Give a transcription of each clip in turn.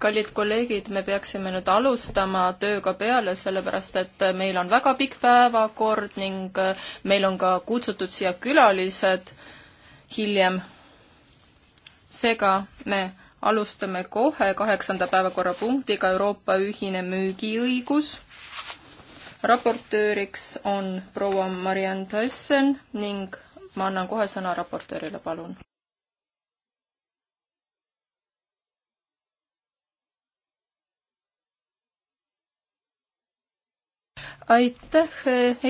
kallid kolleegid, me peaksime nüüd alustama tööga peale, sellepärast et meil on väga pikk päevakord ning äh, meil on ka kutsutud siia külalised hiljem. seega me alustame kohe kaheksanda päevakorrapunktiga Euroopa ühine müügiõigus raportööriks on proua Marianne Tyson ning ma annan kohe sõna raportöörile, palun. aitäh,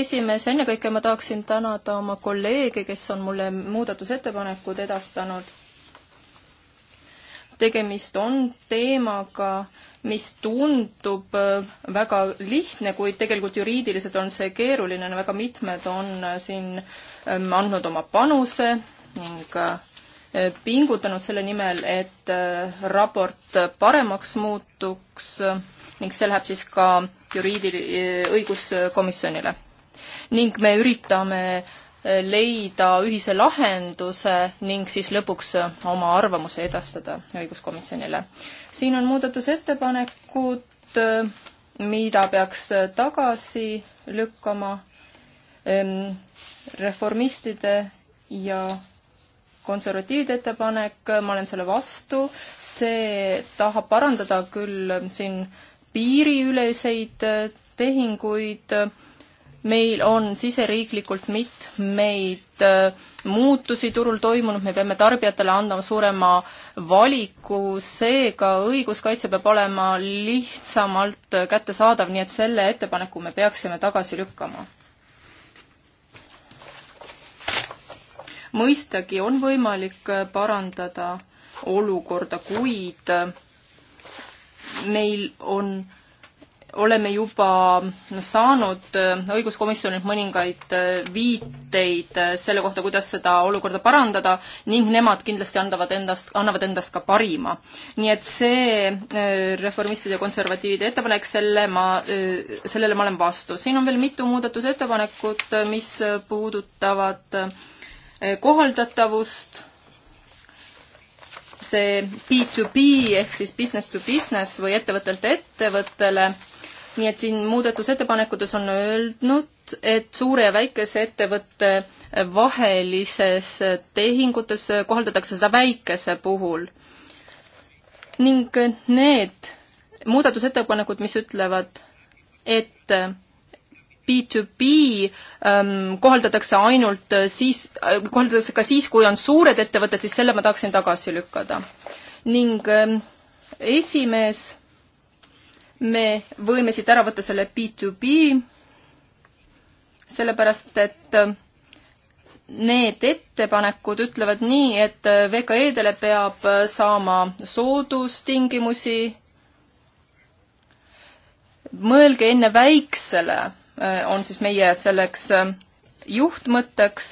esimees, ennekõike ma tahaksin tänada oma kolleege, kes on mulle muudatusettepanekud edastanud tegemist on teemaga, mis tundub äh, väga lihtne, kuid tegelikult juriidiliselt on see keeruline, väga mitmed on äh, siin ähm, andnud oma panuse ning äh, pingutanud selle nimel, et raport paremaks muutuks ning see läheb siis ka juriidil-, õiguskomisjonile. ning me üritame leida ühise lahenduse ning siis lõpuks oma arvamuse edastada õiguskomisjonile. siin on muudatusettepanekud, mida peaks tagasi lükkama ehm, reformistide ja konservatiivide ettepanek, ma olen selle vastu, see tahab parandada küll siin piiriüleseid tehinguid, meil on siseriiklikult mitmeid äh, muutusi turul toimunud, me peame tarbijatele andma suurema valiku, seega õiguskaitse peab olema lihtsamalt kättesaadav, nii et selle ettepaneku me peaksime tagasi lükkama. mõistagi on võimalik parandada olukorda, kuid meil on oleme juba saanud äh, õiguskomisjonilt mõningaid äh, viiteid äh, selle kohta, kuidas seda olukorda parandada ning nemad kindlasti andavad endast, annavad endast ka parima. nii et see reformistide ja konservatiivide ettepanek, selle ma, sellele ma olen vastu. siin on veel mitu muudatusettepanekut, mis puudutavad kohaldatavust see B2B ehk siis business to business või ettevõttelt ettevõttele nii et siin muudatusettepanekutes on öeldud, et suure ja väikese ettevõtte vahelises tehingutes kohaldatakse seda väikese puhul. ning need muudatusettepanekud, mis ütlevad, et B2B ähm, kohaldatakse ainult siis, äh, kohaldatakse ka siis, kui on suured ettevõtted, siis selle ma tahaksin tagasi lükada. ning ähm, esimees me võime siit ära võtta selle B2B, sellepärast et äh, need ettepanekud ütlevad nii, et äh, VKE-dele peab äh, saama soodustingimusi. mõelge enne väiksele, on siis meie selleks juhtmõtteks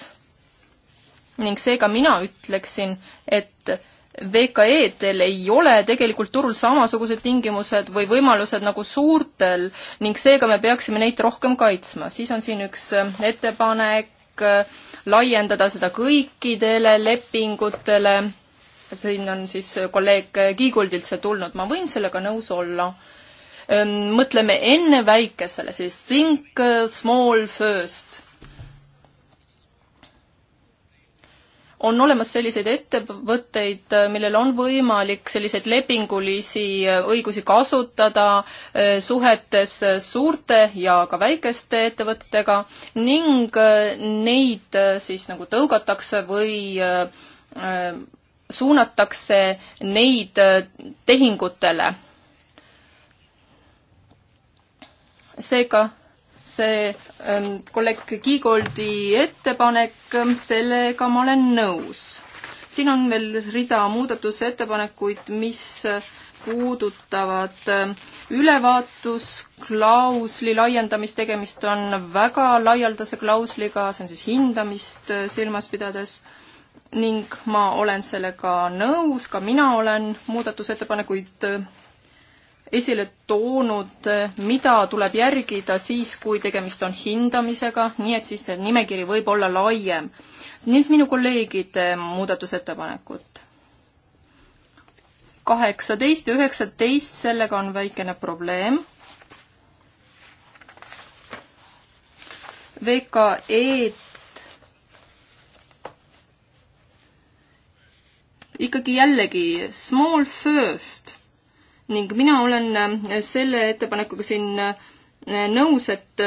ning seega mina ütleksin, et VKE-del ei ole tegelikult turul samasugused tingimused või võimalused nagu suurtel ning seega me peaksime neid rohkem kaitsma. siis on siin üks äh, ettepanek äh, laiendada seda kõikidele lepingutele, siin on siis kolleeg Kiiguldilt see tulnud, ma võin sellega nõus olla. Ähm, mõtleme enne väikesele, siis think äh, small first on olemas selliseid ettevõtteid, äh, millel on võimalik selliseid lepingulisi äh, õigusi kasutada äh, suhetes suurte ja ka väikeste ettevõtetega ning neid siis nagu tõugatakse või suunatakse neid tehingutele. seega see ähm, kolleeg Kiigoldi ettepanek, ähm, sellega ma olen nõus. siin on veel rida muudatusettepanekuid, mis äh, puudutavad ähm, ülevaatusklausli laiendamist, tegemist on väga laialdase klausliga, see on siis hindamist äh, silmas pidades, ning ma olen sellega nõus, ka mina olen muudatusettepanekuid äh, esile toonud, mida tuleb järgida siis, kui tegemist on hindamisega, nii et siis see nimekiri võib olla laiem. nüüd minu kolleegide muudatusettepanekud. kaheksateist ja üheksateist, sellega on väikene probleem. VKE-d ikkagi jällegi small first ning mina olen äh, selle ettepanekuga siin äh, nõus, et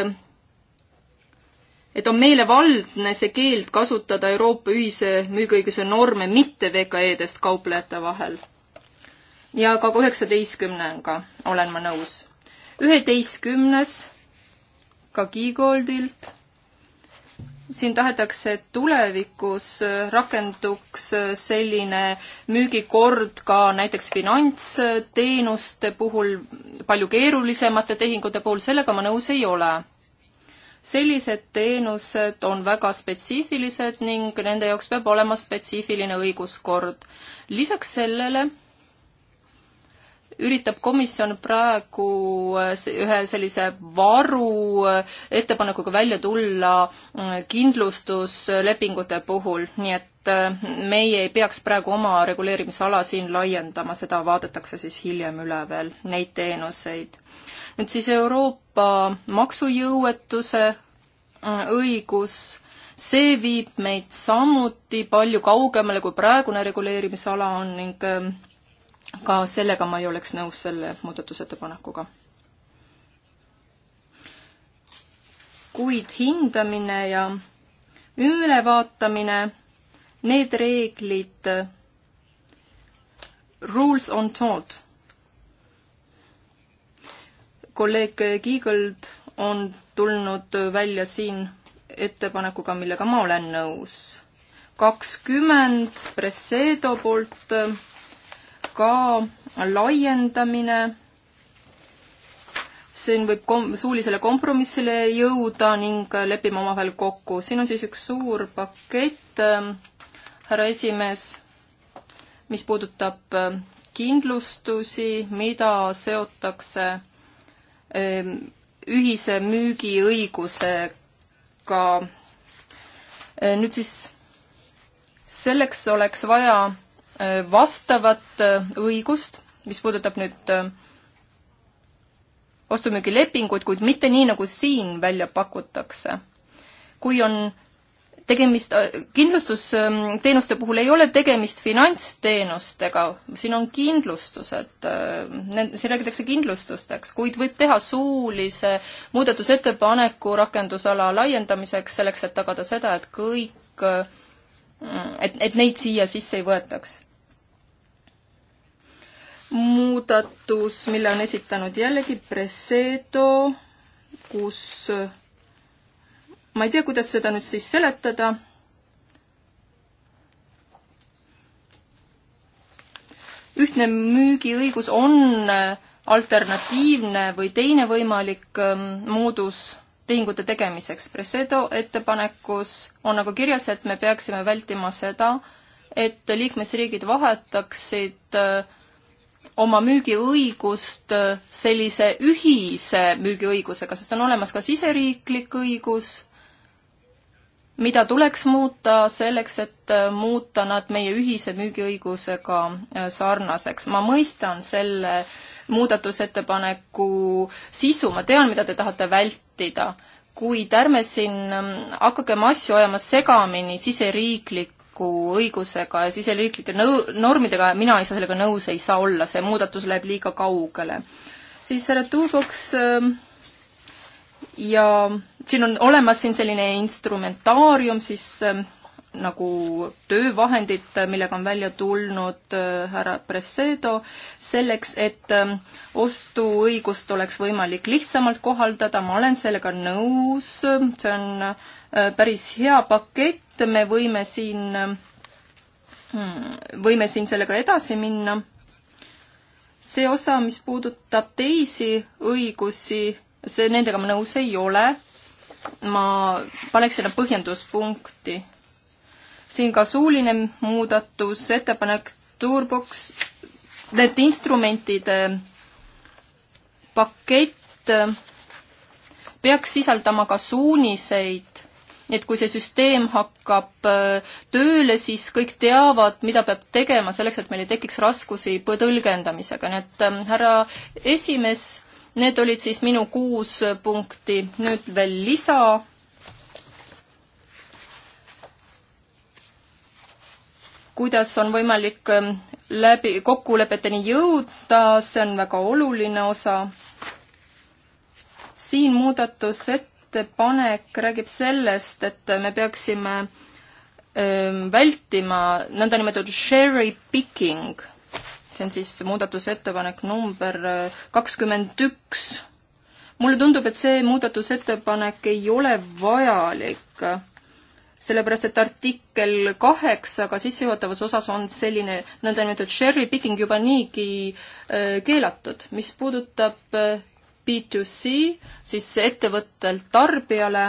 et on meelevaldne see keeld kasutada Euroopa ühise müügiõiguse norme mitte VKE-dest kauplejate vahel. ja ka kaheksateistkümnega olen ma nõus. üheteistkümnes ka Kiigoldilt siin tahetakse, et tulevikus rakenduks selline müügikord ka näiteks finantsteenuste puhul, palju keerulisemate tehingute puhul, sellega ma nõus ei ole. sellised teenused on väga spetsiifilised ning nende jaoks peab olema spetsiifiline õiguskord. lisaks sellele üritab komisjon praegu äh, ühe sellise varu äh, ettepanekuga välja tulla äh, kindlustuslepingute puhul, nii et meie ei peaks praegu oma reguleerimisala siin laiendama, seda vaadatakse siis hiljem üle veel, neid teenuseid. nüüd siis Euroopa maksujõuetuse õigus see viib meid samuti palju kaugemale, kui praegune reguleerimisala on ning ka sellega ma ei oleks nõus, selle muudatusettepanekuga. kuid hindamine ja ülevaatamine, need reeglid, rules on taught. kolleeg Kiigold on tulnud välja siin ettepanekuga, millega ma olen nõus. kakskümmend Presedo poolt ka laiendamine, siin võib kom-, suulisele kompromissile jõuda ning lepime omavahel kokku. siin on siis üks suur pakett, ähm, härra esimees, mis puudutab ähm, kindlustusi, mida seotakse ähm, ühise müügiõigusega. Äh, nüüd siis selleks oleks vaja Äh, vastavat äh, õigust, mis puudutab nüüd äh, ostu-müügilepinguid, kuid mitte nii, nagu siin välja pakutakse. kui on tegemist, kindlustusteenuste puhul ei ole tegemist finantsteenustega, siin on kindlustused, siin räägitakse kindlustusteks, kuid võib teha suulise muudatusettepaneku rakendusala laiendamiseks, selleks et tagada seda, et kõik, et, et neid siia sisse ei võetaks muudatus, mille on esitanud jällegi Presedo, kus ma ei tea, kuidas seda nüüd siis seletada. ühtne müügiõigus on alternatiivne või teine võimalik ähm, moodus tehingute tegemiseks. Presedo ettepanekus on aga nagu kirjas, et me peaksime vältima seda, et liikmesriigid vahetaksid äh, oma müügiõigust äh, sellise ühise müügiõigusega, sest on olemas ka siseriiklik õigus, mida tuleks muuta selleks, et äh, muuta nad meie ühise müügiõigusega äh, sarnaseks. ma mõistan selle muudatusettepaneku sisu, ma tean, mida te tahate vältida, kuid ärme siin hakakem asju ajama segamini siseriikliku õigusega ja siseriiklike nõu-, normidega mina ei saa sellega nõus, ei saa olla, see muudatus läheb liiga kaugele. siis härra Tuuboks ähm, ja siin on olemas siin selline instrumentaarium siis ähm, nagu töövahendid, millega on välja tulnud äh, härra Presedo, selleks, et ähm, ostuõigust oleks võimalik lihtsamalt kohaldada, ma olen sellega nõus, see on äh, Äh, päris hea pakett, me võime siin, hmm, võime siin sellega edasi minna. see osa, mis puudutab teisi õigusi, see, nendega ma nõus ei ole. ma paneks sinna põhjenduspunkti. siin ka suuline muudatus, ettepanek Turbox, need instrumentide pakett äh, peaks sisaldama ka suuniseid et kui see süsteem hakkab äh, tööle, siis kõik teavad, mida peab tegema selleks, et meil ei tekiks raskusi tõlgendamisega, nii et ähm, härra esimees, need olid siis minu kuus punkti, nüüd veel lisa. kuidas on võimalik ähm, läbi, kokkulepeteni jõuda, see on väga oluline osa siin muudatusettepanekus ettepanek räägib sellest, et me peaksime öö, ähm, vältima nõndanimetatud cherry picking, see on siis muudatusettepanek number äh, kakskümmend üks. mulle tundub, et see muudatusettepanek ei ole vajalik, sellepärast et artikkel kaheksa ka sissejuhatavas osas on selline nõndanimetatud cherry picking juba niigi öö, äh, keelatud. mis puudutab äh, B2C, siis ettevõttelt tarbijale,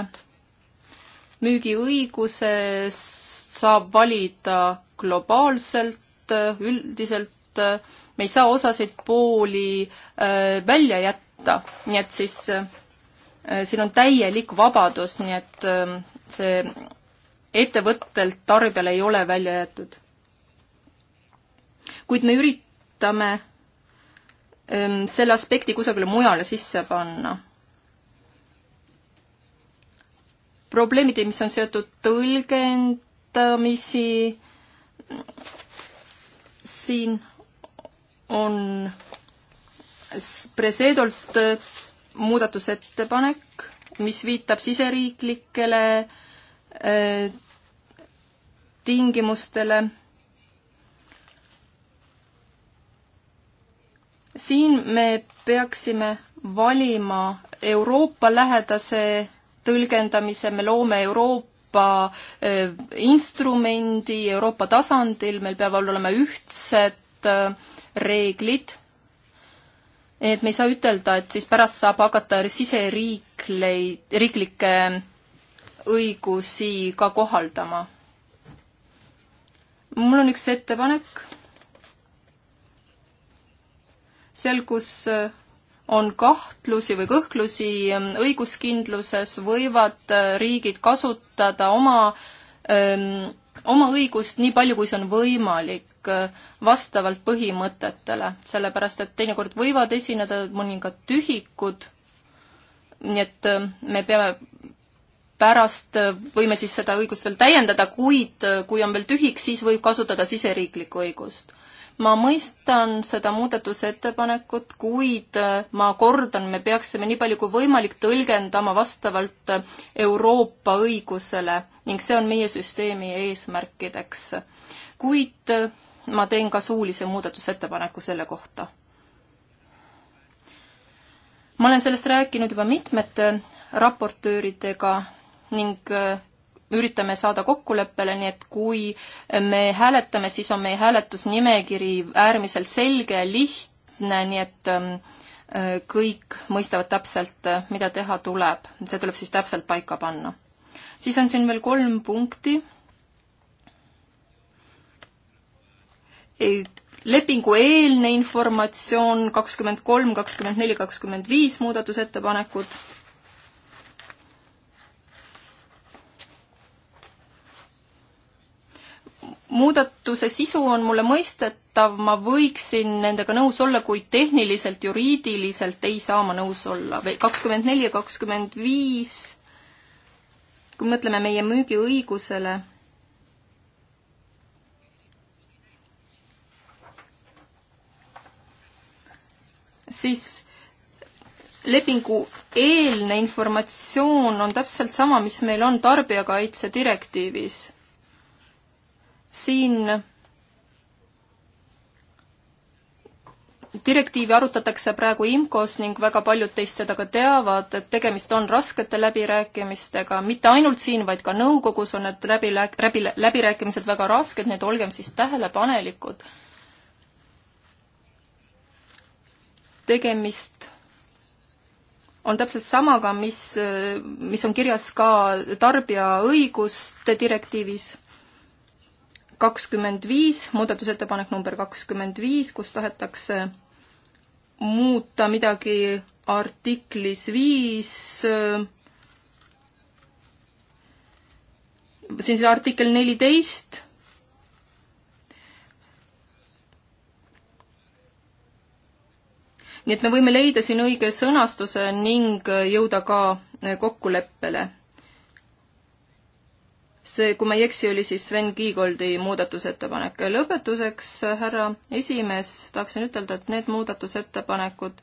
müügiõigusest saab valida globaalselt, üldiselt, me ei saa osasid pooli äh, välja jätta, nii et siis äh, siin on täielik vabadus, nii et äh, see ettevõttelt tarbijale ei ole välja jäetud. kuid me üritame Ehm, selle aspekti kusagile mujale sisse panna. probleemid, mis on seotud tõlgendamisi, siin on Presedolt äh, muudatusettepanek, mis viitab siseriiklikele äh, tingimustele siin me peaksime valima Euroopa-lähedase tõlgendamise, me loome Euroopa eh, instrumendi Euroopa tasandil, meil peavad olema ühtsed eh, reeglid, et me ei saa ütelda, et siis pärast saab hakata siseriikleid, riiklikke õigusi ka kohaldama. mul on üks ettepanek seal, kus äh, on kahtlusi või kõhklusi ähm, õiguskindluses, võivad äh, riigid kasutada oma, ähm, oma õigust nii palju, kui see on võimalik äh, vastavalt põhimõtetele, sellepärast et teinekord võivad esineda mõningad tühikud, nii et me peame pärast, võime siis seda õigust veel täiendada, kuid kui on veel tühik, siis võib kasutada siseriiklikku õigust ma mõistan seda muudatusettepanekut, kuid äh, ma kordan, me peaksime nii palju kui võimalik tõlgendama vastavalt äh, Euroopa õigusele ning see on meie süsteemi eesmärkideks. kuid äh, ma teen ka suulise muudatusettepaneku selle kohta. ma olen sellest rääkinud juba mitmete raportööridega ning üritame saada kokkuleppele, nii et kui me hääletame, siis on meie hääletusnimekiri äärmiselt selge ja lihtne, nii et ähm, äh, kõik mõistavad täpselt, äh, mida teha tuleb. see tuleb siis täpselt paika panna. siis on siin veel kolm punkti. E, lepingu eelne informatsioon kakskümmend kolm, kakskümmend neli, kakskümmend viis muudatusettepanekud muudatuse sisu on mulle mõistetav, ma võiksin nendega nõus olla, kuid tehniliselt, juriidiliselt ei saa ma nõus olla. kakskümmend neli ja kakskümmend viis, kui mõtleme meie müügiõigusele, siis lepingu eelne informatsioon on täpselt sama, mis meil on tarbijakaitse direktiivis siin direktiivi arutatakse praegu IMCO-s ning väga paljud teist seda ka teavad, et tegemist on raskete läbirääkimistega, mitte ainult siin, vaid ka nõukogus on need läbi, läbi, läbirääkimised väga rasked, nii et olgem siis tähelepanelikud. tegemist on täpselt samaga, mis, mis on kirjas ka tarbija õiguste direktiivis kakskümmend viis, muudatusettepanek number kakskümmend viis, kus tahetakse muuta midagi artiklis viis, siin see artikkel neliteist, nii et me võime leida siin õige sõnastuse ning jõuda ka kokkuleppele see, kui ma ei eksi, oli siis Sven Kiigoldi muudatusettepanek. lõpetuseks, härra esimees, tahaksin ütelda, et need muudatusettepanekud,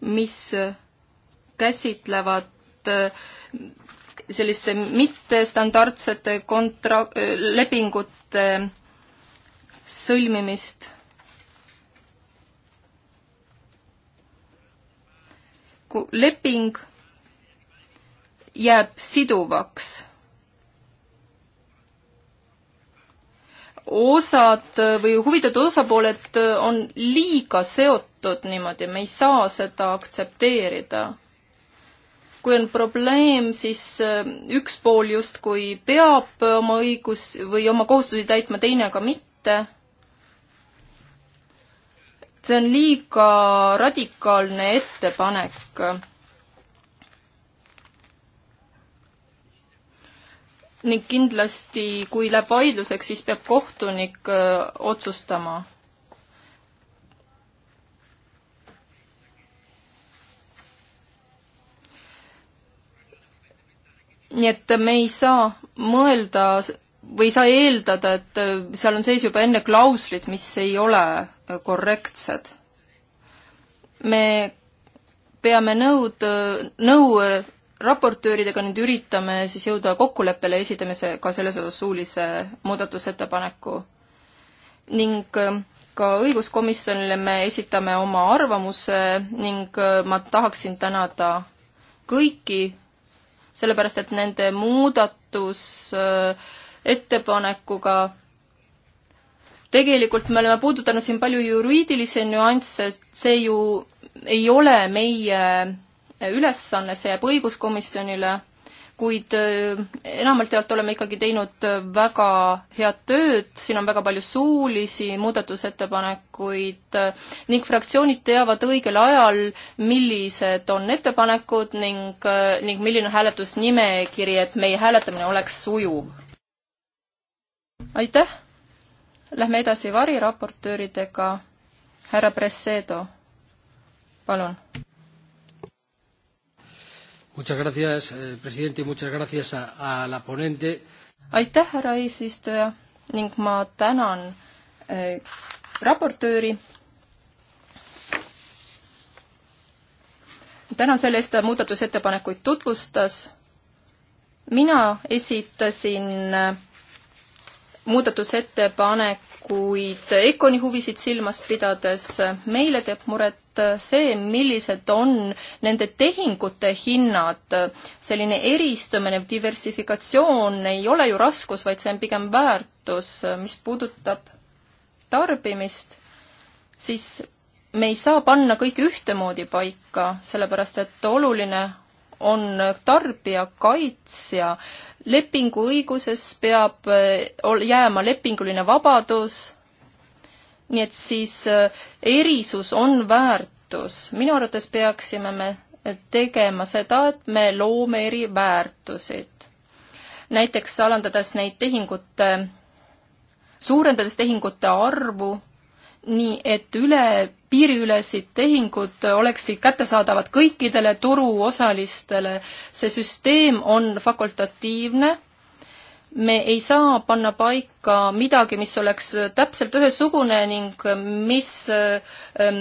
mis käsitlevad äh, selliste mittestandardsete kontra-, äh, lepingute sõlmimist, leping jääb siduvaks. osad või huvitatud osapooled on liiga seotud niimoodi, me ei saa seda aktsepteerida. kui on probleem, siis äh, üks pool justkui peab oma õigus või oma kohustusi täitma, teine aga mitte see on liiga radikaalne ettepanek ning kindlasti, kui läheb vaidluseks, siis peab kohtunik öö, äh, otsustama. nii et me ei saa mõelda või ei saa eeldada, et äh, seal on sees juba enne klauslid, mis ei ole äh, korrektsed. me peame nõud, nõu raportööridega nüüd üritame siis jõuda kokkuleppele, esitame see ka selles osas suulise muudatusettepaneku. ning äh, ka õiguskomisjonile me esitame oma arvamuse ning äh, ma tahaksin tänada kõiki, sellepärast et nende muudatusettepanekuga äh, tegelikult me oleme puudutanud siin palju juriidilisi nüansse, see ju ei ole meie ülesanne, see jääb õiguskomisjonile, kuid äh, enamalt jaolt oleme ikkagi teinud äh, väga head tööd, siin on väga palju suulisi muudatusettepanekuid äh, ning fraktsioonid teavad õigel ajal, millised on ettepanekud ning, ning milline on hääletusnimekiri, et meie hääletamine oleks sujuv. aitäh! Lähme edasi variraportööridega. härra Pressedo, palun Muchas gracias, eh, presidente, muchas gracias a, a la ponente. aitäh, härra eesistuja ning ma tänan äh, raportööri. tänan selle eest, ta muudatusettepanekuid tutvustas. mina esitasin äh, muudatusettepanekuid EKONi huvisid silmas pidades. meile teeb muret Äh, see, millised on nende tehingute hinnad. Äh, selline eristumine, diversifikatsioon ei ole ju raskus, vaid see on pigem väärtus, äh, mis puudutab tarbimist, siis me ei saa panna kõike ühtemoodi paika, sellepärast et oluline on tarbija kaitsja. lepinguõiguses peab jääma lepinguline vabadus, nii et siis äh, erisus on väärtus. minu arvates peaksime me äh, tegema seda, et me loome eri väärtusid. näiteks alandades neid tehingute, suurendades tehingute arvu, nii et üle, piiriülesid tehingud oleksid kättesaadavad kõikidele turuosalistele. see süsteem on fakultatiivne me ei saa panna paika midagi, mis oleks täpselt ühesugune ning mis ähm,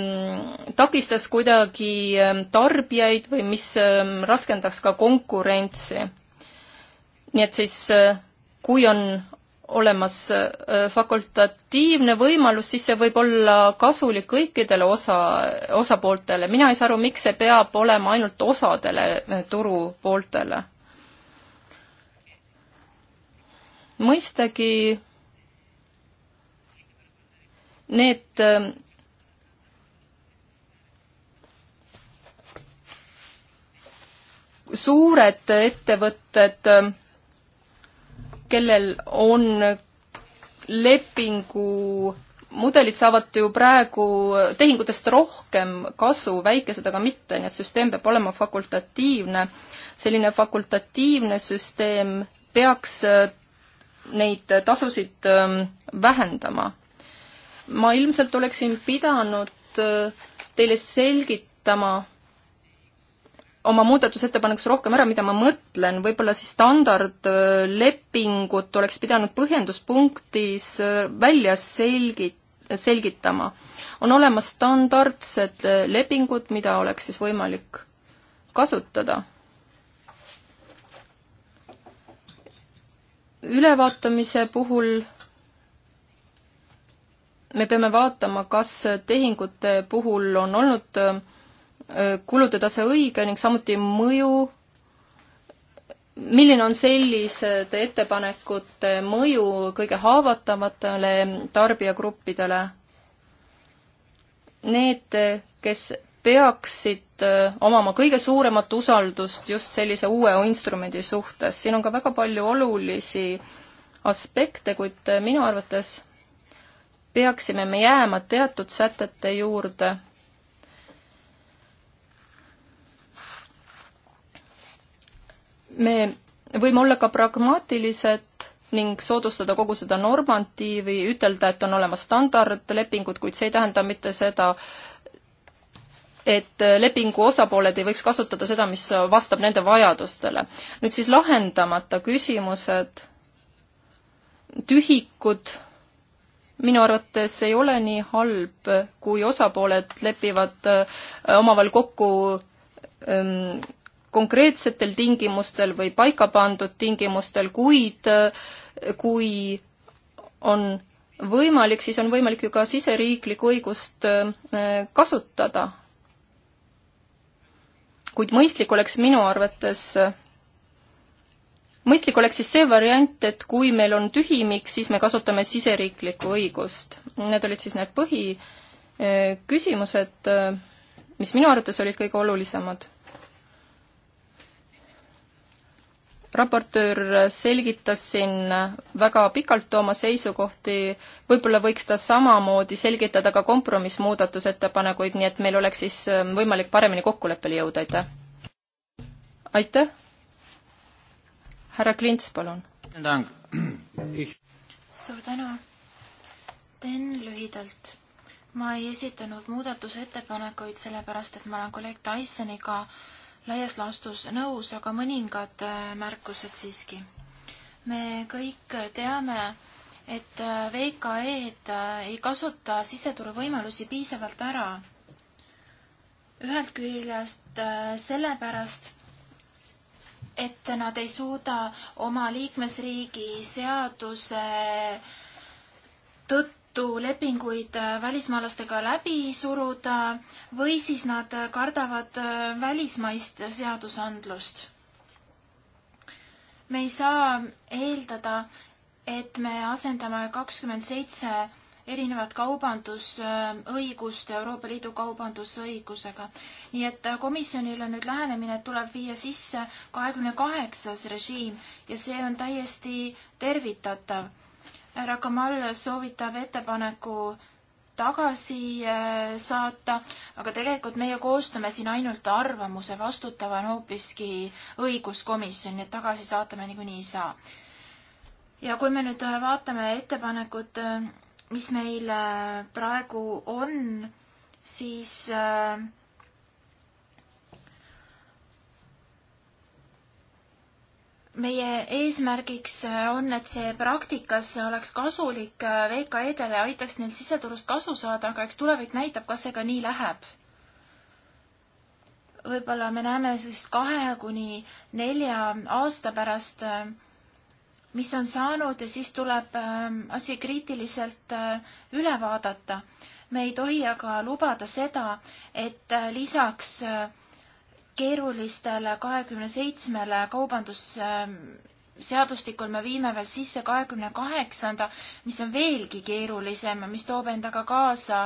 takistaks kuidagi ähm, tarbijaid või mis ähm, raskendaks ka konkurentsi. nii et siis, äh, kui on olemas äh, fakultatiivne võimalus, siis see võib olla kasulik kõikidele osa, osapooltele. mina ei saa aru, miks see peab olema ainult osadele äh, turupooltele mõistagi need ähm, suured ettevõtted, ähm, kellel on lepingu mudelid saavad ju praegu tehingutest rohkem kasu, väikesed aga mitte, nii et süsteem peab olema fakultatiivne. selline fakultatiivne süsteem peaks äh, neid tasusid ähm, vähendama. ma ilmselt oleksin pidanud äh, teile selgitama oma muudatusettepanekus rohkem ära, mida ma mõtlen, võib-olla siis standardlepingut äh, oleks pidanud põhjenduspunktis äh, välja selgi-, selgitama. on olemas standardsed lepingud, mida oleks siis võimalik kasutada ülevaatamise puhul me peame vaatama, kas tehingute puhul on olnud kulude tase õige ning samuti mõju, milline on selliste ettepanekute mõju kõige haavatavatele tarbijagruppidele. Need, kes peaksid äh, omama kõige suuremat usaldust just sellise uue instrumendi suhtes. siin on ka väga palju olulisi aspekte, kuid äh, minu arvates peaksime me jääma teatud sätete juurde. me võime olla ka pragmaatilised ning soodustada kogu seda normatiivi, ütelda, et on olemas standardlepingud, kuid see ei tähenda mitte seda, et äh, lepingu osapooled ei võiks kasutada seda, mis vastab nende vajadustele. nüüd siis lahendamata küsimused, tühikud, minu arvates ei ole nii halb, kui osapooled lepivad äh, omavahel kokku ähm, konkreetsetel tingimustel või paika pandud tingimustel, kuid äh, kui on võimalik, siis on võimalik ju ka siseriiklikku õigust kasutada kuid mõistlik oleks minu arvates mõistlik oleks siis see variant, et kui meil on tühimik, siis me kasutame siseriiklikku õigust. Need olid siis need põhiküsimused, mis minu arvates olid kõige olulisemad. raportöör selgitas siin väga pikalt oma seisukohti, võib-olla võiks ta samamoodi selgitada ka kompromissmuudatusettepanekuid, nii et meil oleks siis ähm, võimalik paremini kokkuleppele jõuda, aitäh! aitäh! härra Klints, palun! suur tänu! teen lühidalt. ma ei esitanud muudatusettepanekuid, sellepärast et ma olen kolleeg Tysoniga ka laias laastus nõus, aga mõningad äh, märkused siiski. me kõik teame, et äh, VKE-d äh, ei kasuta siseturu võimalusi piisavalt ära. ühelt küljest sellepärast, et nad ei suuda oma liikmesriigi seaduse tõttu Tartu lepinguid äh, välismaalastega läbi suruda või siis nad kardavad äh, välismaist seadusandlust. me ei saa eeldada, et me asendame kakskümmend seitse erinevat kaubandusõigust Euroopa Liidu kaubandusõigusega. nii et äh, komisjonil on nüüd lähenemine, et tuleb viia sisse kahekümne kaheksas režiim ja see on täiesti tervitatav härra Kamal soovitab ettepaneku tagasi äh, saata, aga tegelikult meie koostame siin ainult arvamuse, vastutav on hoopiski õiguskomisjon, nii et tagasi saata me niikuinii ei saa. ja kui me nüüd äh, vaatame ettepanekut, äh, mis meil praegu on, siis äh, meie eesmärgiks äh, on, et see praktikas oleks kasulik äh, VKE-dele ja aitaks neil siseturust kasu saada, aga eks tulevik näitab, kas see ka nii läheb. võib-olla me näeme siis kahe kuni nelja aasta pärast, äh, mis on saanud ja siis tuleb ähm, asi kriitiliselt üle vaadata. me ei tohi aga lubada seda, et lisaks äh, keerulistele kahekümne seitsmele kaubandusseadustikul me viime veel sisse kahekümne kaheksanda, mis on veelgi keerulisem ja mis toob endaga kaasa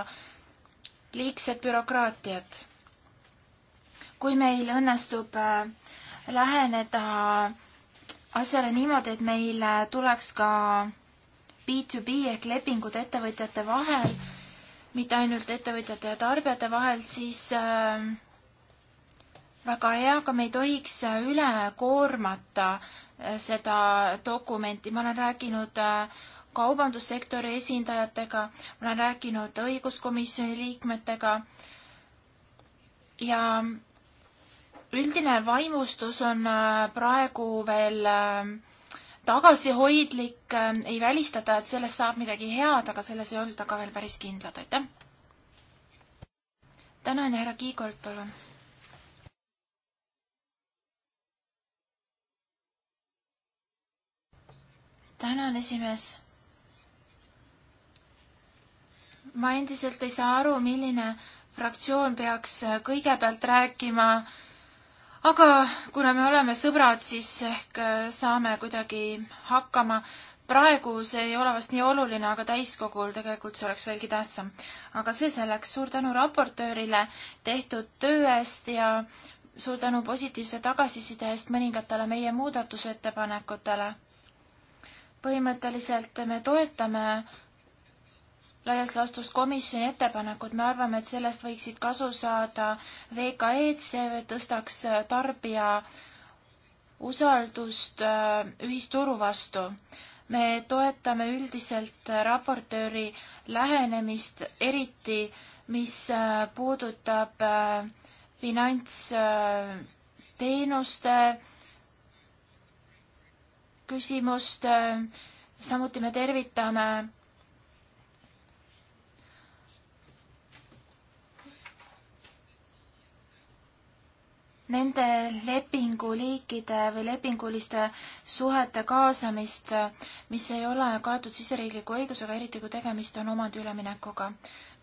liigset bürokraatiat. kui meil õnnestub äh, läheneda asjale niimoodi, et meil äh, tuleks ka B2B ehk lepingud ettevõtjate vahel, mitte ainult ettevõtjate ja tarbijate vahel, siis äh, väga hea, aga me ei tohiks üle koormata äh, seda dokumenti, ma olen rääkinud äh, kaubandussektori esindajatega, ma olen rääkinud õiguskomisjoni liikmetega ja üldine vaimustus on äh, praegu veel tagasihoidlik, ei välistada, et sellest saab midagi head, aga selles ei olda ka veel päris kindlad, aitäh! tänan ja härra Kiigolt, palun! tänan, esimees. ma endiselt ei saa aru, milline fraktsioon peaks kõigepealt rääkima, aga kuna me oleme sõbrad, siis ehk saame kuidagi hakkama. praegu see ei ole vast nii oluline, aga täiskogul tegelikult see oleks veelgi tähtsam. aga see selleks, suur tänu raportöörile tehtud töö eest ja suur tänu positiivse tagasiside eest mõningatele meie muudatusettepanekutele põhimõtteliselt me toetame laias laastus komisjoni ettepanekut, me arvame, et sellest võiksid kasu saada VKE-d, see tõstaks tarbija usaldust äh, ühisturu vastu. me toetame üldiselt raportööri lähenemist, eriti mis äh, puudutab äh, finantsteenuste äh, küsimust. samuti me tervitame nende lepinguliikide või lepinguliste suhete kaasamist, mis ei ole kaetud siseriikliku õigusega, eriti kui tegemist on omandi üleminekuga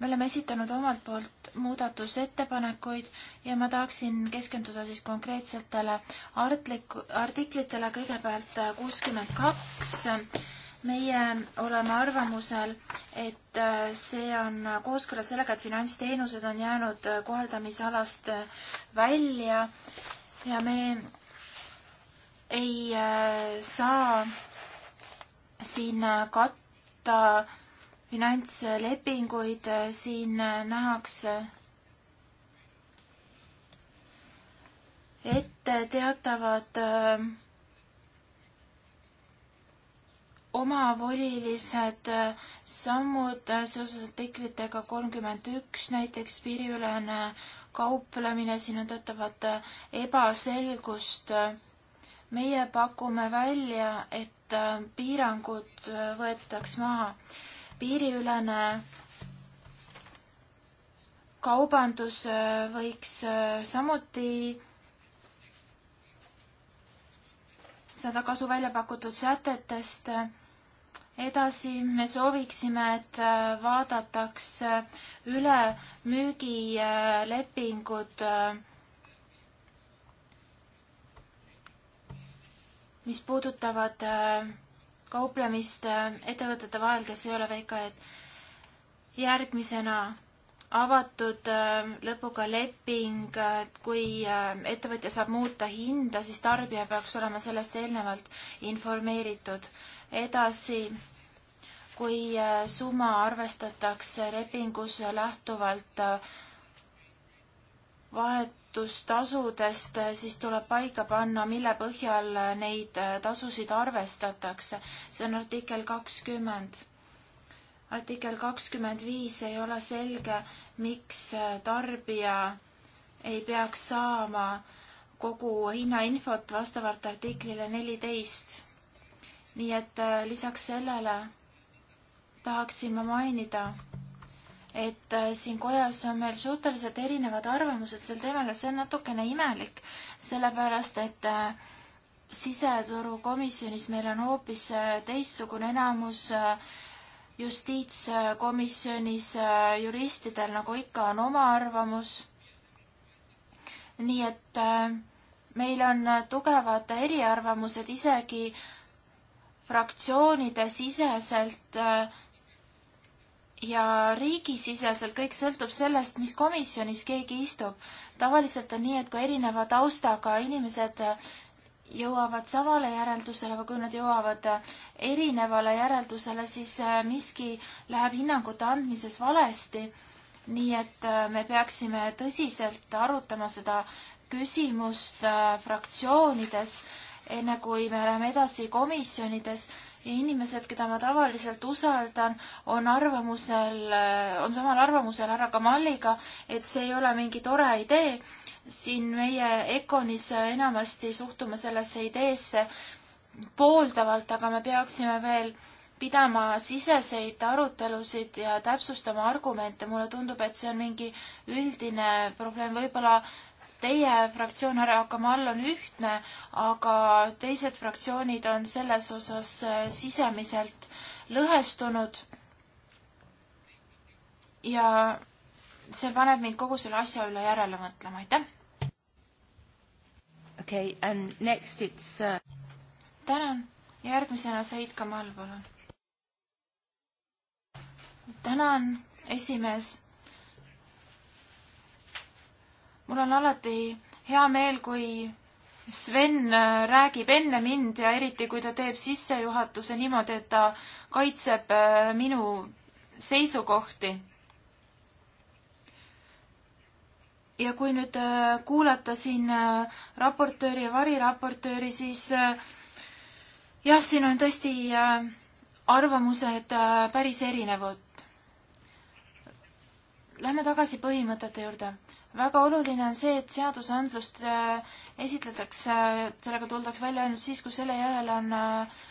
me oleme esitanud omalt poolt muudatusettepanekuid ja ma tahaksin keskenduda siis konkreetsetele artliku, artiklitele kõigepealt äh, kuuskümmend kaks. meie oleme arvamusel, et äh, see on kooskõlas sellega, et finantsteenused on jäänud äh, kohaldamisalast välja ja me ei saa siin katta finantslepinguid, äh, siin äh, nähakse ette teatavad äh, omavolilised sammud seoses artiklitega kolmkümmend üks, näiteks piiriülene kauplemine, siin on teatavat ebaselgust. meie pakume välja, et piirangud võetaks maha piiriülene kaubandus äh, võiks äh, samuti saada kasu välja pakutud sätetest. edasi me sooviksime, et äh, vaadataks üle müügilepingud, mis puudutavad kauplemist äh, ettevõtete vahel, kes ei ole VKE-d. järgmisena avatud äh, lõpuga leping, et äh, kui ettevõtja saab muuta hinda, siis tarbija peaks olema sellest eelnevalt informeeritud. edasi, kui summa arvestatakse lepingus lähtuvalt vahet kasutustasudest, siis tuleb paika panna, mille põhjal neid tasusid arvestatakse. see on artikkel kakskümmend. artikkel kakskümmend viis ei ole selge, miks tarbija ei peaks saama kogu hinnainfot vastavalt artiklile neliteist. nii et eh, lisaks sellele tahaksin ma mainida et äh, siin kojas on meil suhteliselt erinevad arvamused sel teemal ja see on natukene imelik, sellepärast et äh, siseturukomisjonis meil on hoopis äh, teistsugune enamus justiitskomisjonis juristidel nagu ikka on oma arvamus. nii et meil on tugevad eriarvamused isegi fraktsioonide siseselt ja riigisiseselt kõik sõltub sellest, mis komisjonis keegi istub. tavaliselt on nii, et kui erineva taustaga inimesed äh, jõuavad samale järeldusele, aga kui nad jõuavad äh, erinevale järeldusele, siis äh, miski läheb hinnangute andmises valesti. nii et me peaksime tõsiselt arutama seda küsimust fraktsioonides, enne kui me läheme edasi komisjonides inimesed, keda ma tavaliselt usaldan, on arvamusel, äh, on samal arvamusel härra Kamaliga, et see ei ole mingi tore idee. siin meie Econis enamasti suhtume sellesse ideesse pooldavalt, aga me peaksime veel pidama siseseid arutelusid ja täpsustama argumente, mulle tundub, et see on mingi üldine probleem, võib-olla teie fraktsioon, härra Akamal, on ühtne, aga teised fraktsioonid on selles osas äh, sisemiselt lõhestunud. ja see paneb mind kogu selle asja üle järele mõtlema, aitäh! okei okay,, and next it's uh... tänan ja järgmisena Said Kamal, palun. tänan, esimees mul on alati hea meel, kui Sven äh, räägib enne mind ja eriti, kui ta teeb sissejuhatuse niimoodi, et ta kaitseb äh, minu seisukohti. ja kui nüüd äh, kuulata siin raportööri ja variraportööri, siis jah, siin on tõesti arvamused päris erinevad. Lähme tagasi põhimõtete juurde väga oluline on see, et seadusandlust äh, esitletakse, sellega tuldakse välja ainult siis, kui selle järele on äh,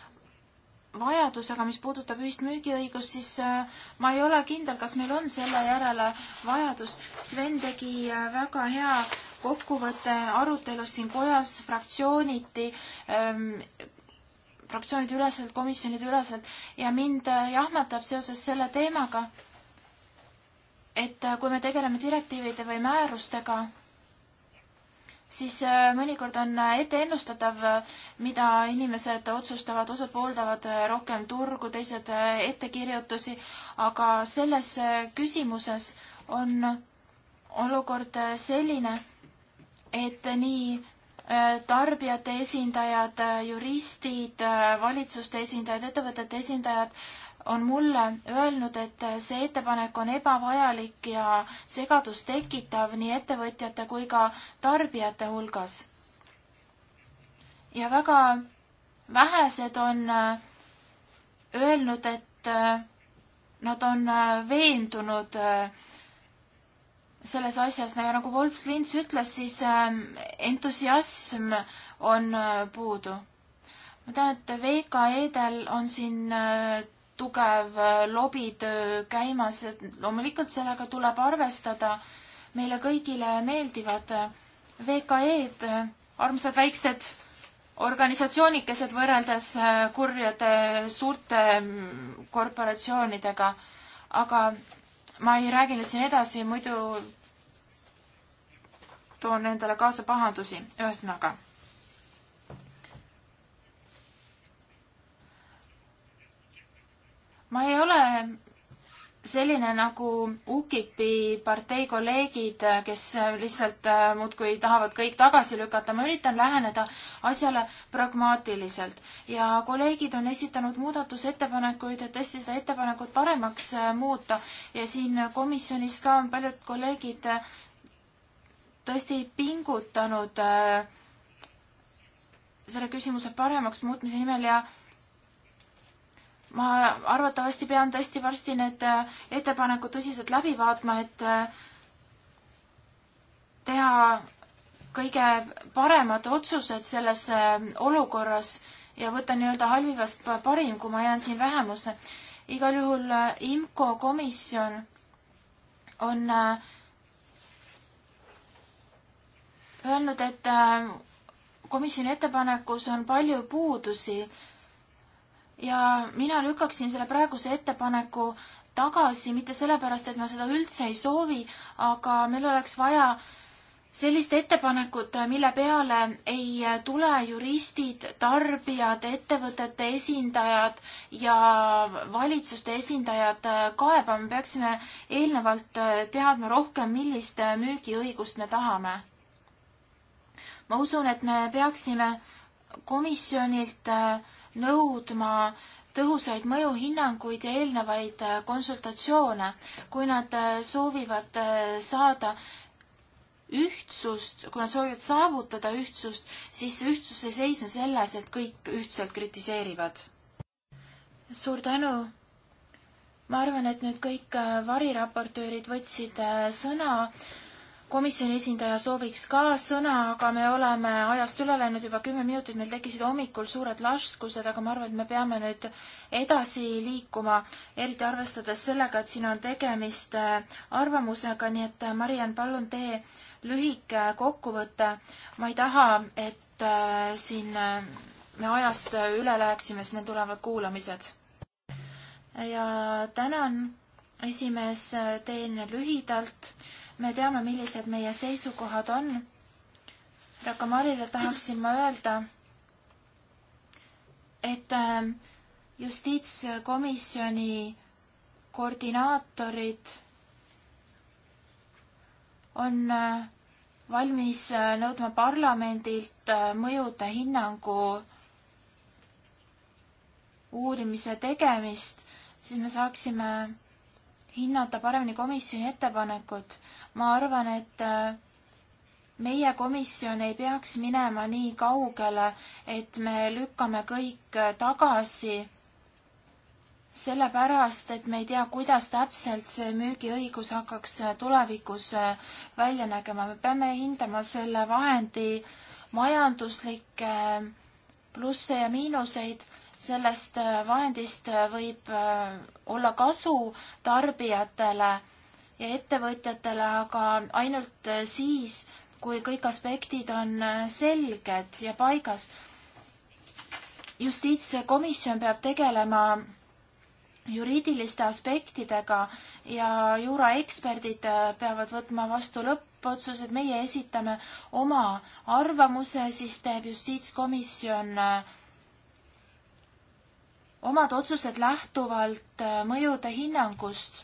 vajadus, aga mis puudutab ühist müügiõigust, siis äh, ma ei ole kindel, kas meil on selle järele vajadus. Sven tegi väga hea kokkuvõte arutelust siin kojas fraktsiooniti ähm, fraktsioonide üleselt, komisjonide üleselt ja mind jahmatab seoses selle teemaga et äh, kui me tegeleme direktiivide või määrustega, siis äh, mõnikord on äh, etteennustatav, mida inimesed otsustavad, osad pooldavad rohkem turgu, teised ettekirjutusi, aga selles küsimuses on olukord selline, et nii tarbijate esindajad, juristid, valitsuste esindajad, ettevõtete esindajad on mulle öelnud, et see ettepanek on ebavajalik ja segadust tekitav nii ettevõtjate kui ka tarbijate hulgas. ja väga vähesed on öelnud, et nad on veendunud selles asjas, aga nagu, nagu Wolf Klints ütles, siis ähm, entusiasm on äh, puudu. ma tean, et VKE-del on siin äh, tugev äh, lobitöö käimas, et loomulikult sellega tuleb arvestada. meile kõigile meeldivad äh, VKE-d, äh, armsad väiksed organisatsioonikesed võrreldes kurjade suurte mm, korporatsioonidega. aga ma ei räägi nüüd siin edasi, muidu toon endale kaasa pahandusi, ühesõnaga ma ei ole selline nagu UKIP-i partei kolleegid, kes lihtsalt äh, muudkui tahavad kõik tagasi lükata, ma üritan läheneda asjale pragmaatiliselt. ja kolleegid on esitanud muudatusettepanekuid, et tõesti seda ettepanekut paremaks äh, muuta ja siin komisjonis ka on paljud kolleegid äh, tõesti pingutanud selle küsimuse paremaks muutmise nimel ja ma arvatavasti pean tõesti varsti need äh, ettepanekud tõsiselt läbi vaatma, et äh, teha kõige paremad otsused selles äh, olukorras ja võtta nii-öelda halvivast parim, kui ma jään siin vähemusse. igal juhul IMCO komisjon on öelnud, et komisjoni ettepanekus on palju puudusi ja mina lükkaksin selle praeguse ettepaneku tagasi, mitte sellepärast, et ma seda üldse ei soovi, aga meil oleks vaja sellist ettepanekut, mille peale ei tule juristid, tarbijad, ettevõtete esindajad ja valitsuste esindajad kaebama, me peaksime eelnevalt teadma rohkem, millist müügiõigust me tahame. ma usun, et me peaksime komisjonilt äh, nõudma tõhusaid mõjuhinnanguid ja eelnevaid äh, konsultatsioone, kui nad äh, soovivad äh, saada ühtsust, kui nad soovivad saavutada ühtsust, siis ühtsus ei seisne selles, et kõik ühtselt kritiseerivad. suur tänu! ma arvan, et nüüd kõik variraportöörid võtsid sõna komisjoni esindaja sooviks ka sõna, aga me oleme ajast üle läinud juba kümme minutit, meil tekkisid hommikul suured laskused, aga ma arvan, et me peame nüüd edasi liikuma, eriti arvestades sellega, et siin on tegemist äh, arvamusega, nii et äh, Mariann, palun tee lühike kokkuvõte. ma ei taha, et äh, siin me ajast üle läheksime, sest need tulevad kuulamised. ja tänan, esimees, teen lühidalt me teame, millised meie seisukohad on. Rakamalile tahaksin ma öelda, et ähm, justiitskomisjoni koordinaatorid on äh, valmis äh, nõudma parlamendilt äh, mõjude hinnangu uurimise tegemist, siis me saaksime hinnata paremini komisjoni ettepanekut. ma arvan, et äh, meie komisjon ei peaks minema nii kaugele, et me lükkame kõik äh, tagasi, sellepärast et me ei tea, kuidas täpselt see müügiõigus hakkaks äh, tulevikus välja nägema. me peame hindama selle vahendi majanduslikke plusse ja miinuseid sellest äh, vahendist äh, võib äh, olla kasu tarbijatele ja ettevõtjatele, aga ainult siis, kui kõik aspektid on selged ja paigas. justiitskomisjon peab tegelema juriidiliste aspektidega ja juuraeksperdid peavad võtma vastu lõppotsused, meie esitame oma arvamuse, siis teeb justiitskomisjon äh, omad otsused lähtuvalt äh, mõjude hinnangust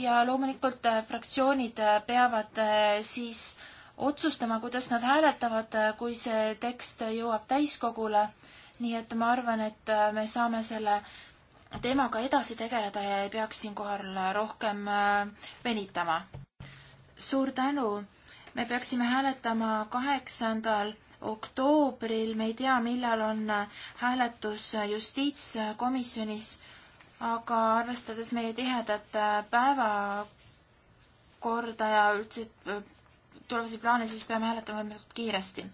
ja loomulikult äh, fraktsioonid äh, peavad siis otsustama, kuidas nad hääletavad, kui see tekst jõuab täiskogule. nii et ma arvan, et me saame selle teemaga edasi tegeleda ja ei peaks siinkohal rohkem venitama. suur tänu! me peaksime hääletama kaheksandal oktoobril, me ei tea, millal on hääletus justiitskomisjonis, aga arvestades meie tihedat päevakorda ja üldse äh, tulevasi plaane, siis peame hääletama võimalikult kiiresti.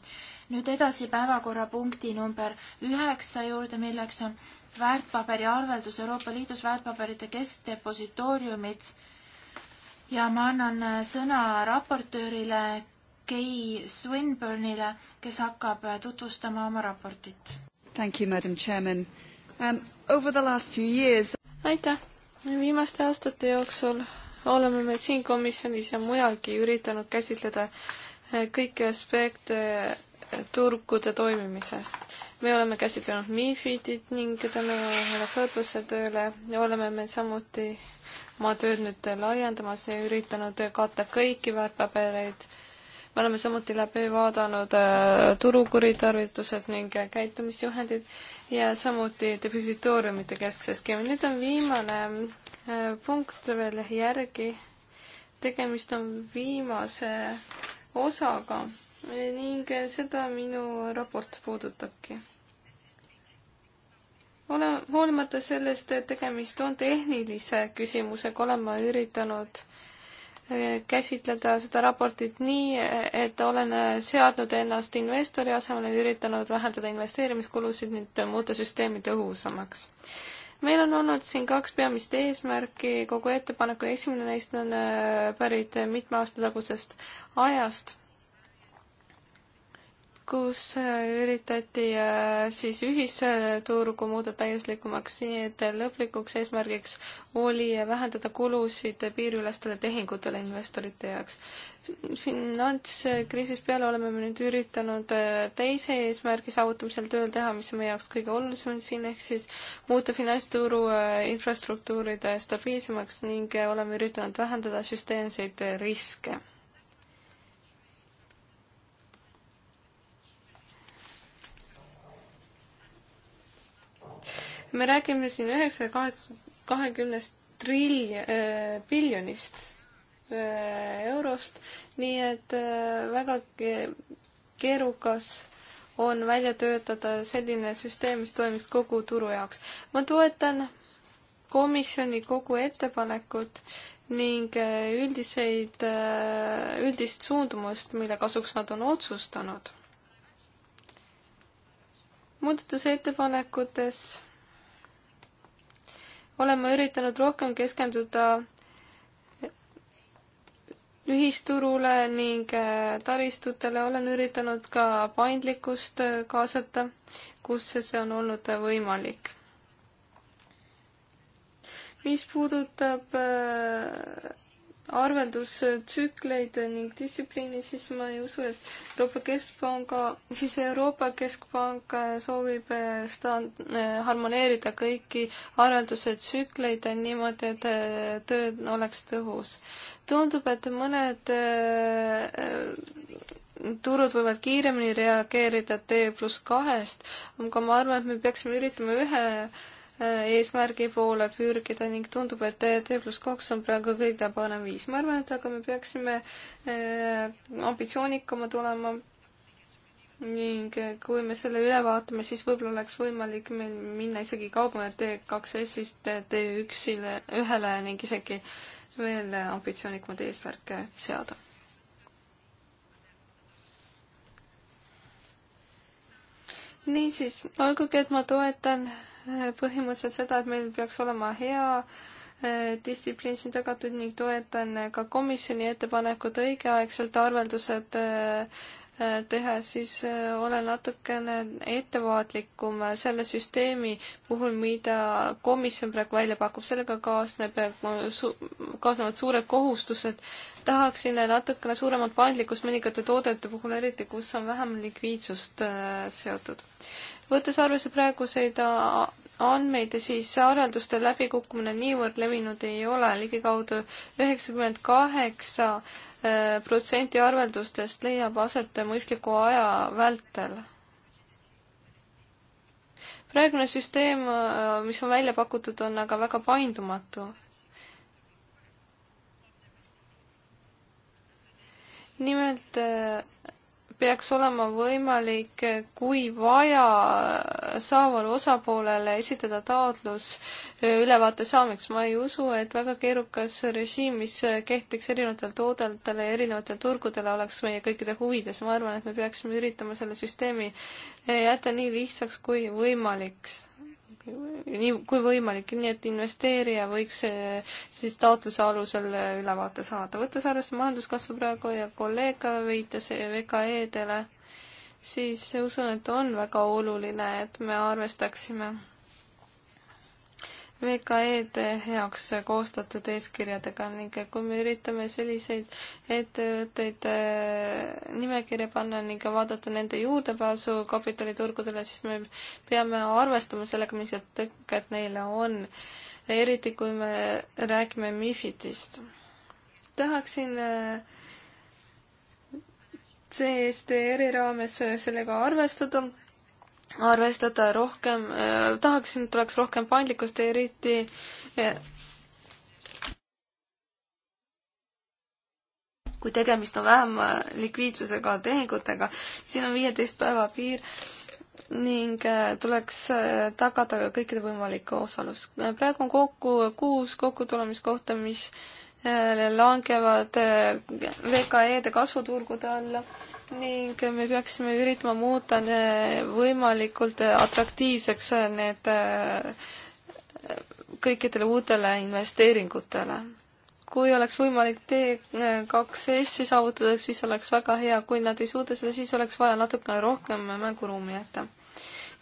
nüüd edasi päevakorrapunkti number üheksa juurde, milleks on väärtpaberi arveldus Euroopa Liidus väärtpaberite keskdepositooriumid ja ma annan äh, sõna raportöörile Kay Swinburne'ile, kes hakkab äh, tutvustama oma raportit. Thank you, madam chairman um,. Over the last few years aitäh! viimaste aastate jooksul oleme me siin komisjonis ja mujalgi üritanud käsitleda äh, kõiki aspekte äh, turgude toimimisest. me oleme käsitlenud MIFIDit ning tänu härra Kõrbuse tööle oleme me samuti oma tööd nüüd laiendamas ja üritanud katta kõiki väärtpabereid me oleme samuti läbi vaadanud äh, turu kuritarvitused ning äh, käitumisjuhendid ja samuti depositooriumite keskse skeemi. nüüd on viimane äh, punkt veel järgi. tegemist on viimase osaga ning seda minu raport puudutabki ole, hoolimata sellest, et tegemist on tehnilise küsimusega, olen ma üritanud käsitleda seda raportit nii, et olen seadnud ennast investori asemel ja üritanud vähendada investeerimiskulusid ning muuta süsteemi tõhusamaks. meil on olnud siin kaks peamist eesmärki kogu ettepaneku, esimene neist on äh, pärit mitme aasta tagusest ajast kus äh, üritati äh, siis ühisturgu muuta täiuslikumaks, nii et lõplikuks eesmärgiks oli vähendada kulusid piiriülestele tehingutele investorite jaoks. finantskriisist peale oleme me nüüd üritanud äh, teise eesmärgi saavutamisel tööl teha, mis on meie jaoks kõige olulisem siin, ehk siis muuta finantsturu infrastruktuurid stabiilsemaks ning oleme üritanud vähendada süsteemseid riske me räägime siin üheksa kahekümnest trilj-, äh, biljonist äh, eurost, nii et äh, väga keerukas on välja töötada selline süsteem, mis toimiks kogu turu jaoks. ma toetan komisjoni kogu ettepanekut ning üldiseid, üldist suundumust, mille kasuks nad on otsustanud. muudatusettepanekutes oleme üritanud rohkem keskenduda ühisturule ning äh, taristutele, olen üritanud ka paindlikkust äh, kaasata, kus see on olnud äh, võimalik. mis puudutab arveldustsükleid ning distsipliini, siis ma ei usu, et Euroopa Keskpanga, siis Euroopa Keskpank soovib eh, stand-, eh, harmoneerida kõiki arvelduse tsükleid niimoodi, et eh, töö oleks tõhus. tundub, et mõned turud võivad kiiremini reageerida T pluss kahest, aga ma arvan, et me peaksime üritama ühe Äh, eesmärgi poole pürgida ning tundub, et T pluss kaks on praegu kõige parem viis. ma arvan, et aga me peaksime äh, ambitsioonikamad olema ning äh, kui me selle üle vaatame, siis võib-olla oleks võimalik meil minna isegi kaugemale T2S-ist T1-ile, ühele ning isegi veel ambitsioonikumaid eesmärke seada. niisiis, olgugi et ma toetan äh, põhimõtteliselt seda, et meil peaks olema hea äh, distsipliin siin tagatud ning toetan äh, ka komisjoni ettepanekut õigeaegselt arveldused Äh, teha, siis äh, olen natukene ettevaatlikum äh, selle süsteemi puhul, mida komisjon praegu välja pakub, sellega kaasneb, kaasnevad suured kohustused. tahaksin natukene suuremat paindlikkust mõningate toodete puhul, eriti kus on vähem likviidsust seotud. võttes arvesse praeguseid andmeid, siis arvelduste läbikukkumine niivõrd levinud ei ole, ligikaudu üheksakümmend kaheksa protsenti arveldustest leiab aset mõistliku aja vältel. praegune süsteem, mis on välja pakutud, on aga väga paindumatu. nimelt peaks olema võimalik, kui vaja, saavale osapoolele esitada taotlus ülevaate saamiseks. ma ei usu, et väga keerukas režiim, mis kehtiks erinevatele toodetele ja erinevatele turgudele, oleks meie kõikide huvides. ma arvan, et me peaksime üritama selle süsteemi jätta nii lihtsaks kui võimaliks nii kui võimalik, nii et investeerija võiks siis taotluse alusel ülevaate saada. võttes arvesse majanduskasvu praegu ja kolleeg viitas VKE-dele, siis usun, et on väga oluline, et me arvestaksime VKE-de heaks koostatud eeskirjadega ning kui me üritame selliseid ettevõtteid äh, nimekirja panna ning vaadata nende juurdepääsu kapitaliturgudele, siis me peame arvestama sellega, millised tõkked neile on, eriti kui me räägime MIFIDist. tahaksin äh, CSTR-i raames sellega arvestada arvestada rohkem, äh, tahaksin, et oleks rohkem paindlikkust, eriti äh, kui tegemist on vähem äh, likviidsusega tehingutega, siin on viieteist päeva piir ning tuleks tagada ka kõikide võimalike osalus. praegu on kokku kuus kokkutulemiskohta, mis langevad VKE-de kasvuturgude alla ning me peaksime üritama muuta võimalikult atraktiivseks need äh, kõikidele uutele investeeringutele. kui oleks võimalik T2S-i saavutada, siis oleks väga hea, kui nad ei suuda seda, siis oleks vaja natukene rohkem mänguruumi jätta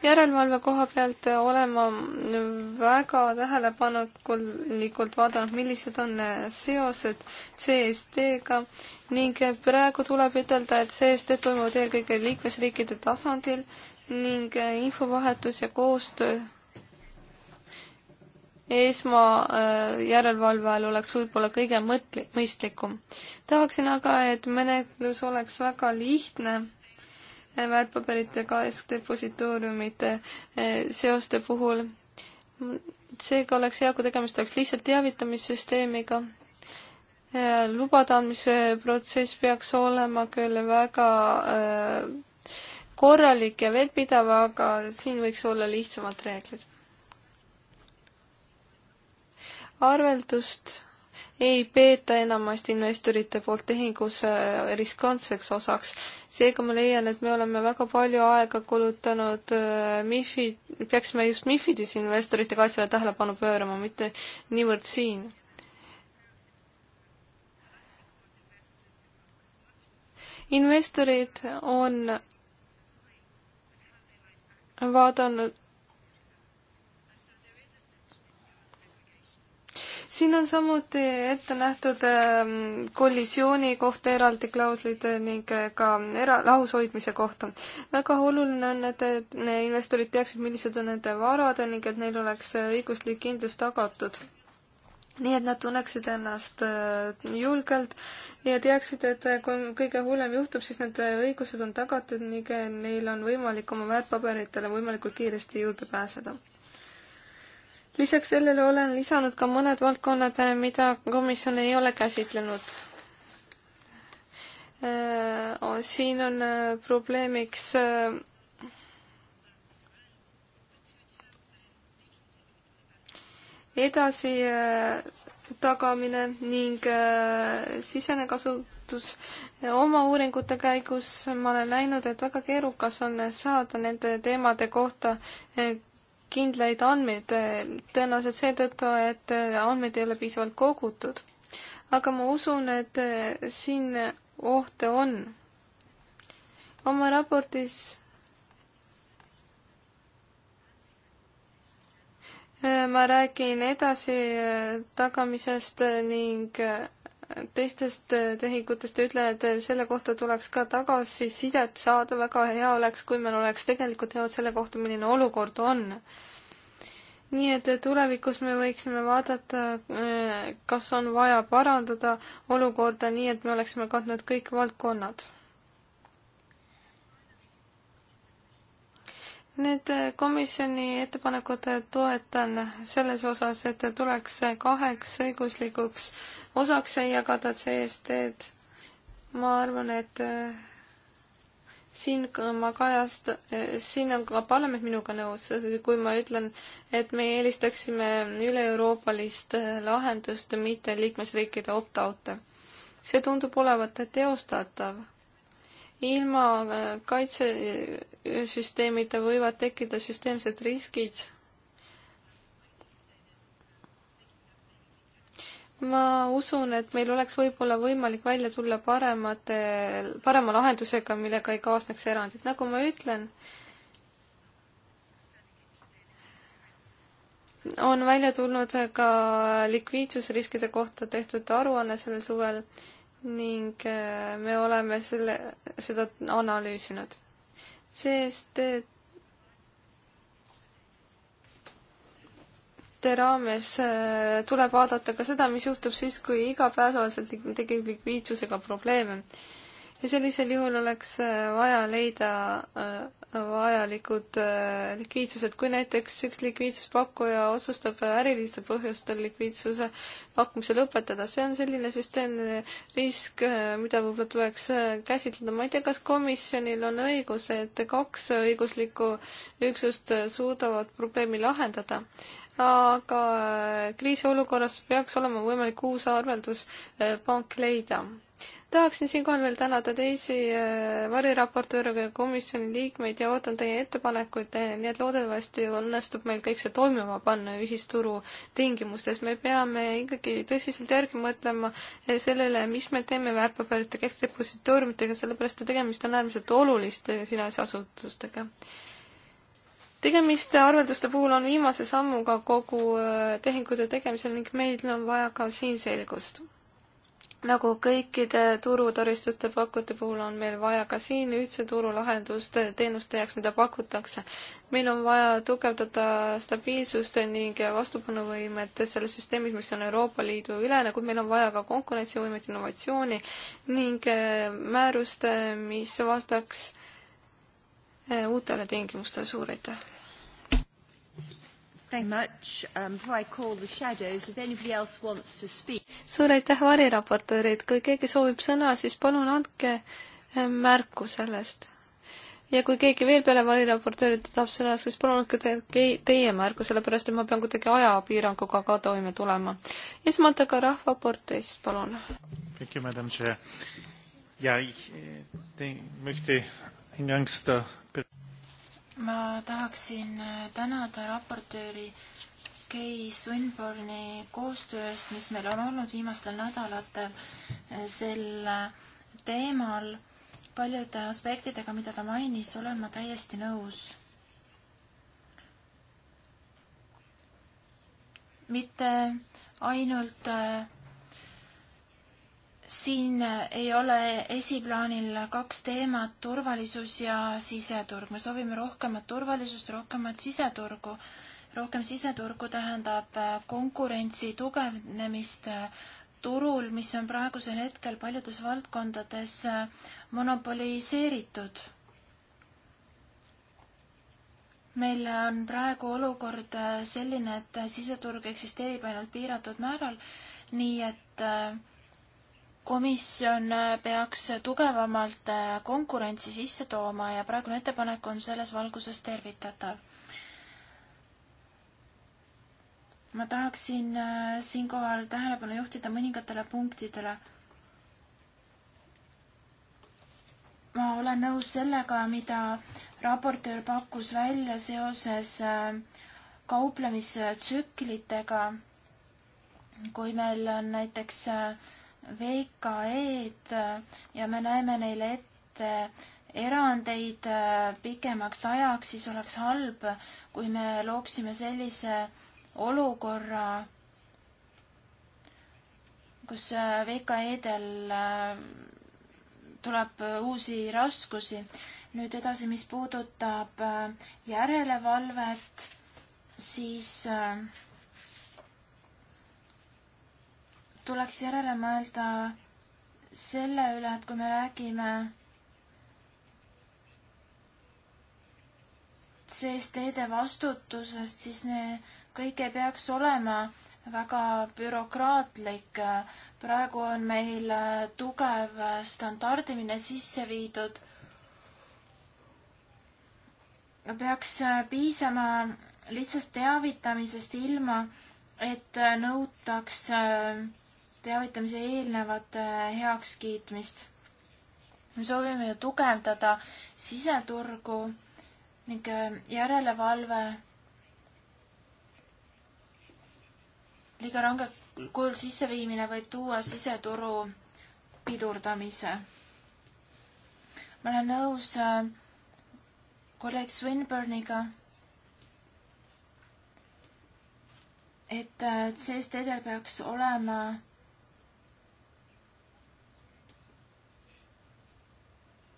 järelevalve koha pealt olema väga tähelepanelikult vaadanud, millised on seosed CSD-ga ning praegu tuleb ütelda, et CSD toimuvad eelkõige liikmesriikide tasandil ning infovahetus ja koostöö esmajärelevalve äh, ajal oleks võib-olla kõige mõtli-, mõistlikum. tahaksin aga, et menetlus oleks väga lihtne väärtpaberite kaeskdepositooriumite eh, seoste puhul. seega oleks hea, kui tegemist oleks lihtsalt teavitamissüsteemiga. Eh, lubade andmise protsess peaks olema küll väga eh, korralik ja vettpidav, aga siin võiks olla lihtsamad reeglid. arveldust ei peeta enamasti investorite poolt tehingus äh, riskantseks osaks. seega ma leian, et me oleme väga palju aega kulutanud äh, MIFI, peaksime just MIFIDis investorite kaitsele tähelepanu pöörama, mitte niivõrd siin. investorid on vaadanud siin on samuti ette nähtud ähm, kollisiooni kohta eraldi klauslid äh, ning äh, ka era-, lahushoidmise kohta. väga oluline on, et, et investorid teaksid, millised on nende varad ning et neil oleks äh, õiguslik kindlus tagatud. nii et nad tunneksid ennast julgelt ja teaksid, et kui kõige hullem juhtub, siis nende õigused on tagatud ning neil on võimalik oma väärtpaberitele võimalikult kiiresti juurde pääseda lisaks sellele olen lisanud ka mõned valdkonnad, mida komisjon ei ole käsitlenud. Äh, siin on äh, probleemiks äh, edasi tagamine ning sisene kasutus. oma uuringute käigus ma olen näinud, et väga keerukas on saada nende teemade kohta kindlaid andmeid, tõenäoliselt seetõttu, et andmeid ei ole piisavalt kogutud. aga ma usun, et siin ohte on. oma raportis ma räägin edasi tagamisest ning teistest äh, tehingutest ja ütle, et äh, selle kohta tuleks ka tagasisidet saada, väga hea oleks, kui meil oleks tegelikult head selle kohta, milline olukord on. nii et äh, tulevikus me võiksime vaadata, kas on vaja parandada olukorda nii, et me oleksime katnud kõik valdkonnad. Need komisjoni ettepanekud toetan selles osas, et tuleks kaheks õiguslikuks äh, osaks sai jagada CSD-d. ma arvan, et äh, siin ma kajast-, äh, siin on ka parlament minuga nõus, kui ma ütlen, et me eelistaksime üle-euroopalist äh, lahendust, mitte liikmesriikide opt-out'e. see tundub olevat teostatav. ilma kaitsesüsteemita võivad tekkida süsteemsed riskid ma usun, et meil oleks võib-olla võimalik välja tulla paremate, parema lahendusega, millega ei kaasneks erandid, nagu ma ütlen, on välja tulnud ka likviidsusriskide kohta tehtud aruanne sellel suvel ning eh, me oleme selle, seda analüüsinud. sest et raporti raames äh, tuleb vaadata ka seda, mis juhtub siis, kui igapäevaselt tekib likviidsusega probleeme. ja sellisel juhul oleks äh, vaja leida äh, vajalikud likviidsused, kui näiteks üks likviidsuspakkuja otsustab ärilistel põhjustel likviidsuse pakkumise lõpetada, see on selline süsteemne risk, mida võib-olla tuleks käsitleda. ma ei tea, kas komisjonil on õigus, et kaks õiguslikku üksust suudavad probleemi lahendada, aga äh, kriisiolukorras peaks olema võimalik uus arvelduspank äh, leida. tahaksin siinkohal veel tänada teisi äh, variraportööre ja komisjoni liikmeid ja ootan teie ettepanekuid, nii et loodetavasti õnnestub meil kõik see toimima panna ühisturu tingimustes. me peame ikkagi tõsiselt järgi mõtlema sellele, mis me teeme väärtpaberite keskdepositooriumitega, sellepärast et tegemist on äärmiselt oluliste finantsasutustega tegemist arvelduste puhul on viimase sammuga kogu äh, tehingute tegemisel ning meil on vaja ka siin selgust. nagu kõikide turutaristute pakkujate puhul on meil vaja ka siin ühtse turu lahendust teenuste jaoks, mida pakutakse. meil on vaja tugevdada stabiilsust ning vastupanuvõimet selles süsteemis, mis on Euroopa Liidu ülene, kuid meil on vaja ka konkurentsivõimet, innovatsiooni ning äh, määrust, äh, mis vastaks uutele tingimustele, suur aitäh! Thank much. Um, before I call the shadows, if anybody else wants to speak. suur aitäh, variraportöörid, kui keegi soovib sõna, siis palun andke ähm, märku sellest. ja kui keegi veel peale variraportööride tahab sõna, siis palun andke te teie märku, sellepärast et ma pean kuidagi ajapiiranguga ka toime tulema. esmalt aga Rahvaportist, palun. Thank you, madam chair. Ja, ich äh, möchte eingangs der ma tahaksin äh, tänada raportööri Kei Swinburne'i koostöö eest, mis meil on olnud viimastel nädalatel äh, sel äh, teemal. paljude aspektidega, mida ta mainis, olen ma täiesti nõus. mitte ainult äh, siin äh, ei ole esiplaanil kaks teemat, turvalisus ja siseturg. me soovime rohkemat turvalisust, rohkemat siseturgu. rohkem siseturgu tähendab äh, konkurentsi tugevnemist äh, turul, mis on praegusel hetkel paljudes valdkondades monopoliseeritud. meil on praegu olukord selline, et siseturg eksisteerib ainult piiratud määral, nii et äh, komisjon äh, peaks tugevamalt äh, konkurentsi sisse tooma ja praegune ettepanek on selles valguses tervitatav. ma tahaksin äh, siinkohal tähelepanu juhtida mõningatele punktidele. ma olen nõus sellega, mida raportöör pakkus välja seoses kauplemistsüklitega. kui meil on näiteks äh, VKE-d äh, ja me näeme neile ette erandeid äh, pikemaks ajaks, siis oleks halb, kui me looksime sellise olukorra, kus äh, VKE-del tuleb uusi raskusi. nüüd edasi, mis puudutab järelevalvet, siis äh, tuleks järele mõelda selle üle, et kui me räägime CSD-de vastutusest, siis ne kõik ei peaks olema väga bürokraatlik. praegu on meil tugev standardimine sisse viidud. peaks piisama lihtsast teavitamisest ilma, et nõutaks äh, teavitamise eelnevat äh, heakskiitmist. me soovime ju tugevdada siseturgu ning äh, järelevalve liiga range kujul sisseviimine võib tuua siseturu pidurdamise. ma olen nõus äh, kolleeg Swinburne'iga, et CSD-del peaks olema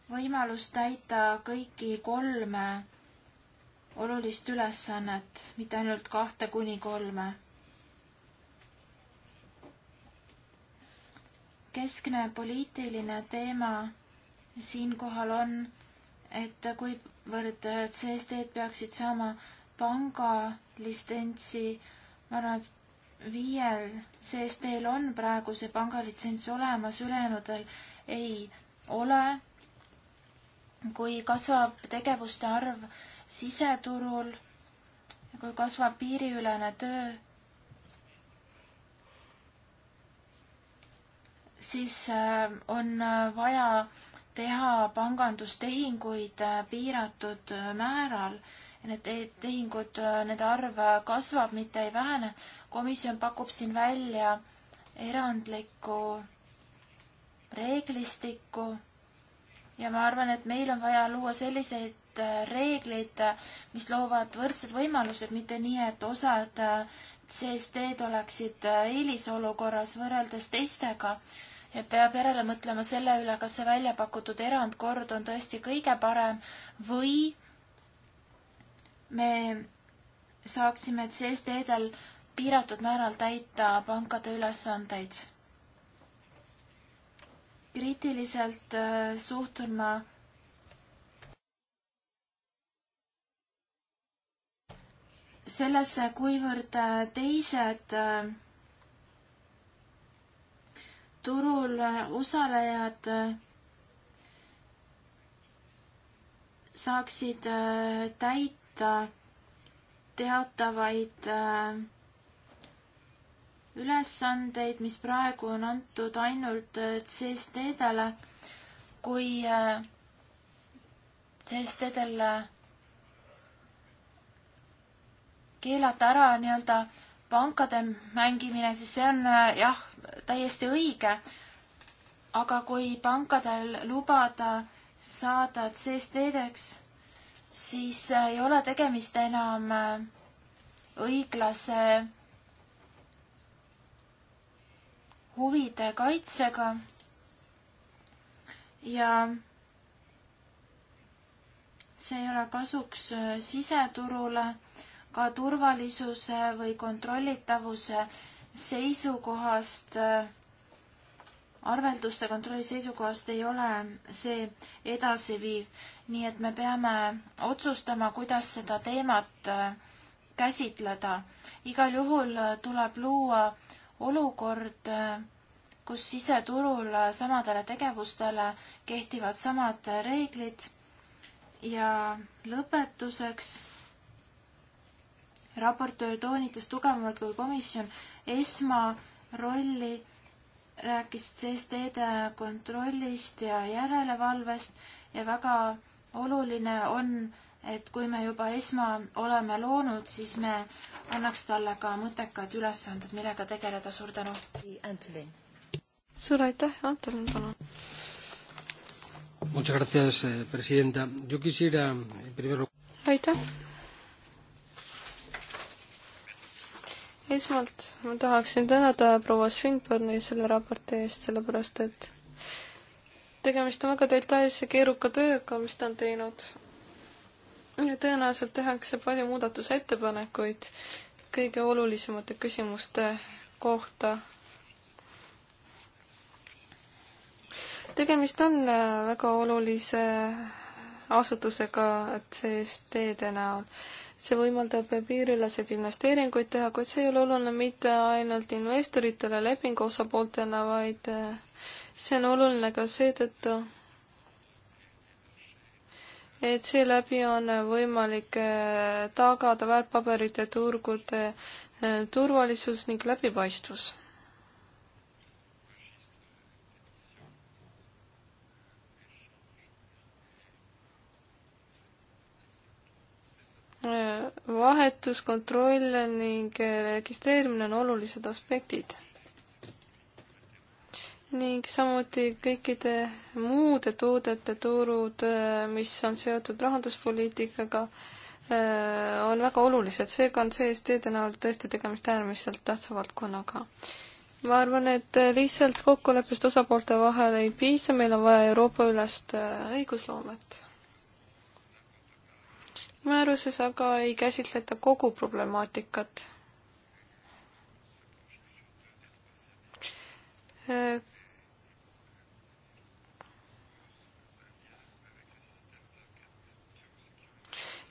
võimalus täita kõiki kolme olulist ülesannet, mitte ainult kahte kuni kolme. keskne poliitiline teema siinkohal on, et kuivõrd CSD-d peaksid saama pangalistentsi, ma arvan, et viiel CSD-l on praegu see pangalitsents olemas, ülejäänudel ei ole kui kasvab tegevuste arv siseturul, kui kasvab piiriülene töö, siis äh, on äh, vaja teha pangandustehinguid äh, piiratud määral ja need tehingud, nende arv kasvab, mitte ei vähene. komisjon pakub siin välja erandlikku reeglistikku ja ma arvan, et meil on vaja luua selliseid äh, reegleid, äh, mis loovad võrdsed võimalused, mitte nii, et osad äh, CSD-d oleksid eelisolukorras võrreldes teistega ja peab järele mõtlema selle üle, kas see välja pakutud erandkord on tõesti kõige parem või me saaksime CSD-del piiratud määral täita pankade ülesandeid kriitiliselt äh, suhtun ma sellesse, kuivõrd äh, teised äh, turul osalejad saaksid täita teatavaid äh, ülesandeid, mis praegu on antud ainult äh, CSD-dele. kui äh, CSD-del äh, keelata ära nii-öelda pankade mängimine, siis see on jah, täiesti õige. aga kui pankadel lubada saada CSD-deks, siis ei ole tegemist enam õiglase huvide kaitsega ja see ei ole kasuks äh, siseturule ka turvalisuse või kontrollitavuse seisukohast, äh, arvelduste kontrolli seisukohast ei ole see edasiviiv, nii et me peame otsustama, kuidas seda teemat äh, käsitleda. igal juhul tuleb luua olukord, kus siseturul samadele tegevustele kehtivad samad reeglid ja lõpetuseks raportöör toonitas tugevamalt kui komisjon esmarolli, rääkis CSD-de kontrollist ja järelevalvest ja väga oluline on et kui me juba esma oleme loonud, siis me annaks talle ka mõttekad ülesanded, millega tegeleda. suur tänu. suur aitäh, Anton, palun. Muchas gracias, eh, presidenta. Yo quisiera primero. aitäh. esmalt ma tahaksin tänada proua Swinburne'i selle raporti eest, sellepärast et tegemist on väga detailse keeruka tööga, mis ta on teinud tõenäoliselt tehakse palju muudatusettepanekuid kõige olulisemate küsimuste kohta. tegemist on äh, väga olulise asutusega CSD-de näol. see võimaldab piiriüleseid investeeringuid teha, kuid see ei ole oluline mitte ainult investoritele lepingu osapooltena, vaid äh, see on oluline ka seetõttu, et seeläbi on võimalik äh, tagada väärtpaberite turgude äh, turvalisus ning läbipaistvus. Äh, vahetus, kontroll ning registreerimine on olulised aspektid ning samuti kõikide muude toodete turud, äh, mis on seotud rahanduspoliitikaga, äh, on väga olulised, seega on CSD-de näol tõesti tegemist äärmiselt tähtsa valdkonnaga. ma arvan, et äh, lihtsalt kokkuleppest osapoolte vahel ei piisa, meil on vaja Euroopa-ülest õigusloomet. määruses aga ei käsitleta kogu problemaatikat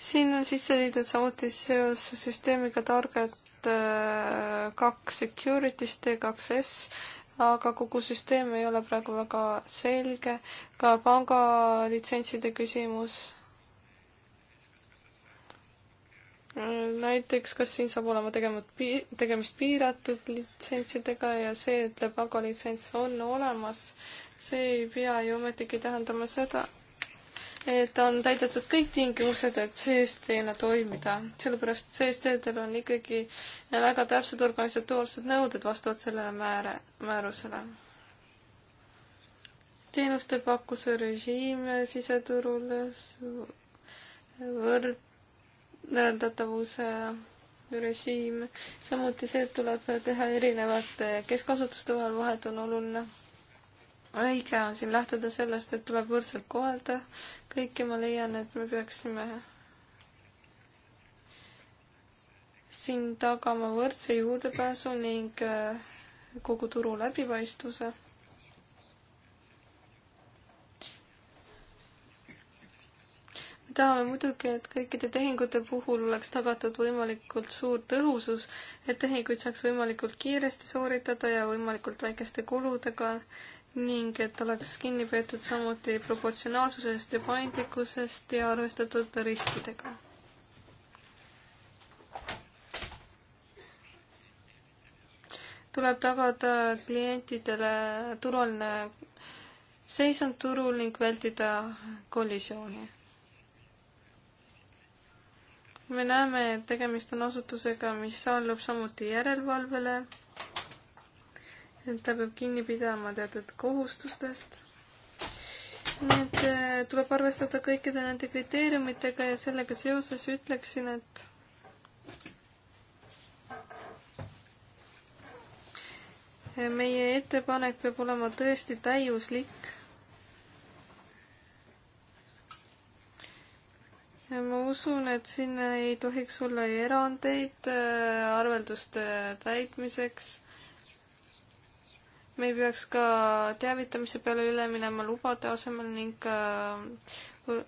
siin on sisse viidud samuti seos süsteemiga target äh, kaks security, T2S, aga kogu süsteem ei ole praegu väga selge, ka pangalitsentside küsimus näiteks, kas siin saab olema tegemat pi-, tegemist piiratud litsentsidega ja see, et lepanga litsents on olemas, see ei pea ju ometigi tähendama seda, et on täidetud kõik tingimused, et CSD-na toimida. sellepärast CSD-del on ikkagi väga täpsed organisatoorsed nõuded vastavalt sellele määre, määrusele. teenuste pakkuse režiim siseturul, võrreldatavuse režiim, samuti see, et tuleb teha erinevate keskasutuste vahel vahet, on oluline õige on siin lähtuda sellest, et tuleb võrdselt kohelda kõiki, ma leian, et me peaksime siin tagama võrdse juurdepääsu ning äh, kogu turu läbipaistvuse. me tahame muidugi, et kõikide tehingute puhul oleks tagatud võimalikult suur tõhusus, et tehinguid saaks võimalikult kiiresti sooritada ja võimalikult väikeste kuludega ning et oleks kinni peetud samuti proportsionaalsusest ja paindlikkusest ja arvestatud riskidega. tuleb tagada klientidele turvaline seisund turul ning vältida kollisiooni. me näeme, et tegemist on asutusega, mis allub samuti järelevalvele ta peab kinni pidama teatud kohustustest. nii et äh, tuleb arvestada kõikide nende kriteeriumitega ja sellega seoses ütleksin, et meie ettepanek peab olema tõesti täiuslik. ja ma usun, et sinna ei tohiks olla erandeid äh, arvelduste täitmiseks me ei peaks ka teavitamise peale üle minema lubade asemel ning äh,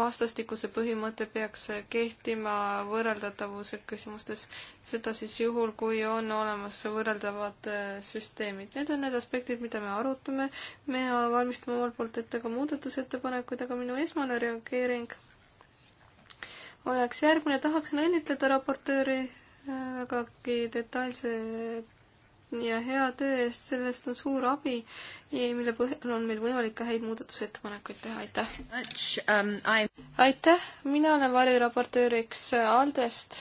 vastastikuse põhimõte peaks kehtima võrreldatavuse küsimustes, seda siis juhul, kui on olemas võrreldavad äh, süsteemid. Need on need aspektid, mida me arutame, me valmistame omalt poolt ette ka muudatusettepanekuid, aga minu esmane reageering oleks järgmine, tahaksin õnnitleda raportööri äh, vägagi detailse ja hea töö eest, sellest on suur abi, mille põhjal on meil võimalik ka häid muudatusettepanekuid teha, aitäh! Um, aitäh, mina olen variraportööriks Aldest,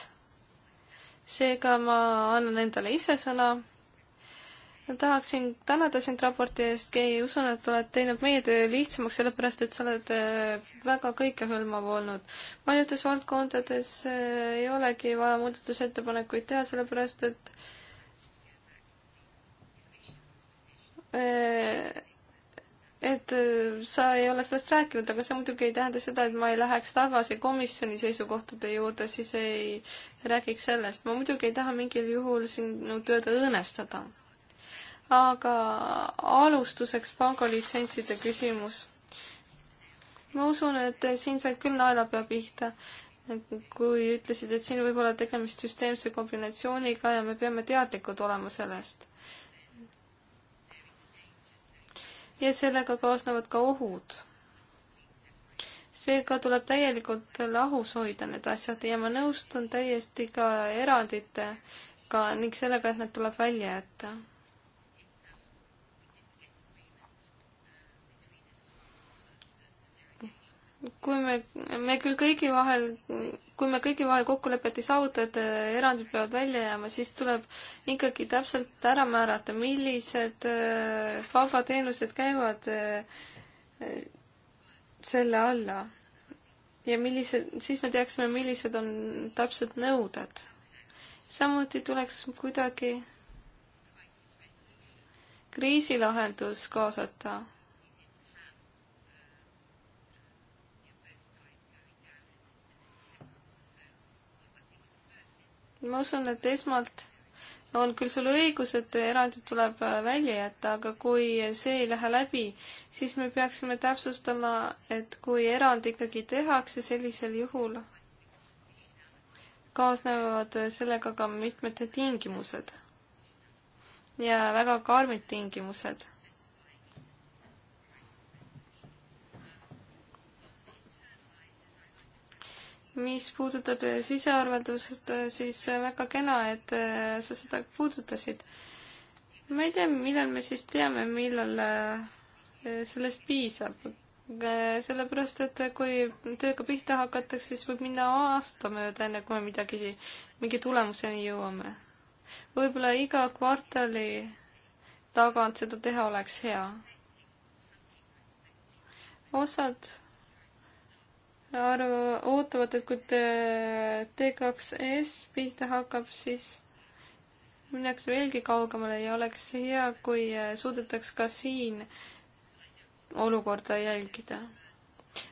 seega ma annan endale ise sõna. tahaksin tänada sind raporti eest, Kei, usun, et oled teinud meie töö lihtsamaks, sellepärast et sa oled äh, väga kõikehõlmav olnud. paljudes valdkondades äh, ei olegi vaja muudatusettepanekuid teha, sellepärast et Äh, et äh, sa ei ole sellest rääkinud, aga see muidugi ei tähenda seda, et ma ei läheks tagasi komisjoni seisukohtade juurde, siis ei räägiks sellest. ma muidugi ei taha mingil juhul sinu tööd õõnestada. aga alustuseks pangalitsentside küsimus. ma usun, et siin said küll naelapea pihta, kui ütlesid, et siin võib olla tegemist süsteemse kombinatsiooniga ja me peame teadlikud olema sellest ja sellega kaasnevad ka ohud. seega tuleb täielikult lahus hoida need asjad ja ma nõustun täiesti ka eranditega ning sellega, et need tuleb välja jätta. kui me, me küll kõigi vahel kui me kõigi vahel kokkulepet ei saavuta, et äh, erandid peavad välja jääma, siis tuleb ikkagi täpselt ära määrata, millised äh, pangateenused käivad äh, selle alla ja millised, siis me teaksime, millised on täpsed nõuded. samuti tuleks kuidagi kriisilahendus kaasata ma usun, et esmalt on küll sul õigus, et erandid tuleb äh, välja jätta, aga kui see ei lähe läbi, siis me peaksime täpsustama, et kui erand ikkagi tehakse, sellisel juhul kaasnevad sellega ka mitmed tingimused ja väga karmid tingimused. mis puudutab sisearveldust, siis väga kena, et äh, sa seda puudutasid. ma ei tea, millal me siis teame, millal äh, sellest piisab. Äh, sellepärast, et kui tööga pihta hakatakse, siis võib minna aasta mööda, enne kui me midagi, mingi tulemuseni jõuame. võib-olla iga kvartali tagant seda teha oleks hea. osad arv-, ootavad, et kui T2S pihta hakkab, siis minnakse veelgi kaugemale ja oleks hea, kui äh, suudetaks ka siin olukorda jälgida.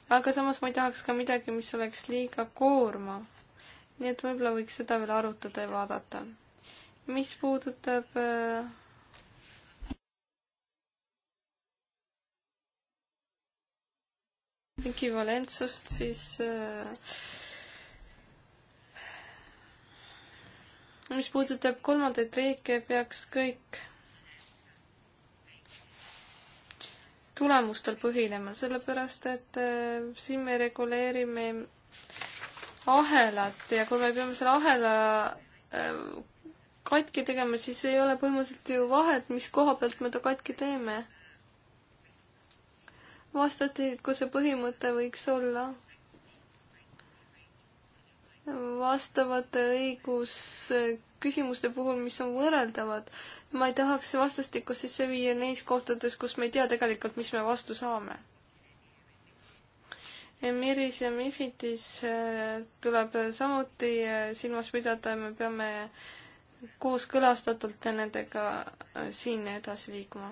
aga samas ma ei tahaks ka midagi, mis oleks liiga koormav. nii et võib-olla võiks seda veel arutada ja vaadata. mis puudutab äh, ekvivalentsust, siis äh, mis puudutab kolmandaid riike, peaks kõik tulemustel põhinema, sellepärast et äh, siin me reguleerime ahelat ja kui me peame selle ahela äh, katki tegema, siis ei ole põhimõtteliselt ju vahet, mis koha pealt me ta katki teeme vastastikuse põhimõte võiks olla vastavate õigusküsimuste puhul, mis on võrreldavad. ma ei tahaks vastastikku sisse viia neis kohtades, kus me ei tea tegelikult, mis me vastu saame. Emiris ja Mifitis äh, tuleb samuti äh, silmas pidada ja me peame kooskõlastatult nendega äh, siin edasi liikuma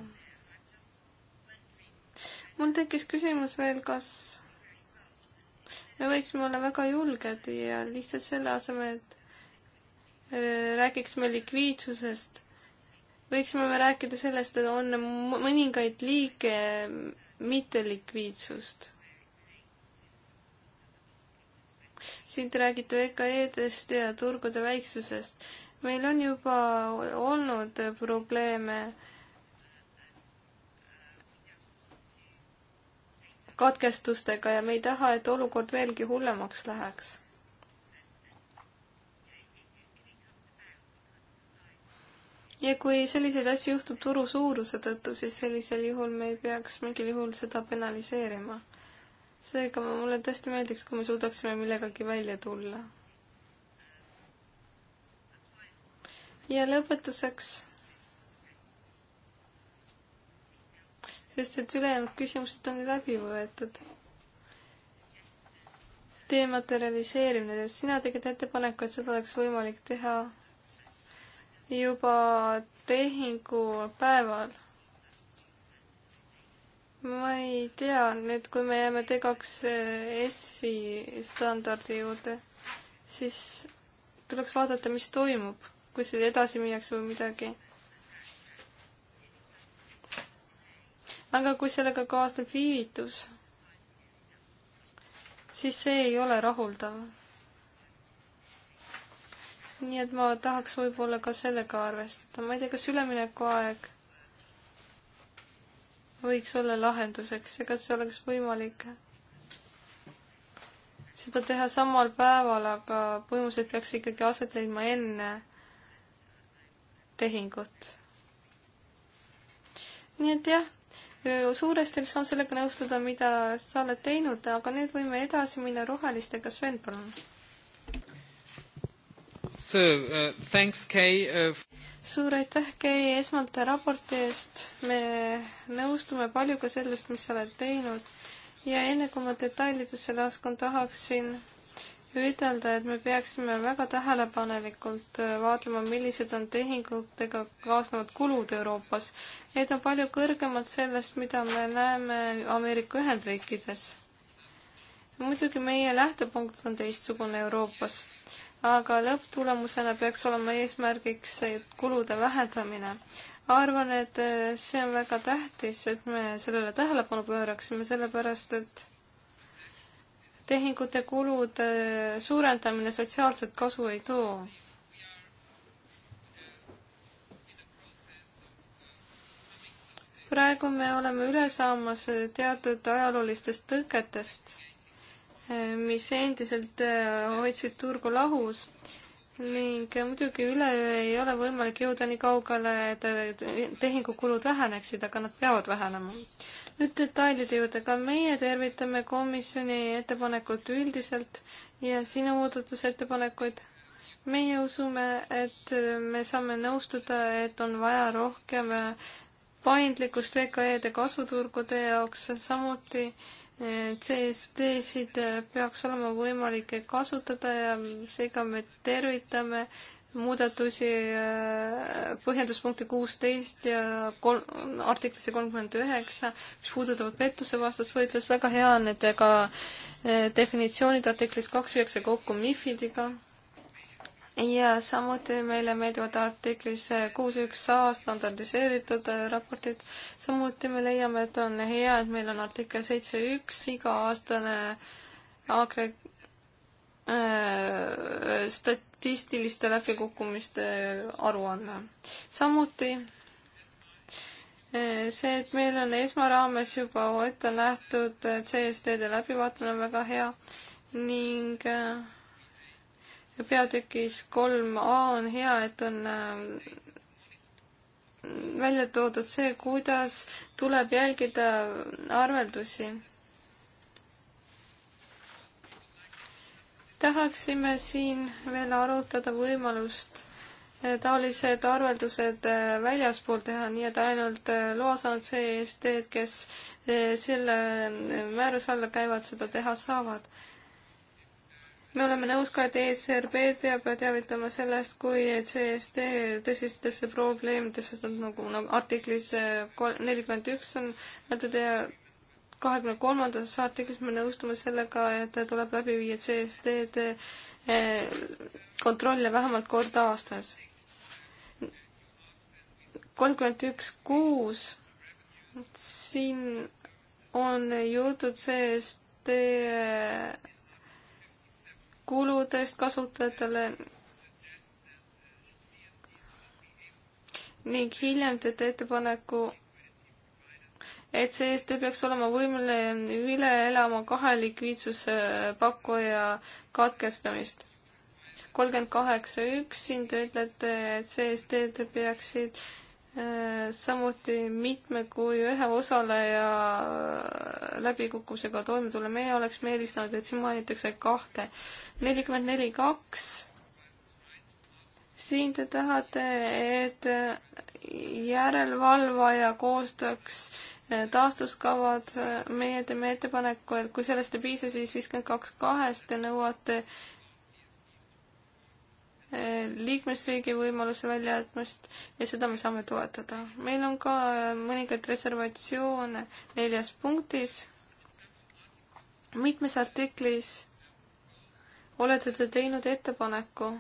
mul tekkis küsimus veel, kas me võiksime olla väga julged ja lihtsalt selle asemel, et äh, räägiksime likviidsusest, võiksime me rääkida sellest, et on mõningaid liike äh, mittelikviidsust. siin te räägite VKE-dest ja turgude väiksusest. meil on juba olnud äh, probleeme katkestustega ja me ei taha, et olukord veelgi hullemaks läheks. ja kui selliseid asju juhtub turu suuruse tõttu, siis sellisel juhul me ei peaks mingil juhul seda penaliseerima. seega mulle tõesti meeldiks, kui me suudaksime millegagi välja tulla. ja lõpetuseks sest et ülejäänud küsimused on läbi võetud. dematerialiseerimine, sina tegid ettepaneku, et seda oleks võimalik teha juba tehingupäeval ma ei tea, nüüd kui me jääme T2S-i standardi juurde, siis tuleks vaadata, mis toimub, kus edasi minnakse või midagi. aga kui sellega kaasneb viivitus, siis see ei ole rahuldav. nii et ma tahaks võib-olla ka sellega arvestada, ma ei tea, kas üleminekuaeg võiks olla lahenduseks ja kas see oleks võimalik seda teha samal päeval, aga põhimõtteliselt peaks ikkagi aset leidma enne tehingut. nii et jah, suuresti saan sellega nõustuda, mida sa oled teinud, aga nüüd võime edasi minna rohelistega. Sven, palun. So uh, thanks Kay uh... suur aitäh, Kay, esmalt raporti eest. me nõustume paljuga sellest, mis sa oled teinud ja enne kui ma detailidesse laskun, tahaksin ütelda, et me peaksime väga tähelepanelikult äh, vaatlema, millised on tehingutega kaasnevad kulud Euroopas. Need on palju kõrgemad sellest, mida me näeme Ameerika Ühendriikides. muidugi meie lähtepunkt on teistsugune Euroopas, aga lõpptulemusena peaks olema eesmärgiks kulude vähendamine. arvan, et äh, see on väga tähtis, et me sellele tähelepanu pööraksime, sellepärast et tehingute kulude eh, suurendamine sotsiaalset kasu ei too. praegu me oleme üle saamas teatud ajaloolistest tõketest, eh, mis endiselt eh, hoidsid turgu lahus ning muidugi üleöö ei ole võimalik jõuda nii kaugele, et tehingukulud väheneksid, aga nad peavad vähenema nüüd detailide juurde, ka meie tervitame komisjoni ettepanekut üldiselt ja sinu muudatusettepanekuid. meie usume, et me saame nõustuda, et on vaja rohkem paindlikkust VKE-de kasvuturgude jaoks, samuti eh, CSD-sid peaks olema võimalik kasutada ja seega me tervitame muudatusi äh, põhjenduspunkti kuusteist ja kolm, artiklisse kolmkümmend üheksa, mis puudutavad pettusevastast võitlust, väga hea on, et ka äh, definitsioonid artiklist kaks üheksa kokku MIFIDiga. ja samuti meile meeldivad artiklis kuus üks A standardiseeritud äh, raportid. samuti me leiame, et on hea, et meil on artikkel seitse üks iga-aastane agreg-, Äh, statistiliste läbikukkumiste aruanne. samuti äh, see, et meil on esmaraames juba ette nähtud CSD-de läbivaatamine on väga hea ning äh, peatükis kolm A on hea, et on välja toodud see, kuidas tuleb jälgida arveldusi tahaksime siin veel arutada võimalust eh, taolised arveldused eh, väljaspool teha, nii et ainult eh, loa saanud CSD-d, kes selle määruse alla käivad, seda teha saavad. me oleme nõus ka, et ESRB peab teavitama sellest, kui CSD tõsistesse probleemidesse, nagu, nagu artiklis nelikümmend üks on, nad ei tea kahekümne kolmandas artiklis me nõustume sellega, et tuleb läbi viia CSD-d eh, kontrolle vähemalt kord aastas. kolmkümmend üks kuus, siin on jõutud CSD eh, kuludest kasutajatele ning hiljem teete ettepaneku et CSD peaks olema võimeline üle elama kahe likviidsuspakkuja katkestamist. kolmkümmend kaheksa üks, siin te ütlete, et CSD-d peaksid äh, samuti mitme kui ühe osaleja äh, läbikukkumisega toime tulla. meie oleksime eelistanud, et siin mainitakse kahte. nelikümmend neli kaks siin te tahate, et äh, järelevalvaja koostaks taastuskavad, meie teeme ettepaneku, et kui sellest ei piisa, siis viiskümmend kaks kahest te nõuate eh, liikmesriigi võimaluse väljajätmist ja seda me saame toetada. meil on ka eh, mõningaid reservatsioone neljas punktis. mitmes artiklis olete te teinud ettepaneku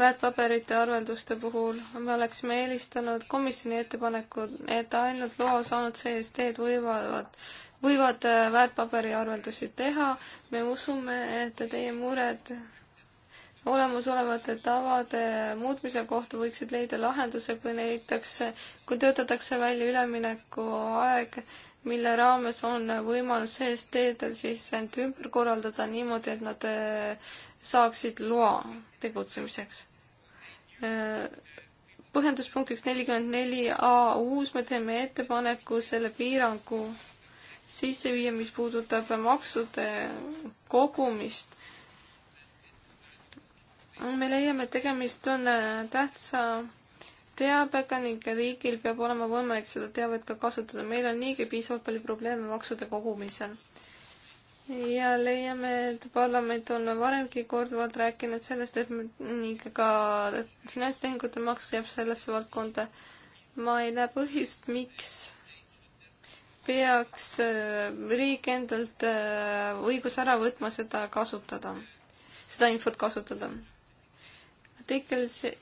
väärtpaberite arvelduste puhul me oleksime eelistanud komisjoni ettepanekut, et ainult loa saanud CSD-d võivad, võivad äh, väärtpaberi arveldusi teha. me usume, et teie mured olemasolevate tavade muutmise kohta võiksid leida lahenduse, kui leitakse, kui töötatakse välja üleminekuaeg, mille raames on võimalus CSD-del siis end ümber korraldada niimoodi, et nad äh, saaksid loa tegutsemiseks põhjenduspunktiks nelikümmend neli A uus, me teeme ettepaneku selle piirangu sisse viia, mis puudutab maksude kogumist. me leiame, et tegemist on äh, tähtsa teabega ning riigil peab olema võimalik seda teavet ka kasutada. meil on niigi piisavalt palju probleeme maksude kogumisel ja leiame, et parlament on varemgi korduvalt rääkinud sellest, et ka finantstehingute maks jääb sellesse valdkonda. ma ei näe põhjust, miks peaks äh, riik endalt äh, õigus ära võtma seda kasutada, seda infot kasutada. artikkel see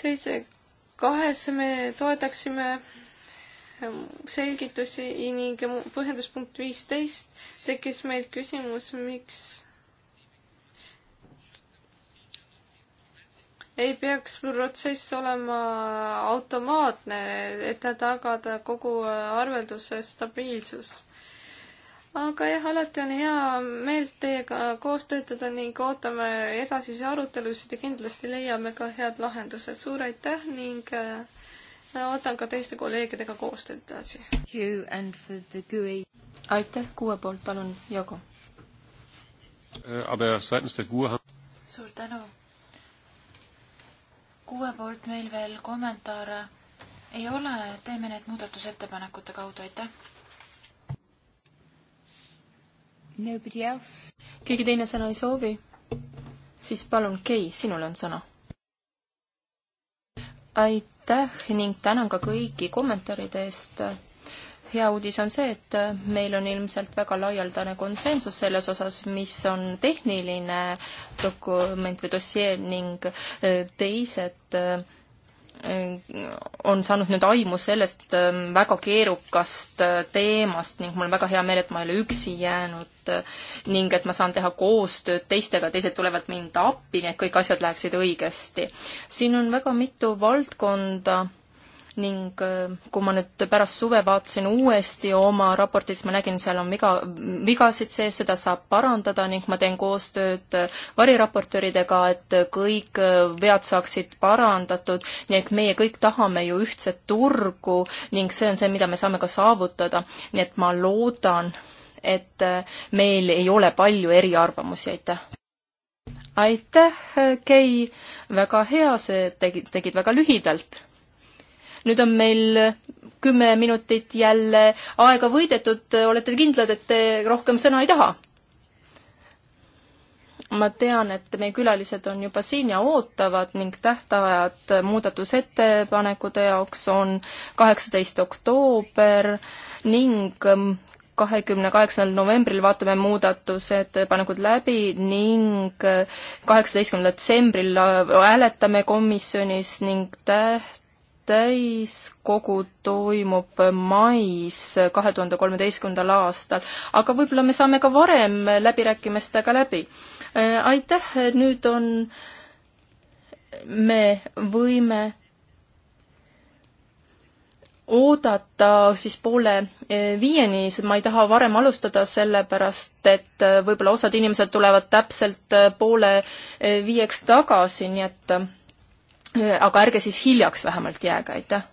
seitse kahes me toetaksime selgitusi ning põhjenduspunkt viisteist tekkis meil küsimus, miks ei peaks protsess olema automaatne, et tagada kogu arvelduse stabiilsus aga jah, alati on hea meel teiega koos töötada ning ootame edasisi arutelusid ja kindlasti leiame ka head lahendused. suur aitäh ning äh, ootan ka teiste kolleegidega koostööd edasi. aitäh, kuue poolt, palun, Jago. Äh, suur tänu. kuue poolt meil veel kommentaare ei ole, teeme need muudatusettepanekute kaudu, aitäh keegi teine sõna ei soovi? siis palun, Kei, sinul on sõna. aitäh ning tänan ka kõiki kommentaaride eest hea uudis on see, et meil on ilmselt väga laialdane konsensus selles osas, mis on tehniline dokument või dossier ning teised on saanud nüüd aimu sellest ähm, väga keerukast äh, teemast ning mul on väga hea meel, et ma ei ole üksi jäänud äh, ning et ma saan teha koostööd teistega, teised tulevad mind appi, nii et kõik asjad läheksid õigesti. siin on väga mitu valdkonda, ning äh, kui ma nüüd pärast suve vaatasin uuesti oma raportit, siis ma nägin, seal on viga, vigasid sees, seda saab parandada ning ma teen koostööd äh, variraportööridega, et kõik äh, vead saaksid parandatud, nii et meie kõik tahame ju ühtset turgu ning see on see, mida me saame ka saavutada, nii et ma loodan, et meil ei ole palju eriarvamusi, aitäh! aitäh, Kei, väga hea, sa tegid, tegid väga lühidalt nüüd on meil kümme minutit jälle aega võidetud, olete kindlad, et te rohkem sõna ei taha? ma tean, et meie külalised on juba siin ja ootavad ning tähtajad muudatusettepanekute jaoks on kaheksateist oktoober ning ähm, kahekümne kaheksandal novembril vaatame muudatusettepanekud läbi ning äh, kaheksateistkümnendal detsembril äh, hääletame komisjonis ning täht-, täiskogu toimub mais kahe tuhande kolmeteistkümnendal aastal, aga võib-olla me saame ka varem läbirääkimistega läbi. aitäh, nüüd on, me võime oodata siis poole viieni, ma ei taha varem alustada, sellepärast et võib-olla osad inimesed tulevad täpselt poole viieks tagasi, nii et aga ärge siis hiljaks vähemalt jääge, aitäh!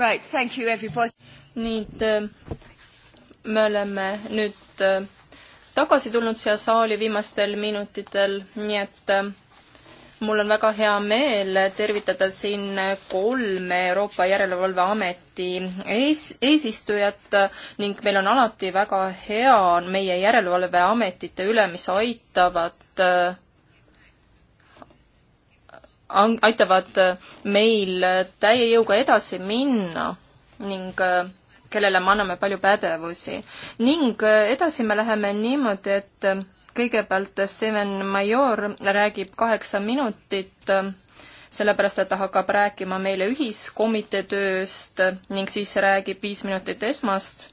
Right, thank you everybody. nüüd äh, me oleme nüüd äh, tagasi tulnud siia saali viimastel minutitel, nii et äh, mul on väga hea meel tervitada siin kolme Euroopa Järelevalveameti ees, eesistujat ning meil on alati väga hea meie järelevalveametite üle, mis aitavad äh, aitavad äh, meil äh, täie jõuga edasi minna ning äh, kellele me anname palju pädevusi. ning edasi me läheme niimoodi, et kõigepealt Steven Major räägib kaheksa minutit, sellepärast et ta hakkab rääkima meile ühiskomitee tööst ning siis räägib viis minutit esmast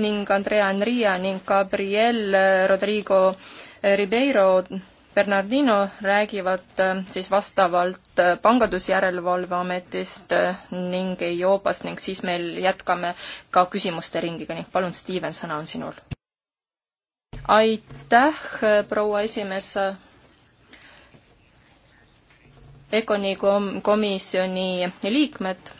ning Andrea Enria ning Gabriel Rodrigo Ribeiro Bernardino räägivad äh, siis vastavalt äh, Pangandusjärelevalveametist äh, ning EIOPast ning siis meil jätkame ka küsimuste ringiga, nii palun, Steven, sõna on sinul. aitäh, proua esimees. Econi kom-, komisjoni liikmed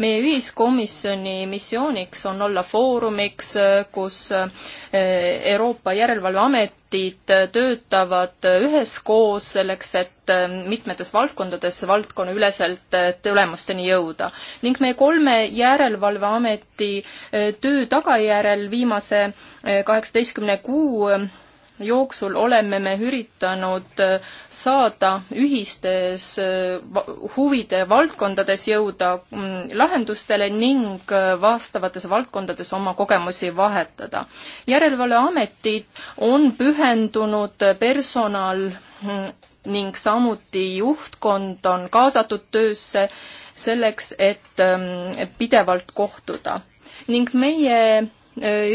meie ühiskomisjoni missiooniks on olla foorumiks, kus eh, Euroopa Järelevalveametid töötavad üheskoos selleks, et eh, mitmetes valdkondades valdkonnaüleselt eh, tulemusteni jõuda. ning meie kolme Järelevalveameti töö tagajärjel viimase kaheksateistkümne kuu jooksul oleme me üritanud äh, saada ühistes äh, huvide valdkondades jõuda mm, lahendustele ning äh, vastavates valdkondades oma kogemusi vahetada. järelevalveametid on pühendunud personal mm, ning samuti juhtkond on kaasatud töösse selleks, et ähm, pidevalt kohtuda. ning meie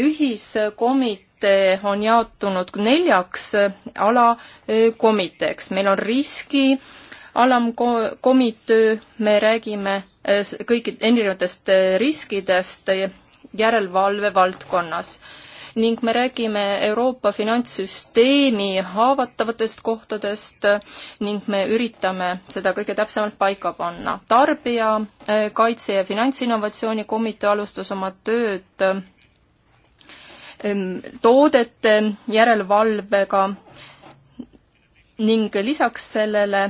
ühiskomitee maate on jaotunud neljaks alakomiteeks. meil on riski alamkomitee, me räägime eh, kõikid erinevatest eh, riskidest järelevalve valdkonnas ning me räägime Euroopa finantssüsteemi haavatavatest kohtadest eh, ning me üritame seda kõige täpsemalt paika panna. tarbijakaitse ja finantsinnovatsiooni komitee alustas oma tööd Ehm, toodete järelevalvega ning lisaks sellele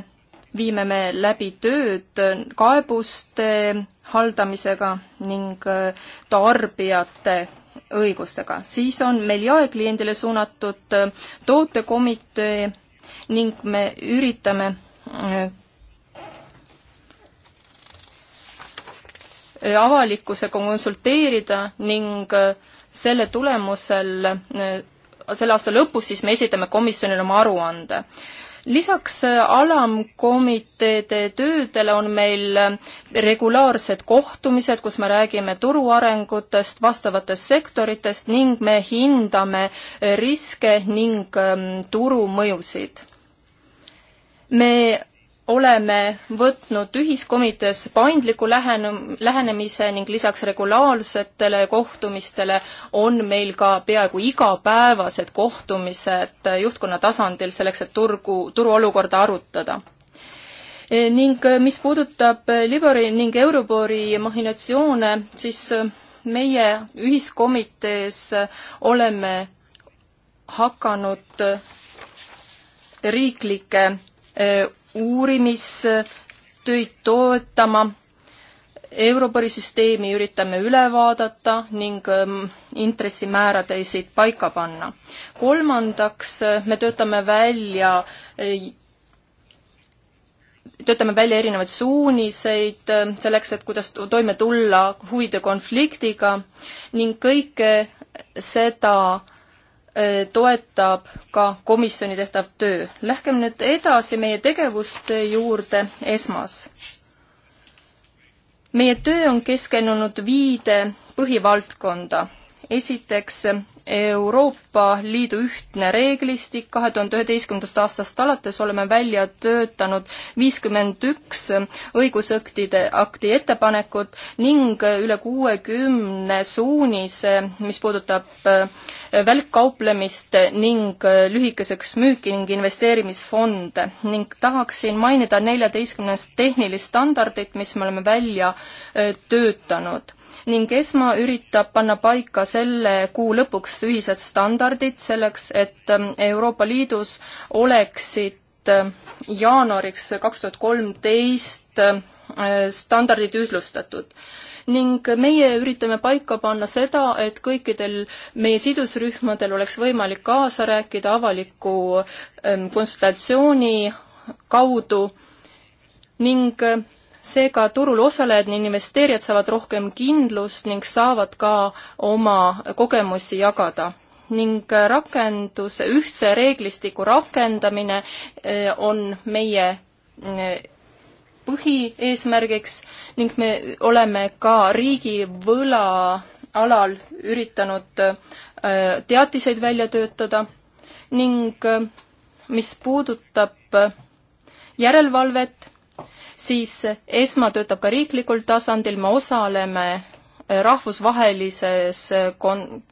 viime me läbi tööd kaebuste haldamisega ning äh, tarbijate õigustega. siis on meil jaekliendile suunatud äh, tootekomitee ning me üritame äh, avalikkusega konsulteerida ning äh, selle tulemusel äh, selle aasta lõpus siis me esitame komisjonile oma aruande. lisaks äh, alamkomiteede töödele on meil äh, regulaarsed kohtumised, kus me räägime turu arengutest, vastavatest sektoritest ning me hindame riske ning ähm, turumõjusid. me oleme võtnud ühiskomitees paindliku lähene-, lähenemise ning lisaks regulaarsetele kohtumistele on meil ka peaaegu igapäevased kohtumised juhtkonna tasandil selleks, et turgu, turuolukorda arutada. E, ning e, mis puudutab Libori ning Euribori mahinatsioone, siis e, meie ühiskomitees oleme hakanud riiklikke uurimistöid toetama. Eurobori süsteemi üritame üle vaadata ning ähm, intressimääradesid paika panna. kolmandaks, äh, me töötame välja äh, töötame välja erinevaid suuniseid äh, selleks, et kuidas toime tulla huvide konfliktiga ning kõike seda Äh, toetab ka komisjoni tehtav töö. Lähkem nüüd edasi meie tegevuste juurde esmas. meie töö on keskendunud viide põhivaldkonda esiteks Euroopa Liidu ühtne reeglistik, kahe tuhande üheteistkümnendast aastast alates oleme välja töötanud viiskümmend üks õigusaktide, akti ettepanekut ning üle kuuekümne suunise, mis puudutab äh, välkkauplemist ning äh, lühikeseks müüki ning investeerimisfonde. ning tahaksin mainida neljateistkümnest tehnilist standardit, mis me oleme välja äh, töötanud ning ESMA üritab panna paika selle kuu lõpuks ühised standardid selleks, et ähm, Euroopa Liidus oleksid ähm, jaanuariks kaks tuhat kolmteist ähm, äh, standardid ühtlustatud ning meie üritame paika panna seda, et kõikidel meie sidusrühmadel oleks võimalik kaasa rääkida avaliku konsultatsiooni kaudu ning äh, seega turul osalejad ja investeerijad saavad rohkem kindlust ning saavad ka oma kogemusi jagada ning äh, rakendus, ühtse reeglistiku rakendamine äh, on meie äh, põhieesmärgiks ning me oleme ka riigivõla alal üritanud teatiseid välja töötada ning mis puudutab järelevalvet, siis ESMA töötab ka riiklikul tasandil, me osaleme äh, rahvusvahelises äh, kon-,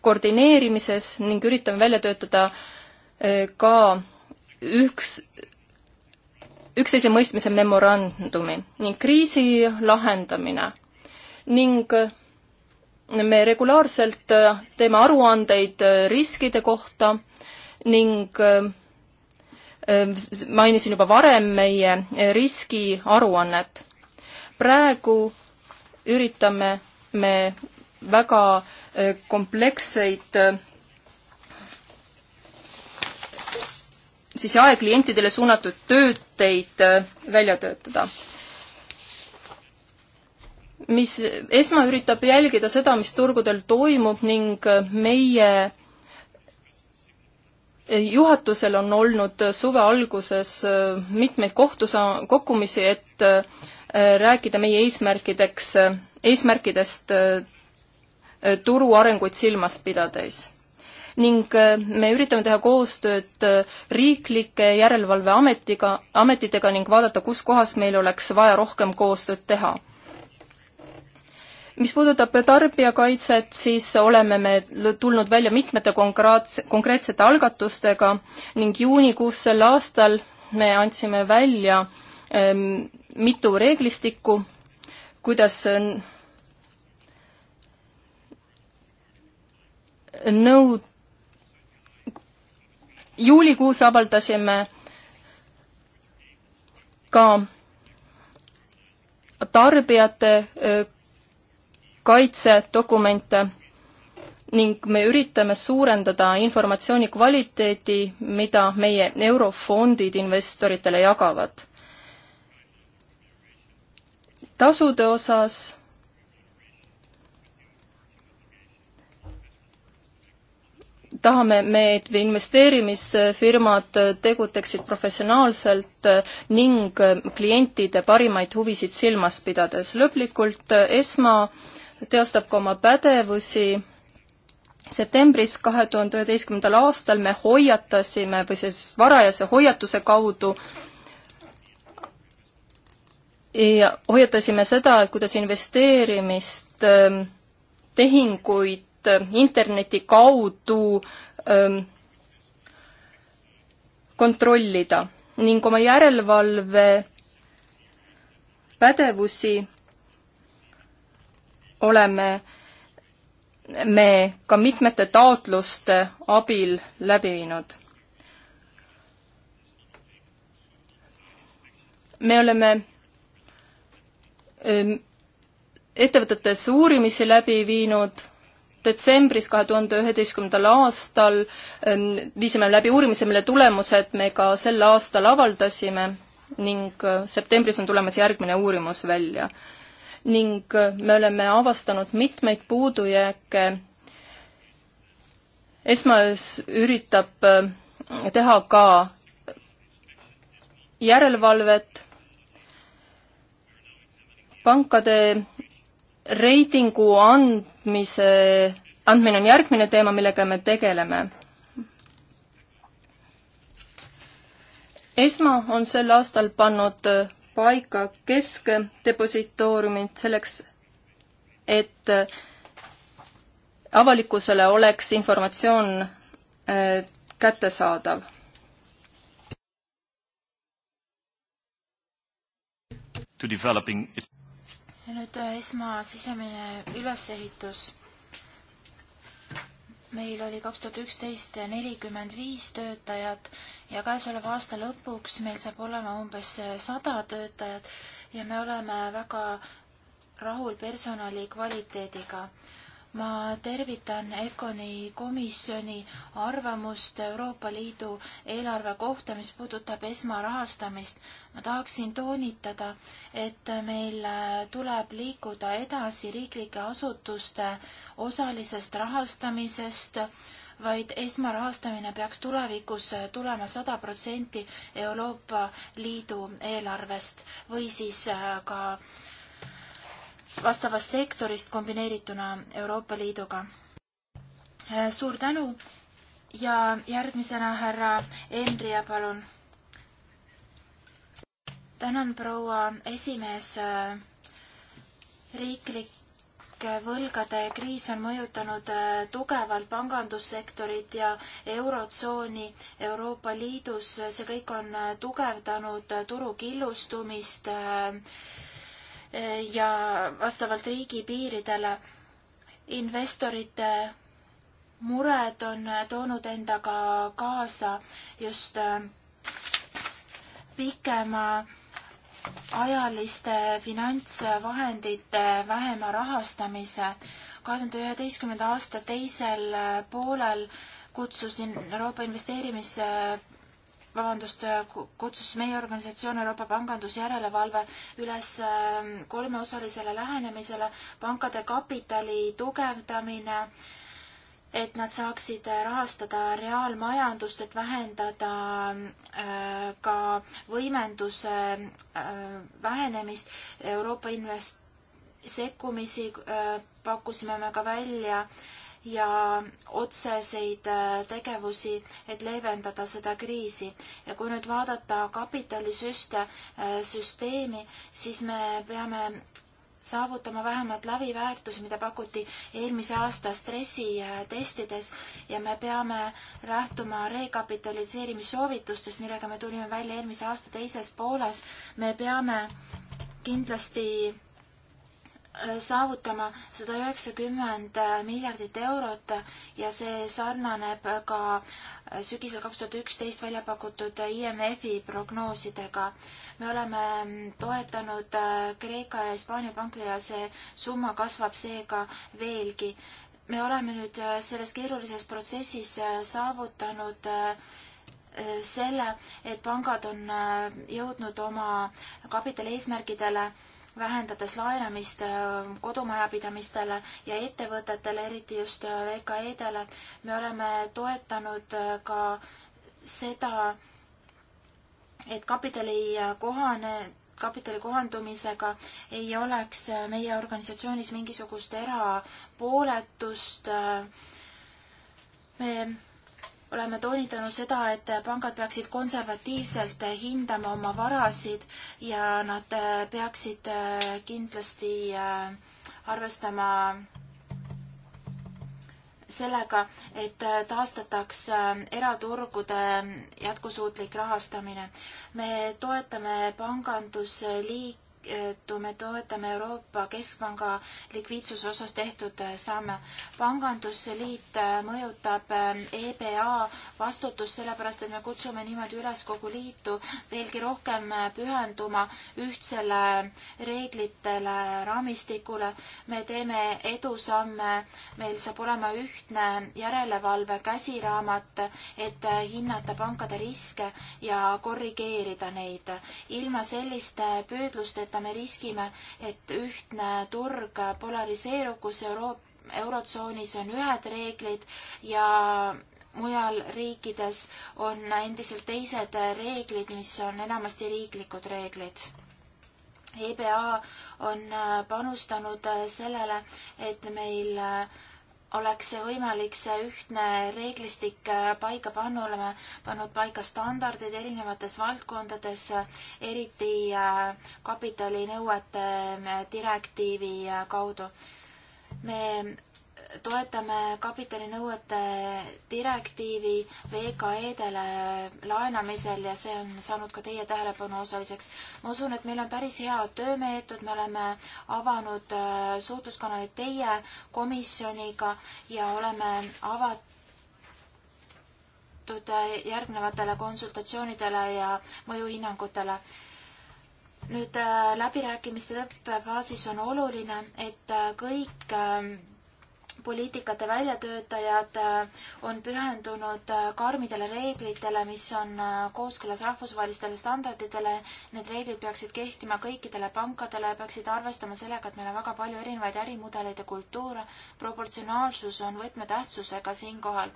koordineerimises ning üritame välja töötada äh, ka üks, üksteise mõistmise memorandumi ning kriisi lahendamine. ning me regulaarselt teeme aruandeid riskide kohta ning mainisin juba varem meie riskiaruannet. praegu üritame me väga kompleksseid siis jaeklientidele suunatud tööteid välja töötada. mis, ESMA üritab jälgida seda, mis turgudel toimub ning meie juhatusel on olnud suve alguses äh, mitmeid kohtusa-, kokkumisi, et äh, rääkida meie eesmärkideks, äh, eesmärkidest turu arenguid silmas pidades. ning me üritame teha koostööd riiklike järelevalveametiga, ametitega ning vaadata, kus kohas meil oleks vaja rohkem koostööd teha mis puudutab tarbijakaitset, siis oleme me tulnud välja mitmete konkreetse, konkreetsete algatustega ning juunikuus sel aastal me andsime välja ähm, mitu reeglistikku, kuidas nõu-, juulikuus avaldasime ka tarbijate kaitsedokumente ning me üritame suurendada informatsiooni kvaliteeti, mida meie eurofondid investoritele jagavad. tasude osas tahame me, et investeerimisfirmad teguteksid professionaalselt ning klientide parimaid huvisid silmas pidades. lõplikult ESMA äh, teostab ka oma pädevusi. septembris kahe tuhande üheteistkümnendal aastal me hoiatasime või siis varajase hoiatuse kaudu ja hoiatasime seda, et kuidas investeerimist, ähm, tehinguid äh, interneti kaudu ähm, kontrollida ning oma järelevalve pädevusi oleme me ka mitmete taotluste abil läbi viinud. me oleme ähm, ettevõtetes uurimisi läbi viinud detsembris kahe tuhande üheteistkümnendal aastal ähm, viisime läbi uurimise, mille tulemused me ka sel aastal avaldasime ning äh, septembris on tulemas järgmine uurimus välja ning äh, me oleme avastanud mitmeid puudujääke. esmaöös üritab äh, teha ka järelevalvet pankade reitingu andmise, andmine on järgmine teema, millega me tegeleme. ESMA on sel aastal pannud äh, paika keskdepositooriumid selleks, et äh, avalikkusele oleks informatsioon äh, kättesaadav. ja nüüd äh, esma sisemine ülesehitus meil oli kaks tuhat üksteist nelikümmend viis töötajat ja käesoleva aasta lõpuks meil saab olema umbes sada töötajat ja me oleme väga rahul personali kvaliteediga ma tervitan ECONi komisjoni arvamust Euroopa Liidu eelarve kohta, mis puudutab esmarahastamist. ma tahaksin toonitada, et meil tuleb liikuda edasi riiklike asutuste osalisest rahastamisest, vaid esmarahastamine peaks tulevikus tulema sada protsenti Euroopa Liidu eelarvest või siis ka äh, vastavast sektorist kombineerituna Euroopa Liiduga. Äh, suur tänu ja järgmisena härra Enria, palun. tänan, proua esimees. Äh, riiklik võlgade kriis on mõjutanud äh, tugevalt pangandussektorit ja Eurotsooni Euroopa Liidus. see kõik on tugevdanud turu killustumist ja vastavalt riigipiiridele investorite mured on toonud endaga kaasa just äh, pikema ajaliste finantsvahendite vähema rahastamise. kahe tuhande üheteistkümnenda aasta teisel äh, poolel kutsusin Euroopa Investeerimis- vabandust, kutsus meie organisatsioon Euroopa Pangandusjärelevalve üles ähm, kolmeosalisele lähenemisele, pankade kapitali tugevdamine, et nad saaksid äh, rahastada reaalmajandust, et vähendada äh, ka võimenduse äh, vähenemist, Euroopa invest-, sekkumisi pakkusime me ka välja ja otseseid äh, tegevusi, et leevendada seda kriisi. ja kui nüüd vaadata kapitalisüste äh, süsteemi, siis me peame saavutama vähemalt läviväärtus, mida pakuti eelmise aasta stressitestides äh, ja me peame lähtuma rekapitaliseerimissoovitustest, millega me tulime välja eelmise aasta teises pooles. me peame kindlasti saavutama sada üheksakümmend miljardit eurot ja see sarnaneb ka sügisel kaks tuhat üksteist välja pakutud IMF-i prognoosidega. me oleme toetanud Kreeka ja Hispaania pankade ja see summa kasvab seega veelgi. me oleme nüüd selles keerulises protsessis saavutanud äh, selle, et pangad on äh, jõudnud oma kapitali eesmärgidele vähendades laenamist äh, kodumajapidamistele ja ettevõtetele, eriti just äh, VKE-dele. me oleme toetanud äh, ka seda, et kapitali kohane, kapitali kohandumisega ei oleks meie organisatsioonis mingisugust erapooletust. me oleme toonitanud seda, et pangad peaksid konservatiivselt hindama oma varasid ja nad äh, peaksid äh, kindlasti äh, arvestama sellega, et taastataks eraturgude jätkusuutlik rahastamine. me toetame pangandusliik-, me toetame Euroopa Keskpanga likviidsuse osas tehtud äh, samme. pangandusliit äh, mõjutab äh, EBA vastutust, sellepärast et me kutsume niimoodi üles kogu liitu veelgi rohkem pühenduma ühtsele reeglitele, raamistikule. me teeme edusamme, meil saab olema ühtne järelevalve käsiraamat, et hinnata pankade riske ja korrigeerida neid. ilma selliste püüdlusteta omakorda me riskime, et ühtne turg polariseerub, kus Euroopa eurotsoonis on ühed reeglid ja mujal riikides on endiselt teised reeglid, mis on enamasti riiklikud reeglid. EBA on panustanud sellele, et meil äh, oleks võimalik see ühtne reeglistik paika panna, oleme pannud paika standardid erinevates valdkondades, eriti äh, kapitalinõuete äh, direktiivi äh, kaudu. me toetame kapitalinõuete direktiivi VKE-dele laenamisel ja see on saanud ka teie tähelepanu osaliseks. ma usun, et meil on päris hea töömeetod, me oleme avanud äh, suhtluskanalid teie komisjoniga ja oleme avatud äh, järgnevatele konsultatsioonidele ja mõjuhinnangutele nüüd äh, läbirääkimiste lõppfaasis on oluline, et kõik ähm, poliitikate väljatöötajad äh, on pühendunud äh, karmidele reeglitele, mis on äh, kooskõlas rahvusvahelistele standarditele. Need reeglid peaksid kehtima kõikidele pankadele, peaksid arvestama sellega, et meil on väga palju erinevaid ärimudeleid ja kultuure. proportsionaalsus on võtmetähtsusega siinkohal.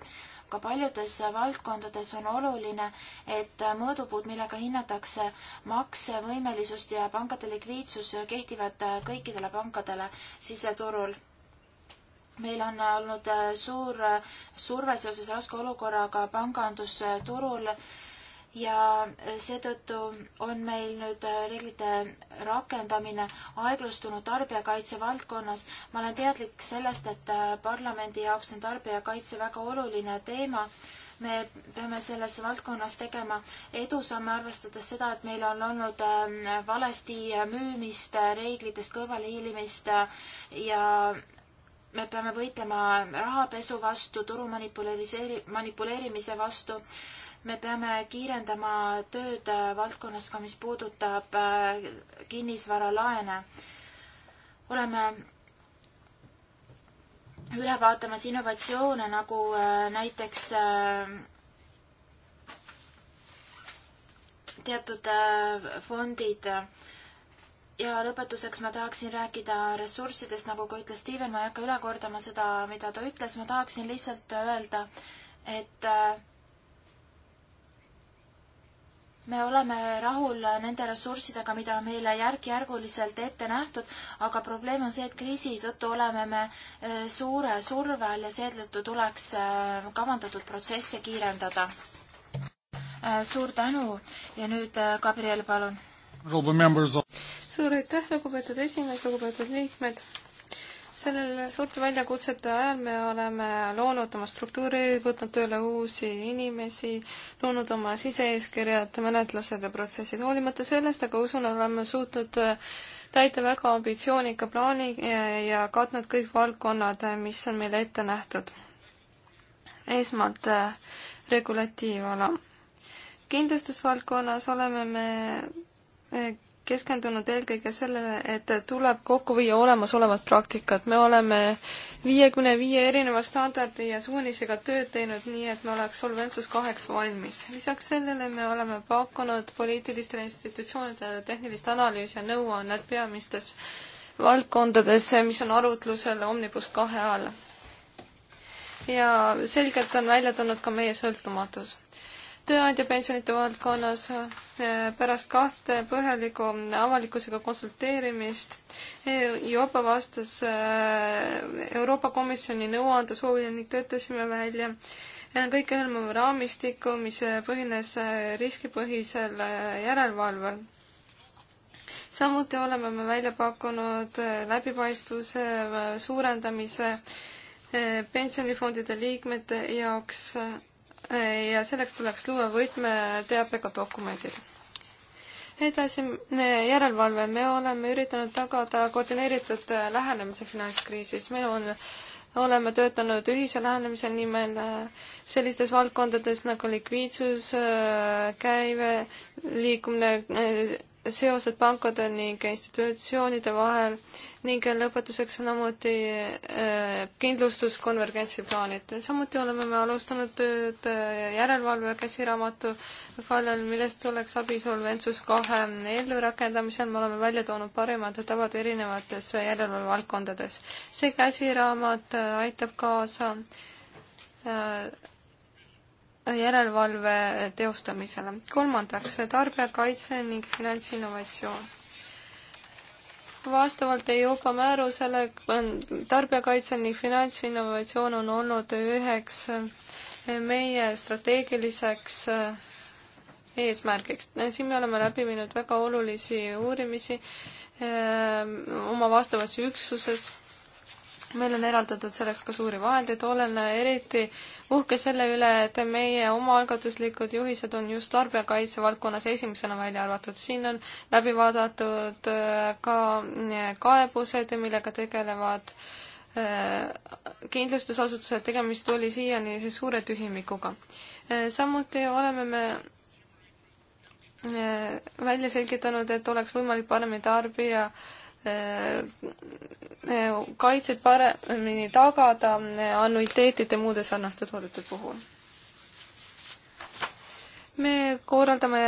ka paljudes valdkondades on oluline, et mõõdupuud, millega hinnatakse maksevõimelisust ja pankade likviidsus, kehtivad kõikidele pankadele siseturul meil on olnud äh, suur äh, surve seoses raske olukorraga pangandusturul ja äh, seetõttu on meil nüüd reeglite rakendamine aeglustunud tarbijakaitse valdkonnas. ma olen teadlik sellest, et parlamendi jaoks on tarbijakaitse väga oluline teema. me peame selles valdkonnas tegema edusamme, arvestades seda, et meil on olnud ähm, valesti müümist, reeglitest kõrvalehiilimist ja me peame võitlema rahapesu vastu, turu manipuleeri-, manipuleerimise vastu, me peame kiirendama tööd valdkonnas ka, mis puudutab äh, kinnisvaralaene. oleme üle vaatamas innovatsioone nagu äh, näiteks äh, teatud fondid ja lõpetuseks ma tahaksin rääkida ressurssidest, nagu ka ütles Steven, ma ei hakka üle kordama seda, mida ta ütles, ma tahaksin lihtsalt öelda, et äh, me oleme rahul nende ressurssidega, mida on meile järk-järguliselt ette nähtud, aga probleem on see, et kriisi tõttu oleme me äh, suure surve all ja seetõttu tuleks äh, kavandatud protsesse kiirendada. suur tänu ja nüüd Gabriel, palun suur aitäh, lugupeetud esimees, lugupeetud liikmed. sellel suurte väljakutsete ajal me oleme loonud oma struktuuri, võtnud tööle uusi inimesi, loonud oma sise-eeskirjad, menetlused ja protsessid. hoolimata sellest, aga usun, oleme suutnud äh, täita väga ambitsioonika plaani ja, ja katnud kõik valdkonnad, äh, mis on meile ette nähtud. esmalt äh, regulatiivala. kindlustusvaldkonnas oleme me keskendunud eelkõige sellele, et tuleb kokku viia olemasolevat praktikat. me oleme viiekümne viie erineva standardi ja suunisega tööd teinud, nii et me oleks Solventsus kaheks valmis. lisaks sellele me oleme pakkunud poliitilistele institutsioonidele tehnilist analüüsi ja nõuannet peamistes valdkondades, mis on arutlusel Omnibus kahe all. ja selgelt on välja tulnud ka meie sõltumatus tööandjapensionite valdkonnas eh, pärast kahte põhjalikku avalikkusega konsulteerimist juba eh, vastas eh, Euroopa Komisjoni nõuande soovile ning töötasime välja kõikehõlmav raamistiku, mis põhines riskipõhisel järelevalvel. samuti oleme me välja pakkunud läbipaistvuse suurendamise pensionifondide liikmete jaoks ja selleks tuleks luua võtmeteabega dokumendid. edasi, järelevalve, me oleme üritanud tagada koordineeritud äh, lähenemise finantskriisis, meil on oleme töötanud ühise lähenemise nimel äh, sellistes valdkondades nagu likviidsus, äh, käive, liikumine, seosed pankade ning institutsioonide vahel ning lõpetuseks samuti äh, kindlustuskonvergentsi plaanid. samuti oleme me alustanud tööd äh, järelevalve käsiraamatu kallal, millest oleks abi Solventsus kahe ellurakendamisel. me oleme välja toonud parimad tavad erinevates järelevalvevaldkondades. see käsiraamat äh, aitab kaasa järelevalve teostamisele. kolmandaks, tarbijakaitse ning finantsinnovatsioon. vastavalt Euroopa määrusele tarbijakaitse ning finantsinnovatsioon on olnud üheks meie strateegiliseks eh, eesmärgiks. siin me oleme läbi viinud väga olulisi uurimisi eh, oma vastavas üksuses meil on eraldatud selleks ka suuri vahendeid, olen eriti uhke selle üle, et meie omaalgatuslikud juhised on just tarbijakaitse valdkonnas esimesena välja arvatud. siin on läbi vaadatud äh, ka äh, kaebused, millega tegelevad äh, kindlustusasutused, tegemist oli siiani siis suure tühimikuga. samuti oleme me välja selgitanud, et oleks võimalik paremini tarbija ta kaitset paremini tagada annuiteetide muude sarnaste toodete puhul. me korraldame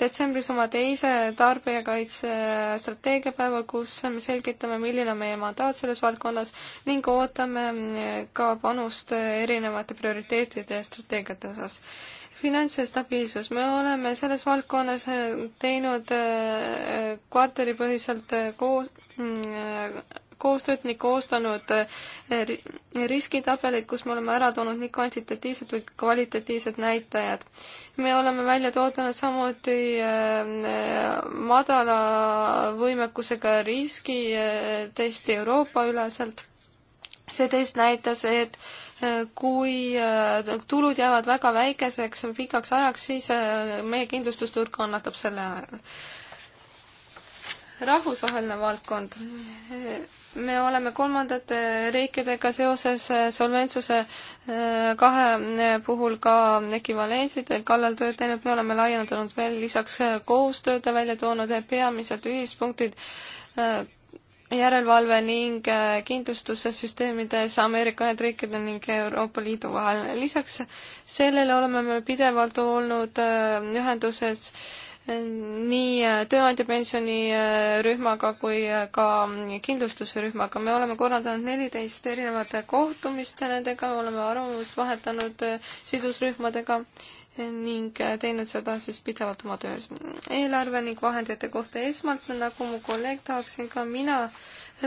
detsembris oma teise tarbijakaitse strateegiapäeva, kus me selgitame, milline on meie mandaat selles valdkonnas ning ootame ka panust erinevate prioriteetide ja strateegiate osas finantsstabiilsus, me oleme selles valdkonnas äh, teinud äh, äh, kvartalipõhiselt koos, mm, koostööd ning koostanud riskitabeleid, kus me oleme ära toonud nii kvantitatiivsed kui kvalitatiivsed näitajad. me oleme välja toodanud samuti madala võimekusega riskitesti Euroopa üleselt. see test näitas, et kui äh, tulud jäävad väga väikeseks pikaks ajaks, siis äh, meie kindlustusturg kannatab selle ajal. rahvusvaheline valdkond. me oleme kolmandate riikidega seoses äh, solventsuse kahe puhul ka ekvivalentsid kallal tööd teinud, me oleme laiendanud veel lisaks koostööd välja toonud peamised ühispunktid järelevalve ning äh, kindlustussüsteemides Ameerika Ühendriikide ning Euroopa Liidu vahel. lisaks sellele oleme me pidevalt olnud äh, ühenduses äh, nii tööandjapensionirühmaga kui ka mm, kindlustusrühmaga. me oleme korraldanud neliteist erinevat kohtumist nendega, oleme arvamust vahetanud sidusrühmadega ning äh, teinud seda siis pidevalt oma töös. eelarve ning vahendite kohta esmalt, nagu mu kolleeg, tahaksin ka mina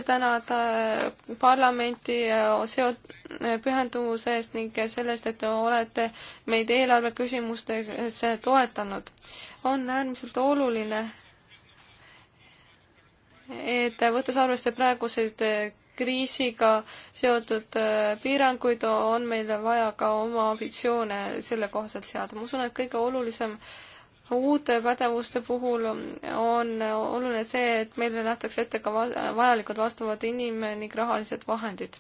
tänada äh, parlamenti äh, seot-, pühendumuse eest ning sellest, et te olete meid eelarve küsimustes toetanud. on äärmiselt oluline, et võttes arvesse praeguseid kriisiga seotud äh, piiranguid on meil vaja ka oma ambitsioone selle kohaselt seada. ma usun, et kõige olulisem uute pädevuste puhul on oluline see, et meile nähtakse ette ka vajalikud vastavad inim- ning rahalised vahendid.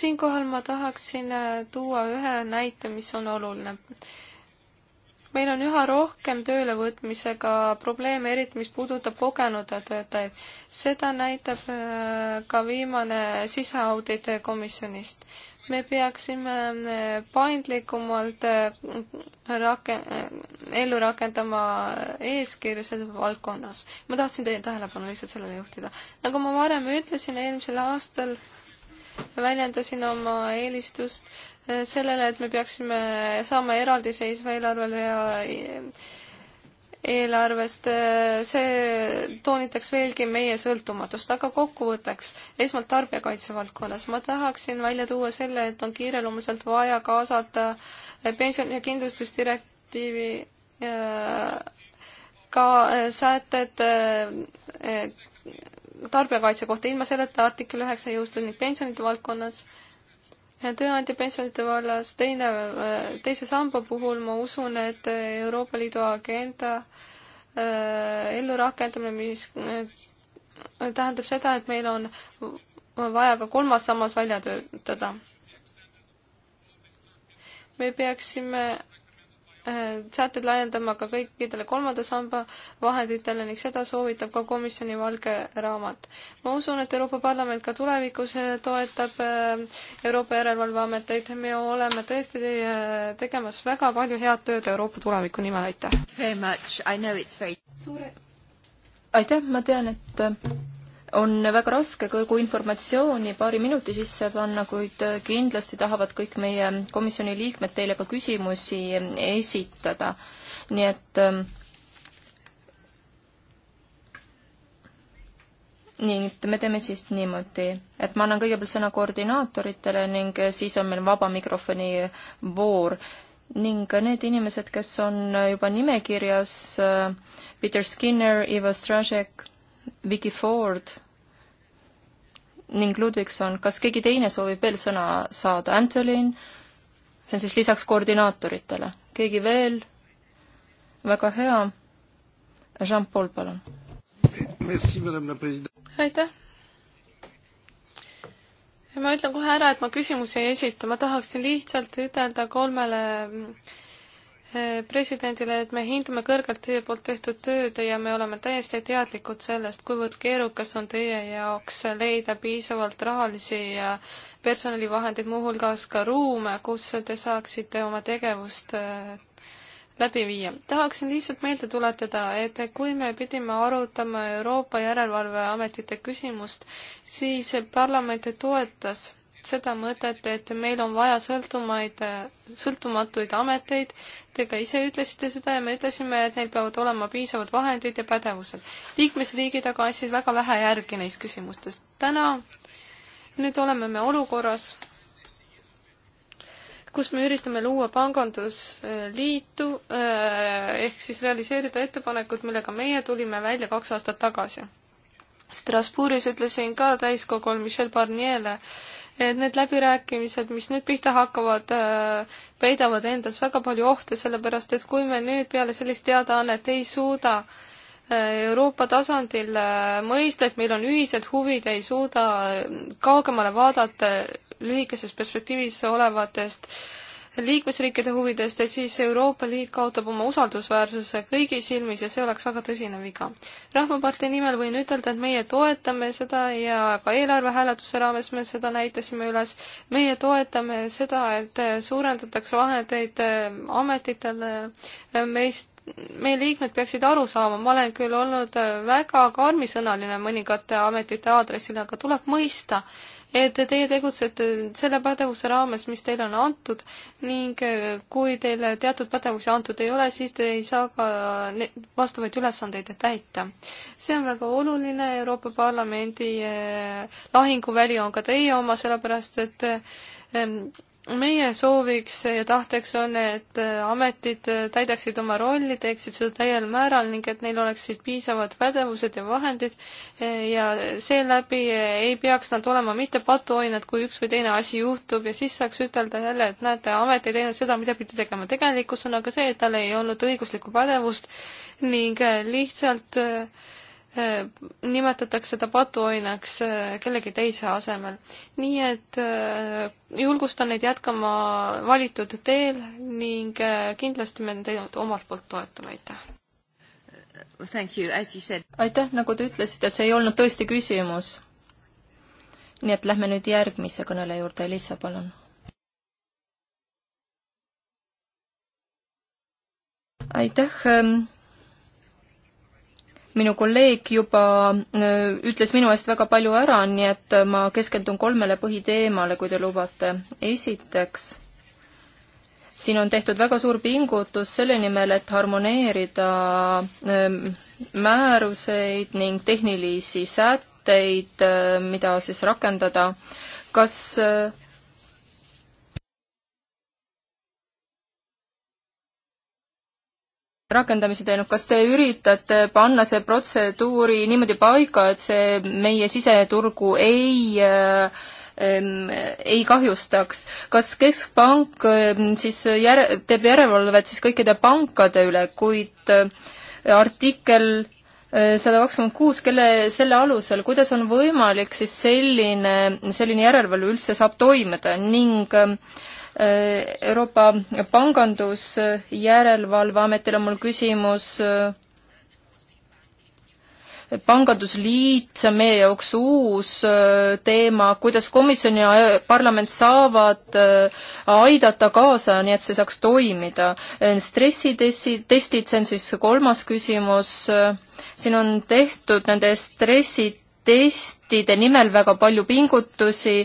siinkohal ma tahaksin äh, tuua ühe näite, mis on oluline meil on üha rohkem töölevõtmisega probleeme, eriti mis puudutab kogenud töötajaid. seda näitab äh, ka viimane siseaudit komisjonist. me peaksime äh, paindlikumalt äh, rake-, ellu rakendama eeskirju selles valdkonnas. ma tahtsin teie tähelepanu lihtsalt sellele juhtida. nagu ma varem ütlesin, eelmisel aastal väljendasin oma eelistust Äh, sellele, et me peaksime saama eraldiseisva eelarvele ja eelarvest, äh, see toonitaks veelgi meie sõltumatust, aga kokkuvõtteks, esmalt tarbijakaitse valdkonnas, ma tahaksin välja tuua selle, et on kiireloomuliselt vaja kaasata äh, pensioni- ja kindlustusdirektiivi ka sätted tarbijakaitse kohta, ilma selleta artikkel üheksa ei jõustu ning pensionide valdkonnas äh, tööandja pensionide vallas, teine, äh, teise samba puhul ma usun, et Euroopa Liidu agenda äh, ellurakendamine, mis äh, tähendab seda, et meil on vaja ka kolmas sammas välja töötada. me peaksime sätted laiendama ka kõikidele kolmanda samba vahenditele ning seda soovitab ka komisjoni valge raamat. ma usun, et Euroopa Parlament ka tulevikus äh, toetab äh, Euroopa Järelevalveameteid, me oleme tõesti äh, tegemas väga palju head tööd Euroopa tuleviku nimel, aitäh! Very... aitäh, ma tean, et on väga raske kogu informatsiooni paari minuti sisse panna, kuid kindlasti tahavad kõik meie komisjoni liikmed teile ka küsimusi esitada. nii et ähm, nii, et me teeme siis niimoodi, et ma annan kõigepealt sõna koordinaatoritele ning siis on meil vaba mikrofoni voor ning need inimesed, kes on juba nimekirjas, äh, Peter Skinner, Ivo Stražek Vicky Ford ning Ludvigson, kas keegi teine soovib veel sõna saada? Antolin, see on siis lisaks koordinaatoritele. keegi veel? väga hea. Jean-Paul, palun. aitäh. ma ütlen kohe ära, et ma küsimusi ei esita, ma tahaksin lihtsalt ütelda kolmele Eh, presidendile, et me hindame kõrgelt teie poolt tehtud tööd ja me oleme täiesti teadlikud sellest, kuivõrd keerukas on teie jaoks leida piisavalt rahalisi ja personalivahendeid, muuhulgas ka ruume, kus te saaksite oma tegevust eh, läbi viia. tahaksin lihtsalt meelde tuletada, et kui me pidime arutama Euroopa Järelevalveametite küsimust, siis parlament toetas seda mõtet, et meil on vaja sõltumaid, sõltumatuid ameteid. Te ka ise ütlesite seda ja me ütlesime, et neil peavad olema piisavad vahendid ja pädevused. liikmesriigid aga andsid väga vähe järgi neis küsimustes. täna nüüd oleme me olukorras, kus me üritame luua pangandusliitu eh, ehk siis realiseerida ettepanekut, millega meie tulime välja kaks aastat tagasi. Strasbourgis ütlesin ka täiskogul Michel Barnier'le, et need läbirääkimised, mis nüüd pihta hakkavad, äh, peidavad endas väga palju ohte, sellepärast et kui me nüüd peale sellist teadaannet ei suuda äh, Euroopa tasandil äh, mõista, et meil on ühised huvid ja ei suuda kaugemale vaadata lühikeses perspektiivis olevatest äh, liikmesriikide huvidest, siis Euroopa Liit kaotab oma usaldusväärsuse kõigi silmis ja see oleks väga tõsine viga. rahvapartei nimel võin ütelda, et meie toetame seda ja ka eelarvehääletuse raames me seda näitasime üles. meie toetame seda, et suurendatakse vahendeid äh, ametitele äh, meist meie liikmed peaksid aru saama, ma olen küll olnud äh, väga karmisõnaline mõningate ametite aadressil, aga tuleb mõista, et teie tegutsete selle pädevuse raames, mis teile on antud ning äh, kui teile teatud pädevusi antud ei ole, siis te ei saa ka vastavaid ülesandeid täita. see on väga oluline, Euroopa Parlamendi äh, lahinguväli on ka teie oma, sellepärast et ähm, meie sooviks ja tahteks on, et äh, ametid äh, täidaksid oma rolli, teeksid seda täiel määral ning et neil oleksid piisavad pädevused ja vahendid äh, ja seeläbi ei peaks nad olema mitte patuoinad, kui üks või teine asi juhtub ja siis saaks ütelda jälle, et näete, amet ei teinud seda, mida pidi tegema. tegelikkus on aga see, et tal ei olnud õiguslikku pädevust ning lihtsalt äh, Äh, nimetatakse ta patuoinaks äh, kellegi teise asemel. nii et äh, julgustan neid jätkama valitud teel ning kindlasti me teid omalt poolt toetame, aitäh! aitäh, nagu te ütlesite, see ei olnud tõesti küsimus. nii et lähme nüüd järgmise kõneleja juurde, Elisa, palun. aitäh ähm minu kolleeg juba äh, ütles minu eest väga palju ära, nii et äh, ma keskendun kolmele põhiteemale, kui te lubate. esiteks, siin on tehtud väga suur pingutus selle nimel, et harmoneerida ähm, määruseid ning tehnilisi sätteid, äh, mida siis rakendada. kas rakendamise teinud, kas te üritate panna see protseduuri niimoodi paika, et see meie siseturgu ei äh, ei kahjustaks. kas Keskpank ähm, siis jär-, teeb järelevalvet siis kõikide pankade üle, kuid äh, artikkel äh, sada kakskümmend kuus, kelle, selle alusel, kuidas on võimalik siis selline, selline järelevalve üldse saab toimuda ning ähm, Euroopa Pangandusjärelevalveametil on mul küsimus pangandusliit, see on meie jaoks uus äh, teema, kuidas komisjon ja äh, parlament saavad äh, aidata kaasa, nii et see saaks toimida. stressitesti, testid, see on siis kolmas küsimus, siin on tehtud nende stressitestide nimel väga palju pingutusi,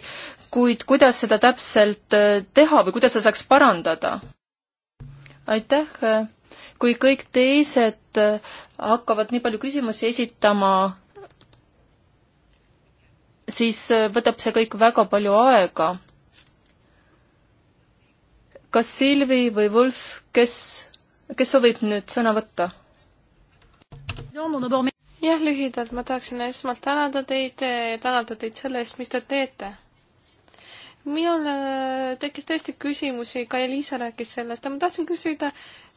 kuid kuidas seda täpselt äh, teha või kuidas seda saaks parandada? aitäh, kui kõik teised äh, hakkavad nii palju küsimusi esitama, siis äh, võtab see kõik väga palju aega. kas Silvi või Wolf, kes, kes soovib nüüd sõna võtta? jah, lühidalt, ma tahaksin esmalt tänada teid, eh, tänada teid selle eest, mis te teete minul äh, tekkis tõesti küsimusi, ka Elisa rääkis sellest, aga ma tahtsin küsida,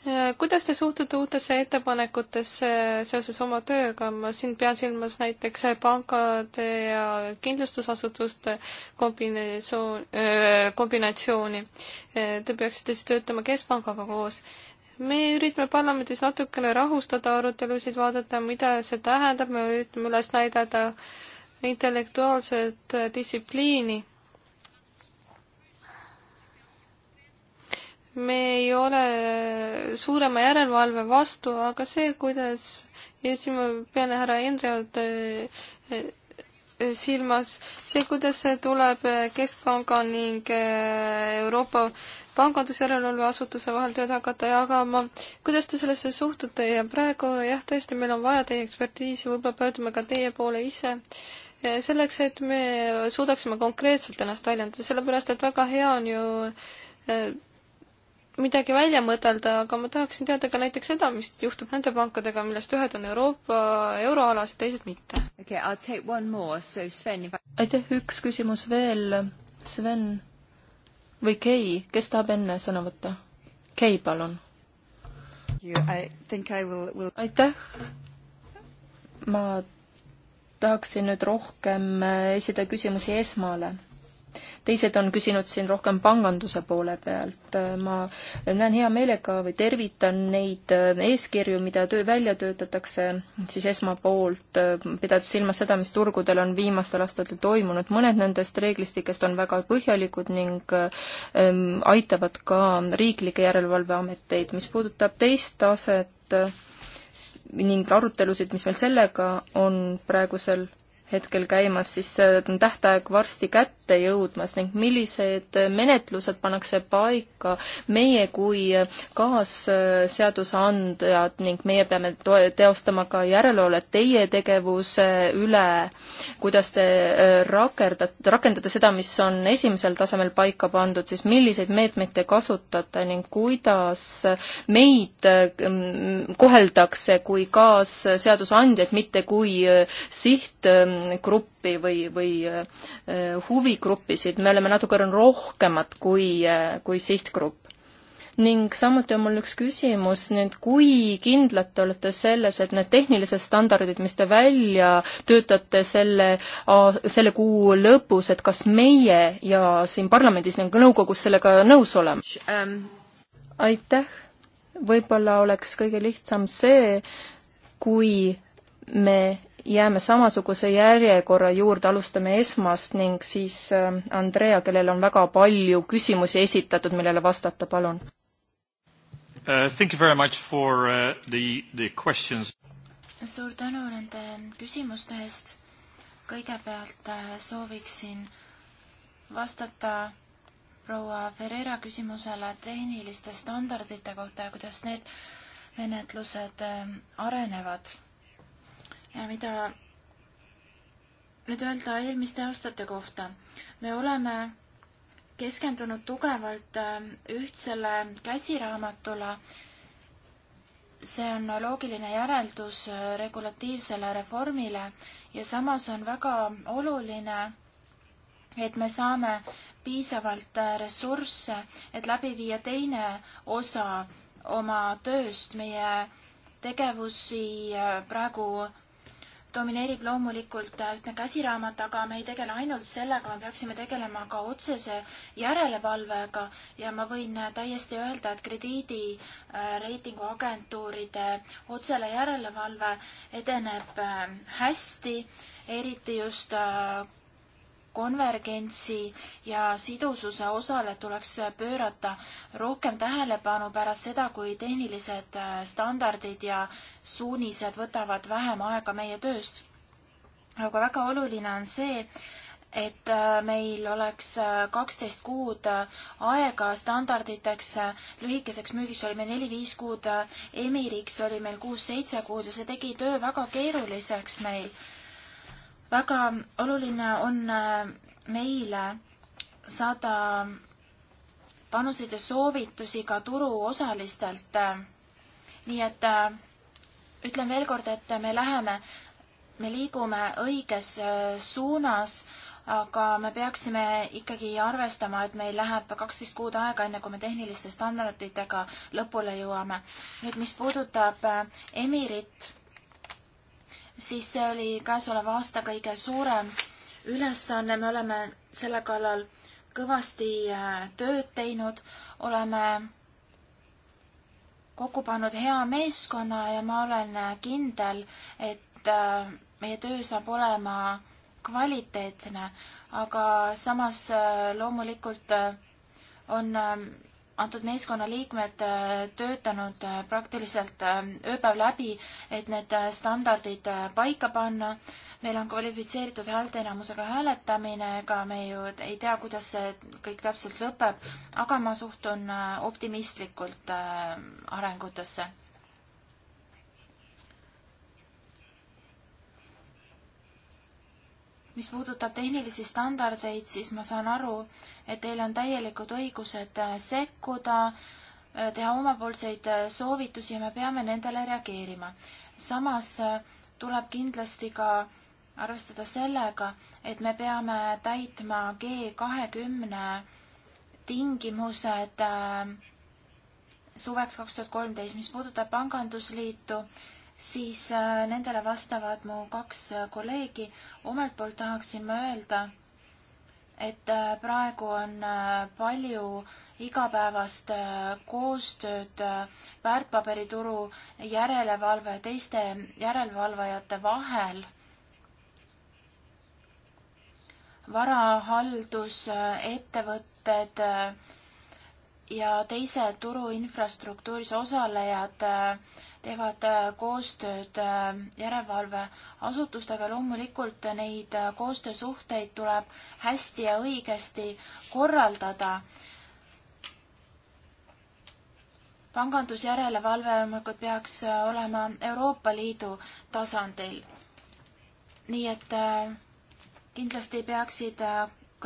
äh, kuidas te suhtute uutesse ettepanekutesse äh, seoses oma tööga, ma siin pean silmas näiteks pankade ja kindlustusasutuste kombinatsioon, kombinatsiooni. Te peaksite siis töötama Keskpangaga koos me üritame parlamendis natukene rahustada arutelusid, vaadata, mida see tähendab, me üritame üles näidata intellektuaalset distsipliini me ei ole suurema järelevalve vastu, aga see, kuidas ja siin ma pean härra Indrelt eh, eh, silmas, see, kuidas see tuleb Keskpanga ning eh, Euroopa pangandusjärelevalve asutuse vahel tööd hakata jagama. kuidas te sellesse suhtute ja praegu jah, tõesti, meil on vaja teie ekspertiisi, võib-olla pöördume ka teie poole ise. selleks, et me suudaksime konkreetselt ennast väljendada, sellepärast et väga hea on ju midagi välja mõtelda, aga ma tahaksin teada ka näiteks seda, mis juhtub nende pankadega, millest ühed on Euroopa euroalas ja teised mitte. okei okay,, I will take one more, so Sven if.... aitäh, üks küsimus veel. Sven või Kei, kes tahab enne sõna võtta? Kei, palun. Will... aitäh. ma tahaksin nüüd rohkem eh, esitada küsimusi Esmale teised on küsinud siin rohkem panganduse poole pealt. ma näen hea meelega või tervitan neid äh, eeskirju, mida töö välja töötatakse siis esmapoolt, äh, pidades silmas seda, mis turgudel on viimastel aastatel toimunud. mõned nendest reeglistikest on väga põhjalikud ning äh, ähm, aitavad ka riiklikke järelevalveameteid. mis puudutab teist taset ning arutelusid, mis meil sellega on praegusel hetkel käimas, siis on tähtaeg varsti kätte jõudmas ning millised menetlused pannakse paika meie kui kaasseadusandjad ning meie peame teostama ka järelevalvet teie tegevuse üle, kuidas te äh, rakendate, rakendate seda, mis on esimesel tasemel paika pandud, siis milliseid meetmeid te kasutate ning kuidas meid äh, koheldakse kui kaasseadusandjaid, mitte kui äh, siht gruppi või, või äh, huvigruppisid, me oleme natuke rohkemad kui, äh, kui sihtgrupp. ning samuti on mul üks küsimus nüüd, kui kindlad te olete selles, et need tehnilised standardid, mis te välja töötate selle, selle kuu lõpus, et kas meie ja siin parlamendis ning nõukogus sellega nõus oleme? Ähm. aitäh! võib-olla oleks kõige lihtsam see, kui me jääme samasuguse järjekorra juurde, alustame esmast ning siis äh, Andrea, kellel on väga palju küsimusi esitatud, millele vastata, palun uh,. Thank you very much for uh, the, the questions. suur tänu nende küsimuste eest. kõigepealt äh, sooviksin vastata proua Ferreira küsimusele tehniliste standardite kohta ja kuidas need menetlused äh, arenevad ja mida nüüd öelda eelmiste aastate kohta. me oleme keskendunud tugevalt äh, ühtsele käsiraamatule. see on loogiline järeldus äh, regulatiivsele reformile ja samas on väga oluline, et me saame piisavalt äh, ressursse, et läbi viia teine osa oma tööst, meie tegevusi praegu domineerib loomulikult äh, ühtne käsiraamat, aga me ei tegele ainult sellega, me peaksime tegelema ka otsese järelevalvega ja ma võin äh, täiesti öelda, et krediidireitinguagentuuride äh, otsele järelevalve edeneb hästi, eriti just konvergentsi ja sidususe osale tuleks pöörata rohkem tähelepanu pärast seda, kui tehnilised äh, standardid ja suunised võtavad vähem aega meie tööst. aga väga oluline on see, et äh, meil oleks äh, kaksteist kuud aega standarditeks, lühikeseks müügiks oli meil neli-viis kuud, emiriks oli meil kuus-seitse kuud ja see tegi töö väga keeruliseks meil väga oluline on äh, meile saada panuseid ja soovitusi ka turuosalistelt. Äh, nii et äh, ütlen veel kord, et me läheme, me liigume õiges suunas, aga me peaksime ikkagi arvestama, et meil läheb kaksteist kuud aega, enne kui me tehniliste standarditega lõpule jõuame. nüüd, mis puudutab Emirit siis see oli käesoleva aasta kõige suurem ülesanne, me oleme selle kallal kõvasti äh, tööd teinud, oleme kokku pannud hea meeskonna ja ma olen äh, kindel, et äh, meie töö saab olema kvaliteetne, aga samas loomulikult on antud meeskonna liikmed äh, töötanud äh, praktiliselt äh, ööpäev läbi, et need standardid paika panna. meil on kvalifitseeritud häälteenamusega hääletamine, ega me ju ei tea, kuidas see kõik täpselt lõpeb, aga ma suhtun optimistlikult arengutesse mis puudutab tehnilisi standardeid, siis ma saan aru, et teil on täielikud õigused äh, sekkuda, äh, teha omapoolseid äh, soovitusi ja me peame nendele reageerima. samas tuleb kindlasti ka arvestada sellega, et me peame täitma G kahekümne tingimused suveks kaks tuhat kolmteist, mis puudutab pangandusliitu, siis äh, nendele vastavad mu kaks äh, kolleegi. omalt poolt tahaksin ma öelda, et äh, praegu on palju igapäevast koostööd väärtpaberituru järelevalve ja teiste järelevalvajate vahel. varahaldusettevõtted ja teised turu infrastruktuuris osalejad teevad äh, koostööd äh, järelevalveasutustega, loomulikult äh, neid koostöösuhteid tuleb hästi ja õigesti korraldada. pangandusjärelevalve loomulikult peaks olema Euroopa Liidu tasandil. nii et kindlasti peaksid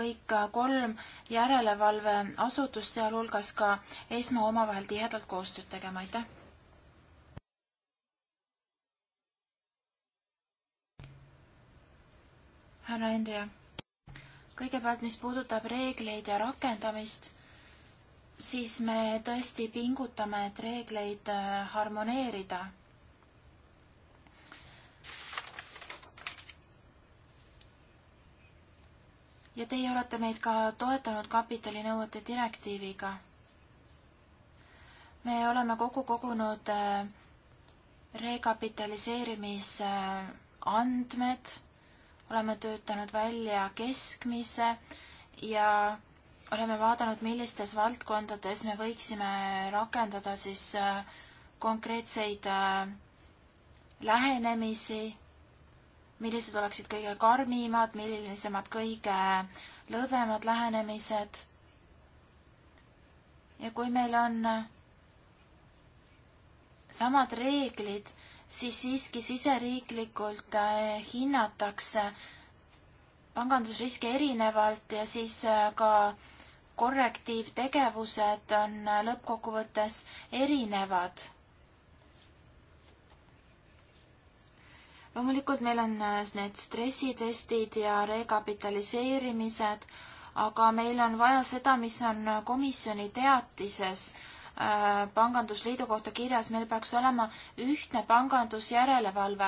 kõik kolm järelevalveasutust, sealhulgas ka ESMA omavahel tihedalt koostööd tegema, aitäh! härra Endre. kõigepealt, mis puudutab reegleid ja rakendamist, siis me tõesti pingutame, et reegleid äh, harmoneerida. ja teie olete meid ka toetanud kapitalinõuete direktiiviga. me oleme kokku kogunud äh, rekapitaliseerimisandmed äh, oleme töötanud välja keskmise ja oleme vaadanud, millistes valdkondades me võiksime rakendada siis äh, konkreetseid äh, lähenemisi, millised oleksid kõige karmimad, millisemad kõige lõdvemad lähenemised. ja kui meil on äh, samad reeglid siis siiski siseriiklikult äh, hinnatakse pangandusriske erinevalt ja siis äh, ka korrektiivtegevused on äh, lõppkokkuvõttes erinevad. loomulikult meil on need stressitestid ja rekapitaliseerimised, aga meil on vaja seda, mis on komisjoni teatises Äh, pangandusliidu kohta kirjas, meil peaks olema ühtne pangandusjärelevalve.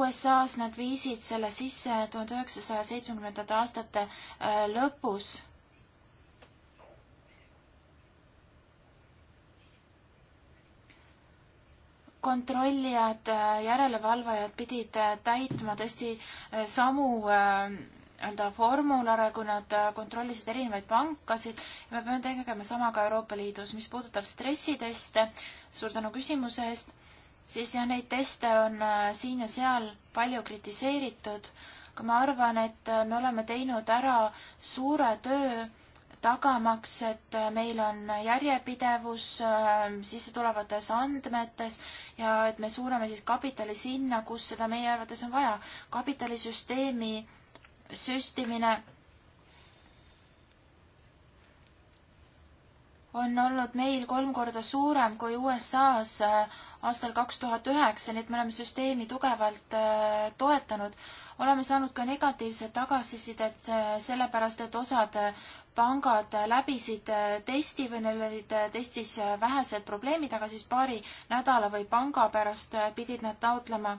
USA-s nad viisid selle sisse tuhande üheksasaja seitsmekümnendate aastate äh, lõpus. kontrollijad, äh, järelevalvajad pidid täitma tõesti samu anda formulare, kui nad äh, kontrollisid erinevaid pankasid ja me peame tegema sama ka Euroopa Liidus. mis puudutab stressiteste, suur tänu küsimuse eest, siis jah, neid teste on äh, siin ja seal palju kritiseeritud, aga ma arvan, et äh, me oleme teinud ära suure töö tagamaks, et meil on järjepidevus sisse tulevates andmetes ja et me suuname siis kapitali sinna, kus seda meie arvates on vaja. kapitalisüsteemi süstimine on olnud meil kolm korda suurem kui USA-s äh, aastal kaks tuhat üheksa, nii et me oleme süsteemi tugevalt äh, toetanud. oleme saanud ka negatiivset tagasisidet äh, sellepärast, et osad pangad läbisid testi või neil olid testis vähesed probleemid, aga siis paari nädala või panga pärast pidid nad taotlema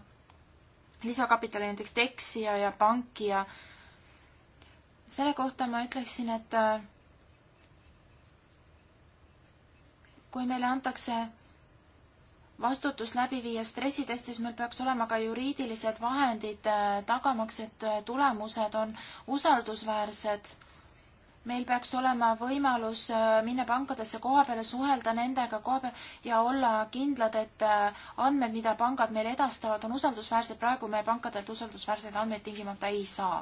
lisakapitali näiteks Texia ja panki ja, ja selle kohta ma ütleksin, et äh, kui meile antakse vastutus läbi viia stressitestis, meil peaks olema ka juriidilised vahendid äh, tagamaks, et äh, tulemused on usaldusväärsed. meil peaks olema võimalus minna pankadesse koha peale, suhelda nendega koha peal ja olla kindlad, et andmed, mida pangad meile edastavad, on usaldusväärsed. praegu me pankadelt usaldusväärseid andmeid tingimata ei saa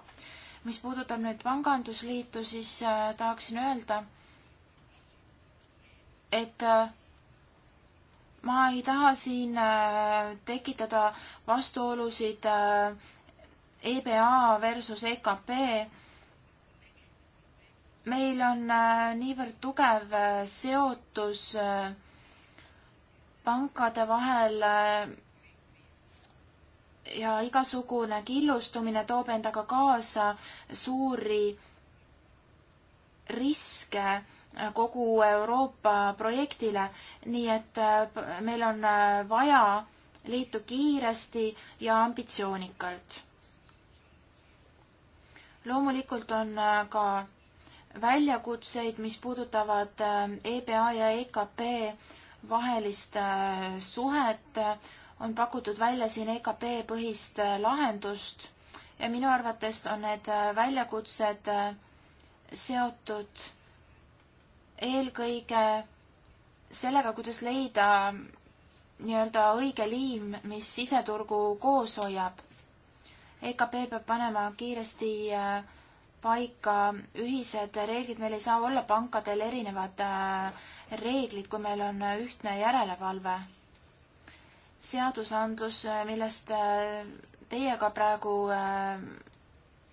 mis puudutab nüüd pangandusliitu, siis äh, tahaksin öelda, et äh, ma ei taha siin äh, tekitada vastuolusid EBA versus EKP. meil on niivõrd tugev seotus pankade vahel ja igasugune killustumine toob endaga kaasa suuri riske kogu Euroopa projektile, nii et äh, meil on äh, vaja liitu kiiresti ja ambitsioonikalt. loomulikult on äh, ka väljakutseid, mis puudutavad EBA ja EKP vahelist suhet, on pakutud välja siin EKP põhist äh, lahendust ja minu arvates on need äh, väljakutsed äh, seotud eelkõige sellega, kuidas leida nii-öelda õige liim, mis siseturgu koos hoiab. EKP peab panema kiiresti paika ühised reeglid, meil ei saa olla pankadel erinevad reeglid, kui meil on ühtne järelevalve seadusandlus, millest äh, teie ka praegu äh,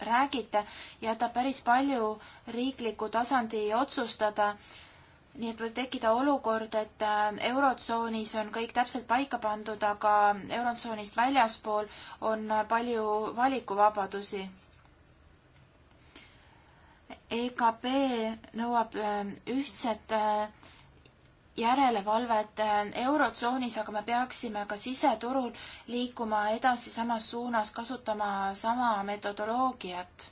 räägite, jätab päris palju riikliku tasandi otsustada. nii et võib tekkida olukord, et äh, Eurotsoonis on kõik täpselt paika pandud, aga Eurotsoonist väljaspool on palju valikuvabadusi EKP nõuab ühtset järelevalvet äh, Eurotsoonis, aga me peaksime ka siseturul liikuma edasi samas suunas, kasutama sama metodoloogiat.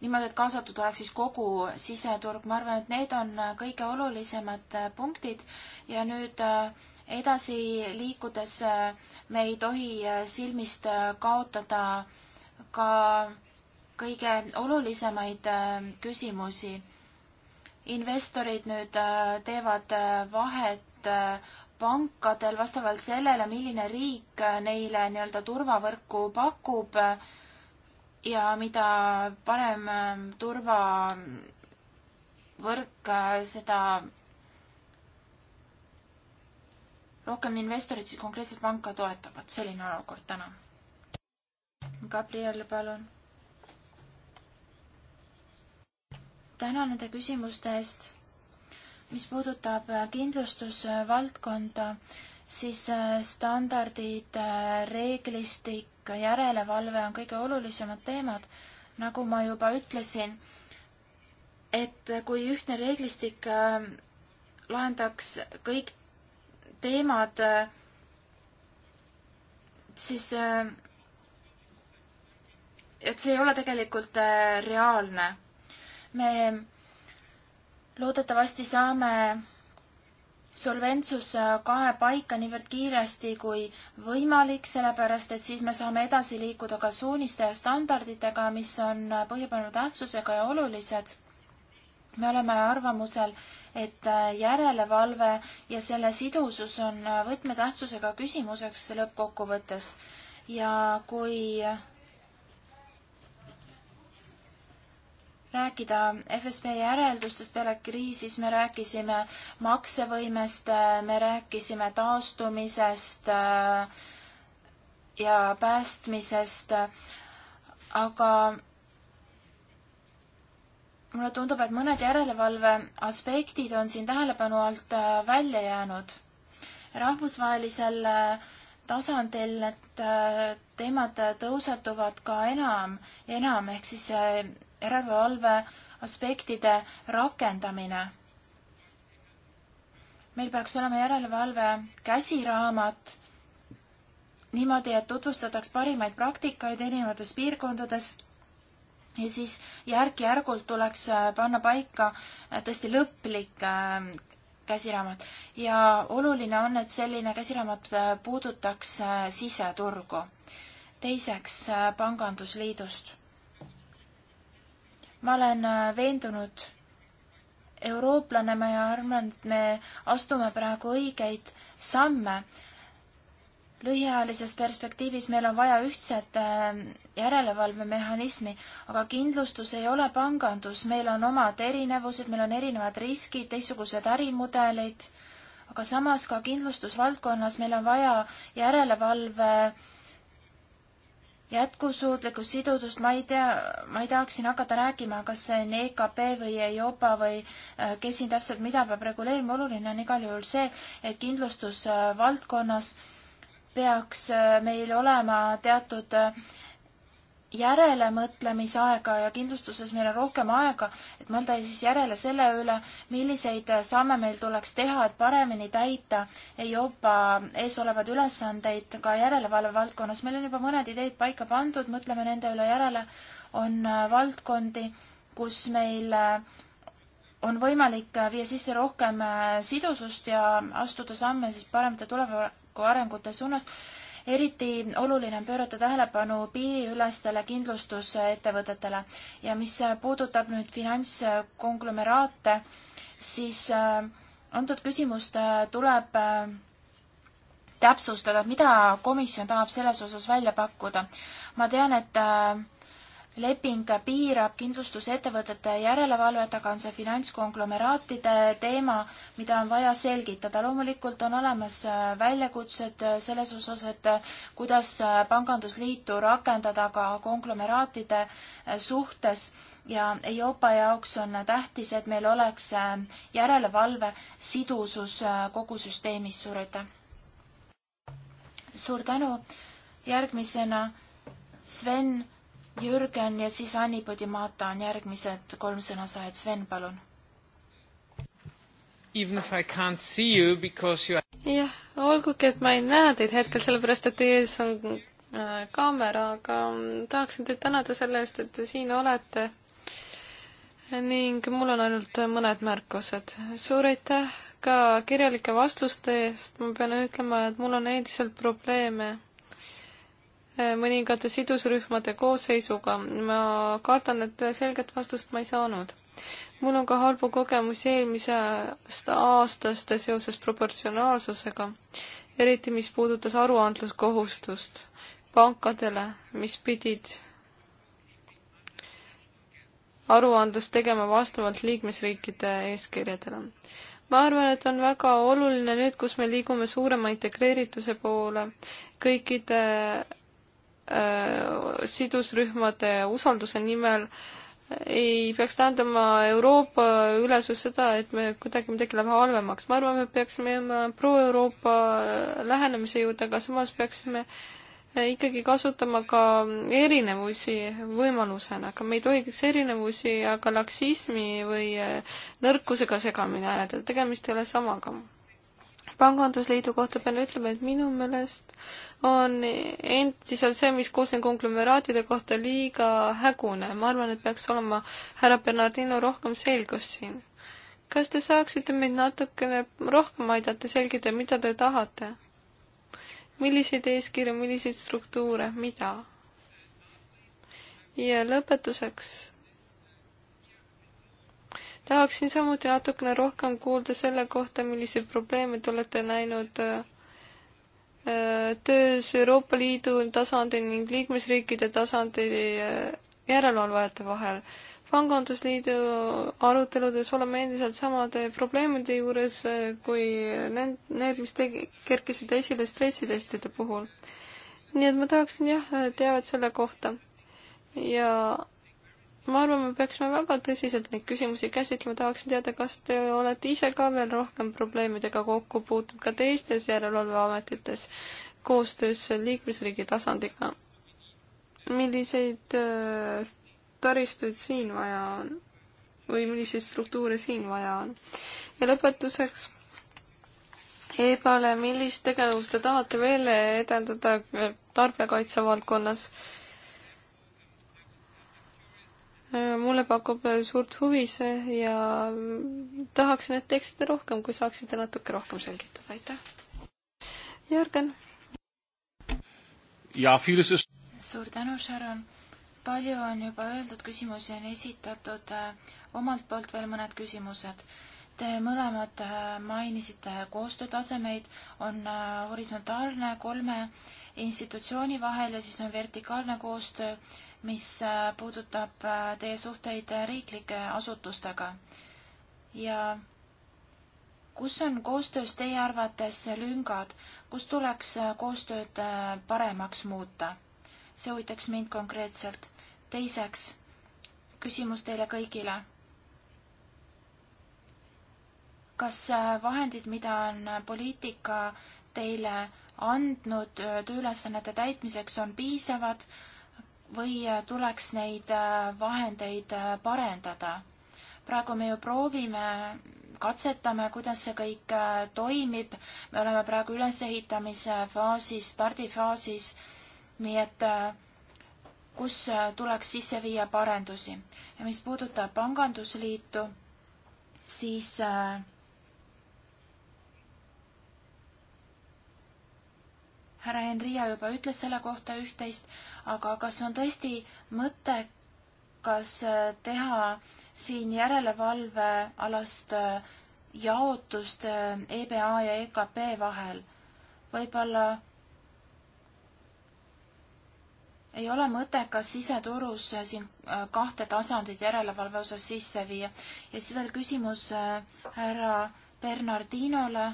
niimoodi, et kaasatud oleks siis kogu siseturg, ma arvan, et need on äh, kõige olulisemad äh, punktid ja nüüd edasi liikudes me ei tohi silmist kaotada ka kõige olulisemaid küsimusi investorid nüüd äh, teevad äh, vahet äh, pankadel vastavalt sellele, milline riik neile nii-öelda turvavõrku pakub ja mida parem ähm, turvavõrk, seda rohkem investorid siis konkreetselt panka toetavad, selline olukord täna. Gabriel, palun tänan nende küsimuste eest. mis puudutab äh, kindlustusvaldkonda, siis äh, standardid, äh, reeglistik, järelevalve on kõige olulisemad teemad. nagu ma juba ütlesin, et kui ühtne reeglistik lahendaks kõik teemad, siis et see ei ole tegelikult reaalne me loodetavasti saame solventsus äh, kahe paika niivõrd kiiresti kui võimalik, sellepärast et siis me saame edasi liikuda ka suuniste ja standarditega, mis on äh, põhjapanu tähtsusega ja olulised. me oleme arvamusel, et äh, järelevalve ja selle sidusus on võtmetähtsusega küsimuseks lõppkokkuvõttes ja kui rääkida FSB järeldustest peale kriisi, siis me rääkisime maksevõimest, me rääkisime taastumisest äh, ja päästmisest, aga mulle tundub, et mõned järelevalve aspektid on siin tähelepanu alt äh, välja jäänud. rahvusvahelisel äh, tasandil need teemad tõusetuvad ka enam, enam ehk siis järelevalve aspektide rakendamine. meil peaks olema järelevalve käsiraamat niimoodi, et tutvustataks parimaid praktikaid erinevates piirkondades ja siis järk-järgult tuleks äh, panna paika äh, tõesti lõplik äh, käsiraamat ja oluline on, et selline käsiraamat puudutaks siseturgu. teiseks, pangandusliidust ma olen äh, veendunud eurooplane, ma arvan, et me astume praegu õigeid samme. lühiajalises perspektiivis meil on vaja ühtset äh, järelevalvemehhanismi, aga kindlustus ei ole pangandus, meil on omad erinevused, meil on erinevad riskid, teistsugused ärimudelid, aga samas ka kindlustusvaldkonnas meil on vaja järelevalve äh, jätkusuutlikkust, sidudust, ma ei tea, ma ei tahaks siin hakata rääkima, kas see on EKP või EIOPA või äh, kes siin täpselt mida peab reguleerima, oluline on igal juhul see, et kindlustusvaldkonnas peaks äh, meil olema teatud äh, järelemõtlemisaega ja kindlustuses meil on rohkem aega, et mõelda siis järele selle üle, milliseid samme meil tuleks teha, et paremini täita EIOPA eesolevaid ülesandeid ka järelevalve valdkonnas. meil on juba mõned ideed paika pandud, mõtleme nende üle järele. on valdkondi, kus meil äh, on võimalik viia sisse rohkem äh, sidusust ja astuda samme siis paremate tuleviku arengute suunas eriti oluline on pöörata tähelepanu piiriülestele kindlustusettevõtetele ja mis puudutab nüüd finantskonglomeraate, siis äh, antud küsimust äh, tuleb äh, täpsustada, mida komisjon tahab selles osas välja pakkuda. ma tean, et leping piirab kindlustusettevõtete järelevalvet, aga on see finantskonglomeraatide teema, mida on vaja selgitada. loomulikult on olemas äh, väljakutsed äh, selles osas, et äh, kuidas pangandusliitu rakendada ka konglomeraatide suhtes ja EIOPA jaoks on tähtis, et meil oleks järelevalve sidusus kogu süsteemis. suur aitäh! suur tänu! järgmisena Sven Jürgen ja siis Anni Põdimata on järgmised kolm sõnasaajat. Sven, palun. Even if I can't see you because you are jah, olgugi, et ma ei näe teid hetkel, sellepärast et teie ees on äh, kaamera, aga mm, tahaksin teid tänada selle eest, et te siin olete. ning mul on ainult mõned märkused. suur aitäh ka kirjalike vastuste eest, ma pean ütlema, et mul on endiselt probleeme Äh, mõningate sidusrühmade koosseisuga. ma kardan, et selget vastust ma ei saanud. mul on ka halbu kogemusi eelmisest aastast seoses proportsionaalsusega, eriti mis puudutas aruandluskohustust pankadele, mis pidid aruandlust tegema vastavalt liikmesriikide eeskirjadele. ma arvan, et on väga oluline nüüd, kus me liigume suurema integreerituse poole, kõikide Äh, sidusrühmade usalduse nimel ei peaks tähendama Euroopa ülesus seda, et me kuidagi midagi läheb halvemaks. ma arvan, me peaksime jääma pro-Euroopa lähenemise juurde, aga samas peaksime äh, ikkagi kasutama ka erinevusi võimalusena, aga me ei tohiks erinevusi aga laksismi või äh, nõrkusega segamini ajada, tegemist ei ole samaga pangandusliidu kohta pean ütlema, et minu meelest on endiselt see, mis kuulsin konglomeraatide kohta, liiga hägune. ma arvan, et peaks olema härra Bernardino rohkem selgust siin. kas te saaksite meid natukene rohkem aidata selgitada, mida te tahate? milliseid eeskirju, milliseid struktuure, mida? ja lõpetuseks tahaksin samuti natukene rohkem kuulda selle kohta, milliseid probleeme te olete näinud äh, äh, töös Euroopa Liidu tasandil ning liikmesriikide tasandil äh, järelevalvajate vahel. pangandusliidu aruteludes oleme endiselt samade probleemide juures kui need, need, mis tegi, kerkisid esile stressitestide puhul. nii et ma tahaksin jah, teavet selle kohta. ja ma arvan, me peaksime väga tõsiselt neid küsimusi käsitlema, tahaksin teada, kas te olete ise ka veel rohkem probleemidega kokku puutunud ka teistes järelevalveametites koostöös liikmesriigi tasandiga. milliseid äh, taristuid siin vaja on või milliseid struktuure siin vaja on? ja lõpetuseks Ebale, millist tegevust te tahate veel edendada tarbijakaitse valdkonnas? mulle pakub suurt huvi see ja tahaksin, et teeksite rohkem, kui saaksite natuke rohkem selgitada, aitäh. Jörgen. suur tänu, Sharon. palju on juba öeldud, küsimusi on esitatud. omalt poolt veel mõned küsimused. Te mõlemad äh, mainisite koostöötasemeid, on äh, horisontaalne kolme institutsiooni vahel ja siis on vertikaalne koostöö mis äh, puudutab äh, teie suhteid äh, riiklike asutustega ja kus on koostöös teie arvates lüngad, kus tuleks koostööd paremaks muuta? see huvitaks mind konkreetselt. teiseks, küsimus teile kõigile. kas vahendid, mida on poliitika teile andnud tööülesannete täitmiseks, on piisavad või äh, tuleks neid äh, vahendeid äh, parendada? praegu me ju proovime, katsetame, kuidas see kõik toimib, me oleme praegu ülesehitamise faasis, stardifaasis, nii et kus tuleks sisse viia parendusi. ja mis puudutab pangandusliitu, siis äh, härra Henria juba ütles selle kohta üht-teist, aga kas on tõesti mõttekas äh, teha siin järelevalvealast äh, jaotust äh, EBA ja EKP vahel? võib-olla ei ole mõttekas siseturus siin kahte tasandit järelevalve osas sisse viia. ja siis veel küsimus härra Bernardinole.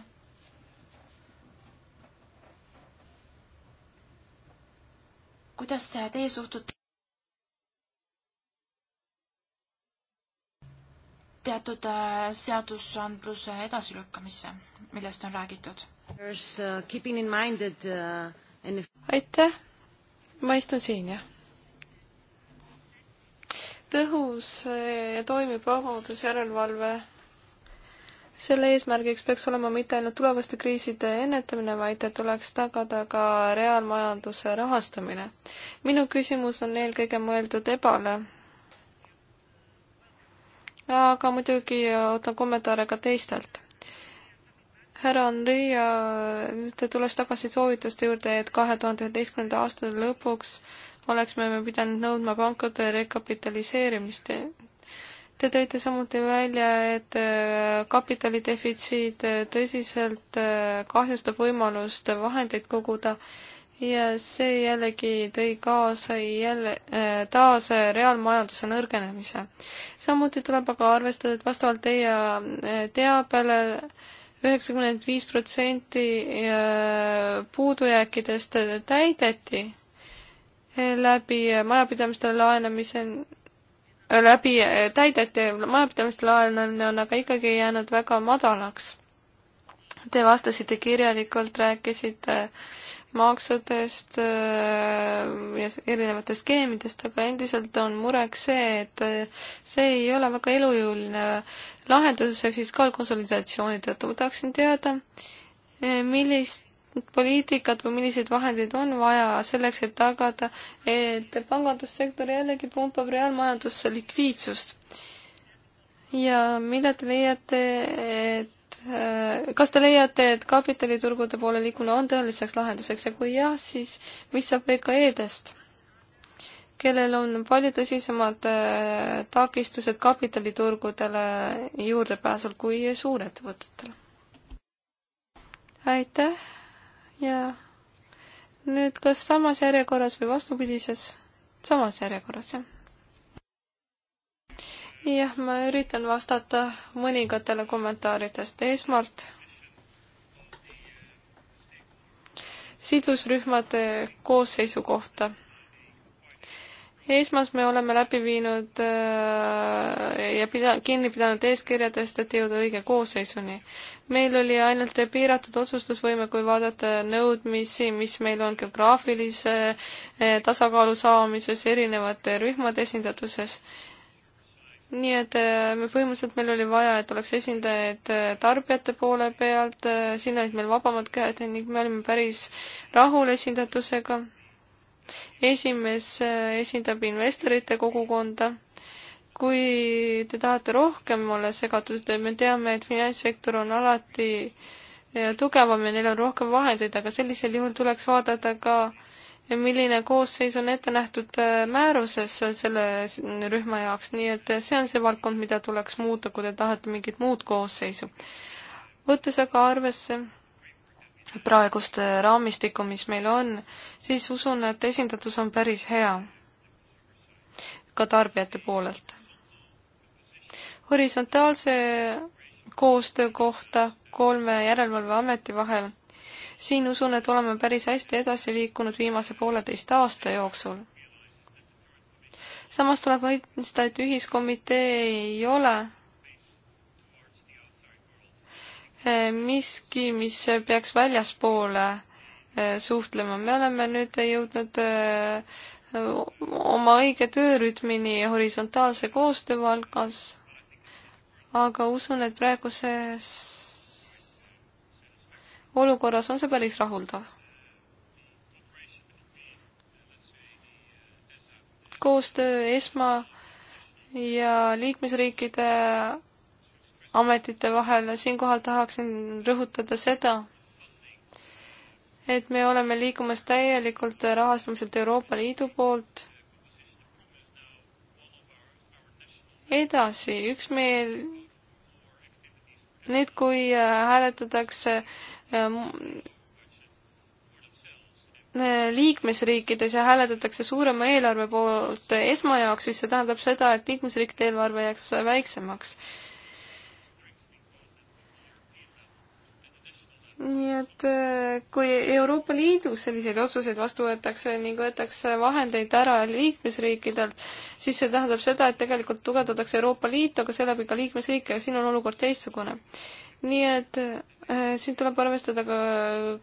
kuidas teie suhtute teatud äh, seadusandluse edasilükkamisse, millest on räägitud? Uh, uh, aitäh, ma istun siin, jah tõhus äh, ja toimiv vabadusjärelevalve selle eesmärgiks peaks olema mitte ainult tulevaste kriiside ennetamine, vaid et tuleks tagada ka reaalmajanduse rahastamine. minu küsimus on eelkõige mõeldud EBA-le. aga muidugi ootan kommentaare ka teistelt. härra Henri, te tulles tagasi soovituste juurde, et kahe tuhande üheteistkümnenda aasta lõpuks oleks me pidanud nõudma pankade rekapitaliseerimist. Te tõite samuti välja, et äh, kapitalidefitsiit äh, tõsiselt äh, kahjustab võimalust vahendeid koguda ja see jällegi tõi kaasa jälle taas reaalmajanduse nõrgenemise. samuti tuleb aga arvestada, et vastavalt teie teabele üheksakümmend viis protsenti puudujääkidest täideti läbi majapidamiste laenamise läbi täideti, majapidamiste laenamine on aga ikkagi jäänud väga madalaks. Te vastasite kirjalikult, rääkisite maksudest äh, ja erinevatest skeemidest, aga endiselt on mureks see, et äh, see ei ole väga elujõuline lahendus fiskaalkonsolidatsiooni tõttu. ma tahaksin teada, äh, millist poliitikat või milliseid vahendeid on vaja selleks, et tagada, et pangandussektor jällegi pumpab reaalmajandusse likviidsust. ja mida te leiate, et äh, kas te leiate, et kapitaliturgude poole liikumine on tõeliseks lahenduseks ja kui jah, siis mis saab VKE-dest, kellel on palju tõsisemad äh, takistused kapitaliturgudele juurdepääsul kui suurettevõtetel? aitäh! ja nüüd kas samas järjekorras või vastupidises? samas järjekorras, jah. jah, ma üritan vastata mõningatele kommentaaridest. esmalt sidusrühmade koosseisu kohta esmas me oleme läbi viinud äh, ja pida-, kinni pidanud eeskirjadest, et jõuda õige koosseisuni. meil oli ainult piiratud otsustusvõime, kui vaadata nõudmisi, mis meil on geograafilise äh, tasakaalu saamises, erinevate rühmade esindatuses. nii et äh, me põhimõtteliselt, meil oli vaja, et oleks esindajaid tarbijate poole pealt, siin olid meil vabamad käed ning me olime päris rahul esindatusega esimees äh, esindab investorite kogukonda. kui te tahate rohkem olla segatud, me teame, et finantssektor on alati äh, tugevam ja neil on rohkem vahendeid, aga sellisel juhul tuleks vaadata ka, milline koosseis on ette nähtud äh, määruses selle rühma jaoks, nii et see on see valdkond, mida tuleks muuta, kui te tahate mingit muud koosseisu. võttes aga arvesse praegust raamistikku, mis meil on, siis usun, et esindatus on päris hea ka tarbijate poolelt. horisontaalse koostöö kohta kolme järelevalveameti vahel, siin usun, et oleme päris hästi edasi liikunud viimase pooleteist aasta jooksul. samas tuleb mõista, et ühiskomitee ei ole Eh, miski, mis peaks väljaspoole eh, suhtlema. me oleme nüüd jõudnud eh, oma õige töörütmini horisontaalse koostöö valgas, aga usun, et praeguses olukorras on see päris rahuldav. koostöö ESMA ja liikmesriikide ametite vahel. siinkohal tahaksin rõhutada seda, et me oleme liikumas täielikult rahastamiselt Euroopa Liidu poolt edasi, üks meie, nüüd kui äh, hääletatakse ähm, liikmesriikides ja hääletatakse suurema eelarve poolt esmajaoks, siis see tähendab seda, et liikmesriikide eelarve jääks väiksemaks. nii et äh, kui Euroopa Liidus selliseid otsuseid vastu võetakse ning võetakse vahendeid ära liikmesriikidelt, siis see tähendab seda, et tegelikult tugevdatakse Euroopa Liitu, aga seeläbi ka liikmesriike ja siin on olukord teistsugune. nii et äh, siin tuleb arvestada ka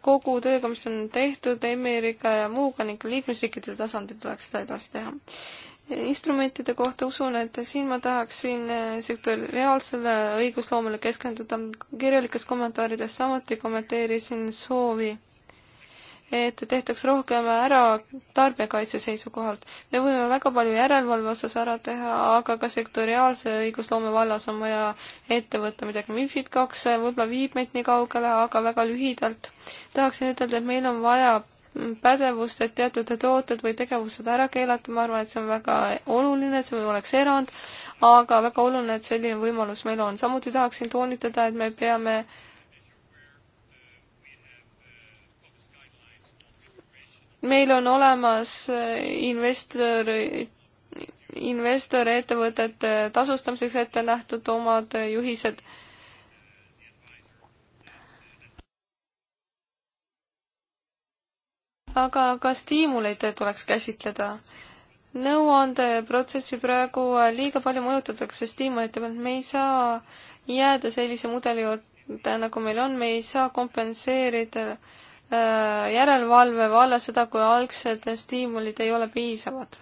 kogu tööga, mis on tehtud Ameerika ja muuga ning liikmesriikide tasandil tuleks seda edasi teha instrumentide kohta usun, et siin ma tahaksin eh, sektoriaalsele õigusloomele keskenduda. kirjalikes kommentaarides samuti kommenteerisin soovi, et tehtaks rohkem ära tarbijakaitse seisukohalt. me võime väga palju järelevalve osas ära teha, aga ka sektoriaalse õigusloome vallas on vaja ette võtta midagi. MIFID kaks võib-olla viib meid nii kaugele, aga väga lühidalt tahaksin ütelda, et meil on vaja pädevust, et teatud tooted või tegevused ära keelata, ma arvan, et see on väga oluline, see oleks erand, aga väga oluline, et selline võimalus meil on. samuti tahaksin toonitada, et me peame meil on olemas investori, investori ettevõtete tasustamiseks ette nähtud omad juhised äh, aga ka stiimuleid tuleks käsitleda. nõuandeprotsessi praegu liiga palju mõjutatakse stiimulite pealt, me ei saa jääda sellise mudeli juurde, nagu meil on, me ei saa kompenseerida äh, järelevalve vallas seda, kui algsed stiimulid ei ole piisavad.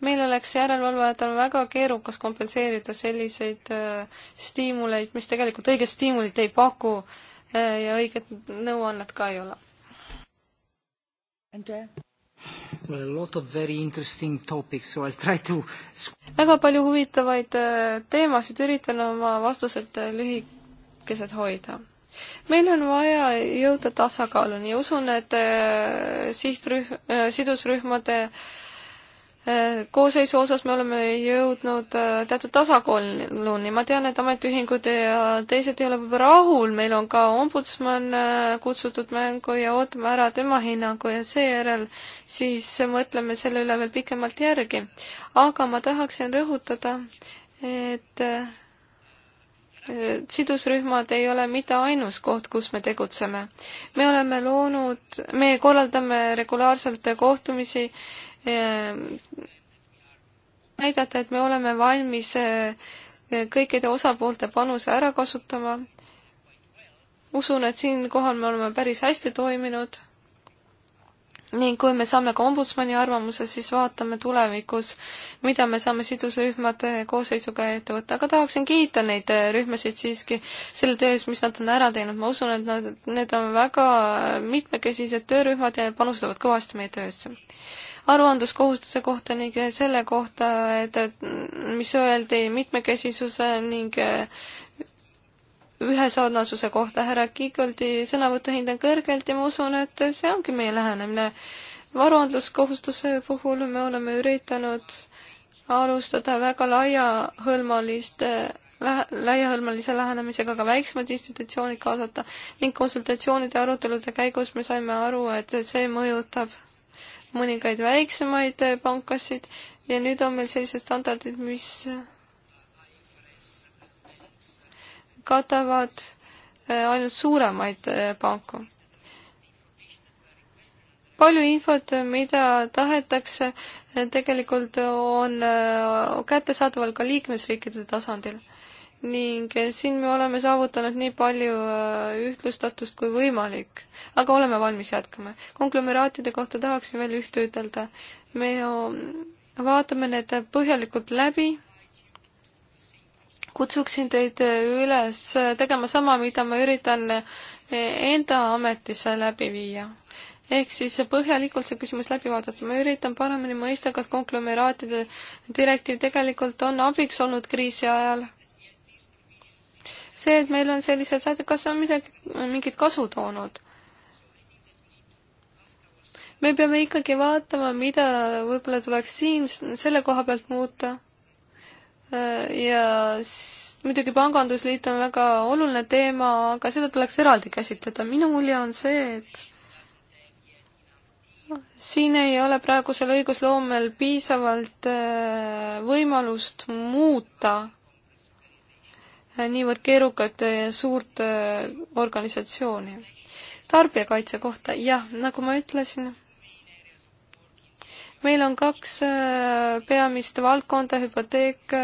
meil oleks järelevalvajatel väga keerukas kompenseerida selliseid äh, stiimuleid, mis tegelikult õiget stiimulit ei paku äh, Äh, ja õiget nõuannet ka ei ole. Äh, well, a lot of very interesting topics, so I'll try to... väga palju huvitavaid äh, teemasid, üritan oma vastused lühikesed hoida. meil on vaja jõuda tasakaaluni ja usun, et sihtrühm, sidusrühmade äh, Äh, koosseisu osas me oleme jõudnud äh, teatud tasakaaluni. ma tean, et ametiühingud ja teised ei ole võib-olla rahul, meil on ka ombudsman äh, kutsutud mängu ja ootame ära tema hinnangu ja seejärel siis mõtleme selle üle veel pikemalt järgi. aga ma tahaksin rõhutada, et sidusrühmad ei ole mitte ainus koht, kus me tegutseme. me oleme loonud, me korraldame regulaarselt kohtumisi Ehm, näidata, et me oleme valmis eh, kõikide osapoolte panuse ära kasutama. usun, et siinkohal me oleme päris hästi toiminud ning kui me saame ka ombudsmani arvamuse, siis vaatame tulevikus, mida me saame sidusrühmade eh, koosseisuga ette võtta, aga tahaksin kiita neid eh, rühmasid siiski selle töö eest, mis nad on ära teinud, ma usun, et nad, need on väga mitmekesised töörühmad ja panustavad kõvasti meie töösse aruandluskohustuse kohta ning selle kohta, et, et mis öeldi mitmekesisuse ning äh, ühesarnasuse kohta härra Kiigoldi sõnavõttu hindan kõrgelt ja ma usun, et see ongi meie lähenemine. aruandluskohustuse puhul me oleme üritanud alustada väga laiahõlmaliste lähe-, laiahõlmalise lähenemisega ka väiksemad institutsioonid kaasata ning konsultatsioonide arutelude käigus me saime aru, et see mõjutab mõningaid väiksemaid äh, pankasid ja nüüd on meil sellised standardid, mis äh, katavad äh, ainult suuremaid panku. palju infot, mida tahetakse, tegelikult on kättesaadaval ka liikmesriikide tasandil ning eh, siin me oleme saavutanud nii palju eh, ühtlustatust kui võimalik, aga oleme valmis jätkama. konglomeraatide kohta tahaksin veel ühte ütelda. me eh, vaatame need põhjalikult läbi. kutsuksin teid üles tegema sama, mida ma üritan enda ametis läbi viia ehk siis põhjalikult see küsimus läbi vaadata, ma üritan paremini mõista, kas konglomeraatide direktiiv tegelikult on abiks olnud kriisi ajal see, et meil on sellised saated, kas see on midagi, mingit kasu toonud? me peame ikkagi vaatama, mida võib-olla tuleks siin selle koha pealt muuta. ja muidugi pangandusliit on väga oluline teema, aga seda tuleks eraldi käsitleda. minu mulje on see, et siin ei ole praegusel õigusloomel piisavalt äh, võimalust muuta niivõrd keerukat ja eh, suurt eh, organisatsiooni. tarbijakaitse kohta, jah, nagu ma ütlesin, meil on kaks eh, peamist valdkonda, hüpoteek,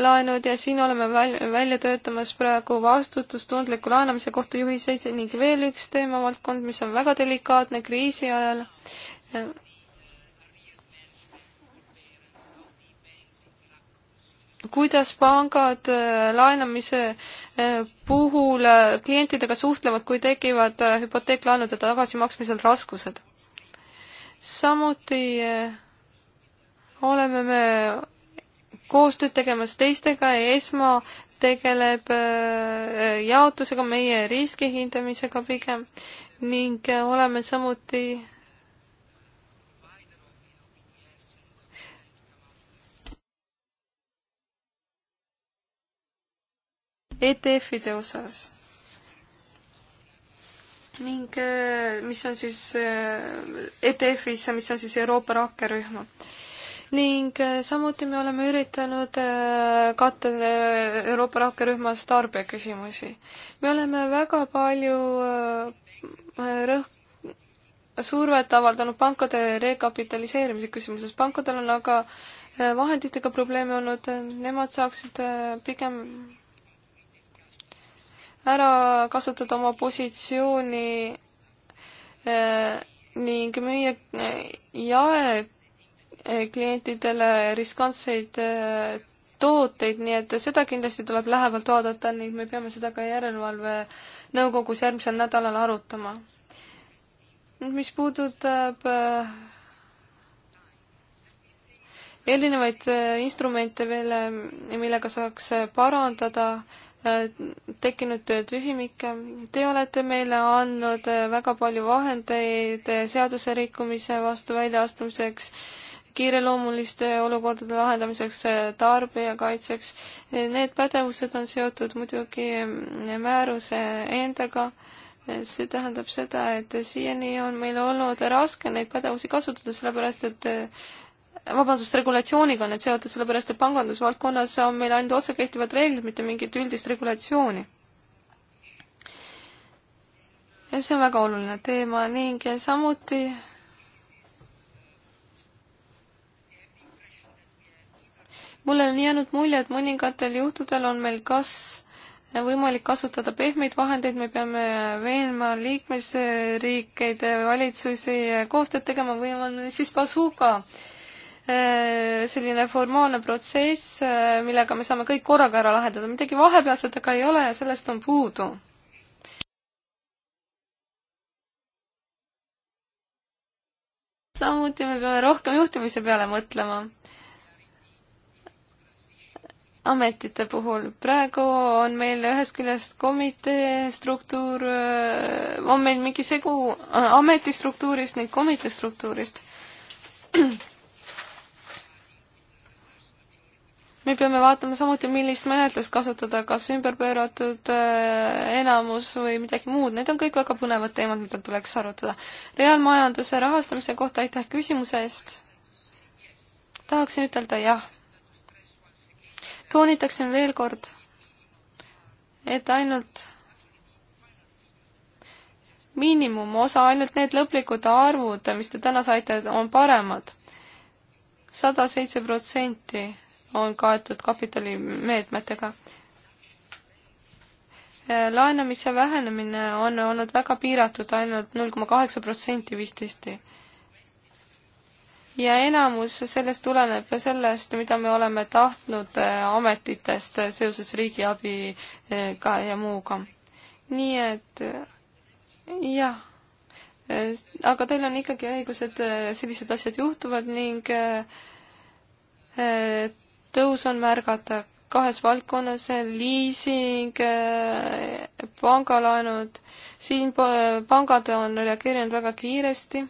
laenud ja siin oleme välja töötamas praegu vastutustundliku laenamise kohta juhiseid ning veel üks teemavaldkond, mis on väga delikaatne kriisi ajal kuidas pangad äh, laenamise äh, puhul äh, klientidega suhtlevad, kui tekivad hüpoteeklaenude tagasimaksmisel raskused. samuti oleme me koostööd tegemas teistega, ESMA tegeleb jaotusega, meie riski hindamisega pigem ning oleme samuti ETF-ide osas ning äh, mis on siis äh, ETF-is, mis on siis Euroopa rakkerühm. ning äh, samuti me oleme üritanud katta Euroopa rakkerühmas tarbeküsimusi. me oleme väga palju rõh-, survet avaldanud pankade rekapitaliseerimise küsimuses, pankadel on aga vahenditega probleeme olnud, nemad saaksid pigem ära kasutada oma positsiooni eh, ning müüa eh, jaeklientidele eh, riskantseid tooteid, nii et seda kindlasti tuleb lähemalt vaadata ning me peame seda ka järelevalve nõukogus järgmisel nädalal arutama. mis puudutab erinevaid instrumente veel, millega saaks parandada Äh, tekkinud tühimikke. Te olete meile andnud äh, väga palju vahendeid äh, seaduserikkumise vastu väljaastumiseks, kiireloomuliste olukordade lahendamiseks, tarbijakaitseks. Need pädevused on seotud muidugi määruse endaga. see tähendab seda, et siiani on meil olnud raske neid pädevusi kasutada, sellepärast et vabandust, regulatsiooniga on need seotud, sellepärast et pangandusvaldkonnas on meil ainult otse kehtivad reeglid, mitte mingit üldist regulatsiooni. ja see on väga oluline teema ning samuti mulle on jäänud mulje, et mõningatel juhtudel on meil kas võimalik kasutada pehmeid vahendeid, me peame veenma liikmesriikide valitsusi koostööd tegema või on siis bazooka Äh, selline formaalne protsess, äh, millega me saame kõik korraga ära lahendada, midagi vahepealset aga ei ole ja sellest on puudu. samuti me peame rohkem juhtimise peale mõtlema ametite puhul. praegu on meil ühest küljest komitee struktuur, äh, on meil mingi segu ametistruktuurist ning komitee struktuurist. me peame vaatama samuti, millist menetlust kasutada, kas ümberpööratud äh, enamus või midagi muud, need on kõik väga põnevad teemad, mida tuleks arutada. reaalmajanduse rahastamise kohta aitäh küsimuse eest. tahaksin ütelda jah. toonitaksin veel kord, et ainult miinimumosa, ainult need lõplikud arvud, mis te täna saite, on paremad. sada seitse protsenti on kaetud kapitalimeetmetega. laenamise vähenemine on olnud väga piiratud, ainult null koma kaheksa protsenti vististi. ja enamus sellest tuleneb ju sellest, mida me oleme tahtnud eh, ametitest seoses riigiabiga eh, ja muuga. nii et eh, jah aga teil on ikkagi õigus, et sellised asjad juhtuvad ning tõus on märgata kahes valdkonnas, liising, äh, pangalaenud, siin pangad on reageerinud väga kiiresti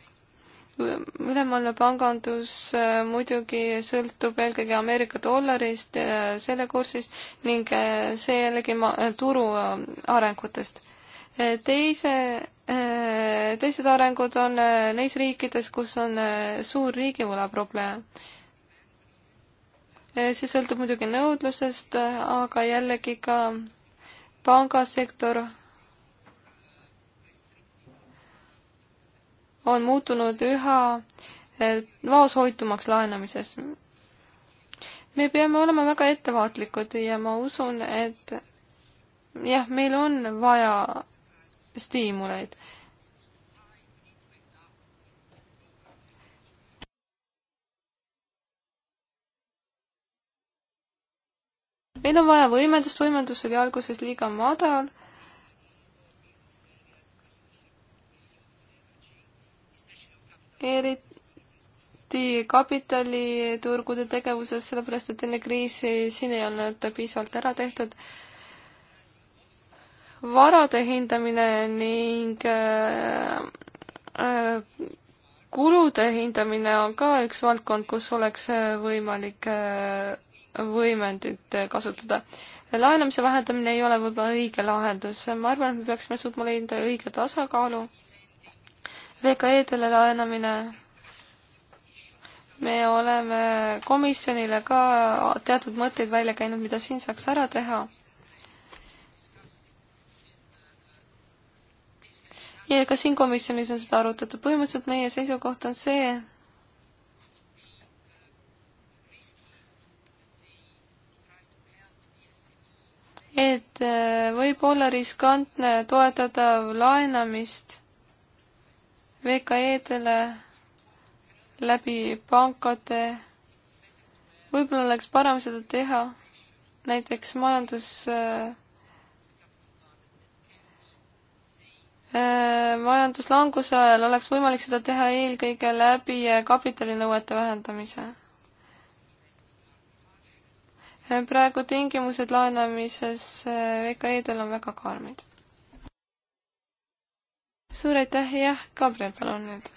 ülemaailmne pangandus äh, muidugi sõltub eelkõige Ameerika dollarist, äh, selle kursist ning see jällegi turu arengutest. teise, teised arengud on neis riikides, kus on suur riigivõla probleem Eh, see sõltub muidugi nõudlusest, eh, aga jällegi ka pangasektor on muutunud üha eh, vaoshoitumaks laenamises. me peame olema väga ettevaatlikud ja ma usun, et jah, meil on vaja stiimuleid meil on vaja võimendust, võimendus oli alguses liiga madal. eriti kapitaliturgude tegevuses, sellepärast et enne kriisi siin ei olnud piisavalt ära tehtud. varade hindamine ning äh, äh, kulude hindamine on ka üks valdkond, kus oleks võimalik äh, võimendit kasutada. laenamise vähendamine ei ole võib-olla õige lahendus, ma arvan, et me peaksime suutma leida õige tasakaalu. VKE-dele laenamine, me oleme komisjonile ka teatud mõtteid välja käinud, mida siin saaks ära teha. ja ka siin komisjonis on seda arutatud, põhimõtteliselt meie seisukoht on see, et äh, võib olla riskantne toetada laenamist VKE-dele läbi pankade. võib-olla oleks parem seda teha näiteks majandus äh, äh, majanduslanguse ajal oleks võimalik seda teha eelkõige läbi kapitalinõuete vähendamise praegu tingimused laenamises eh, VKE-del on väga karmid. suur aitäh, jah, Gabriel, palun nüüd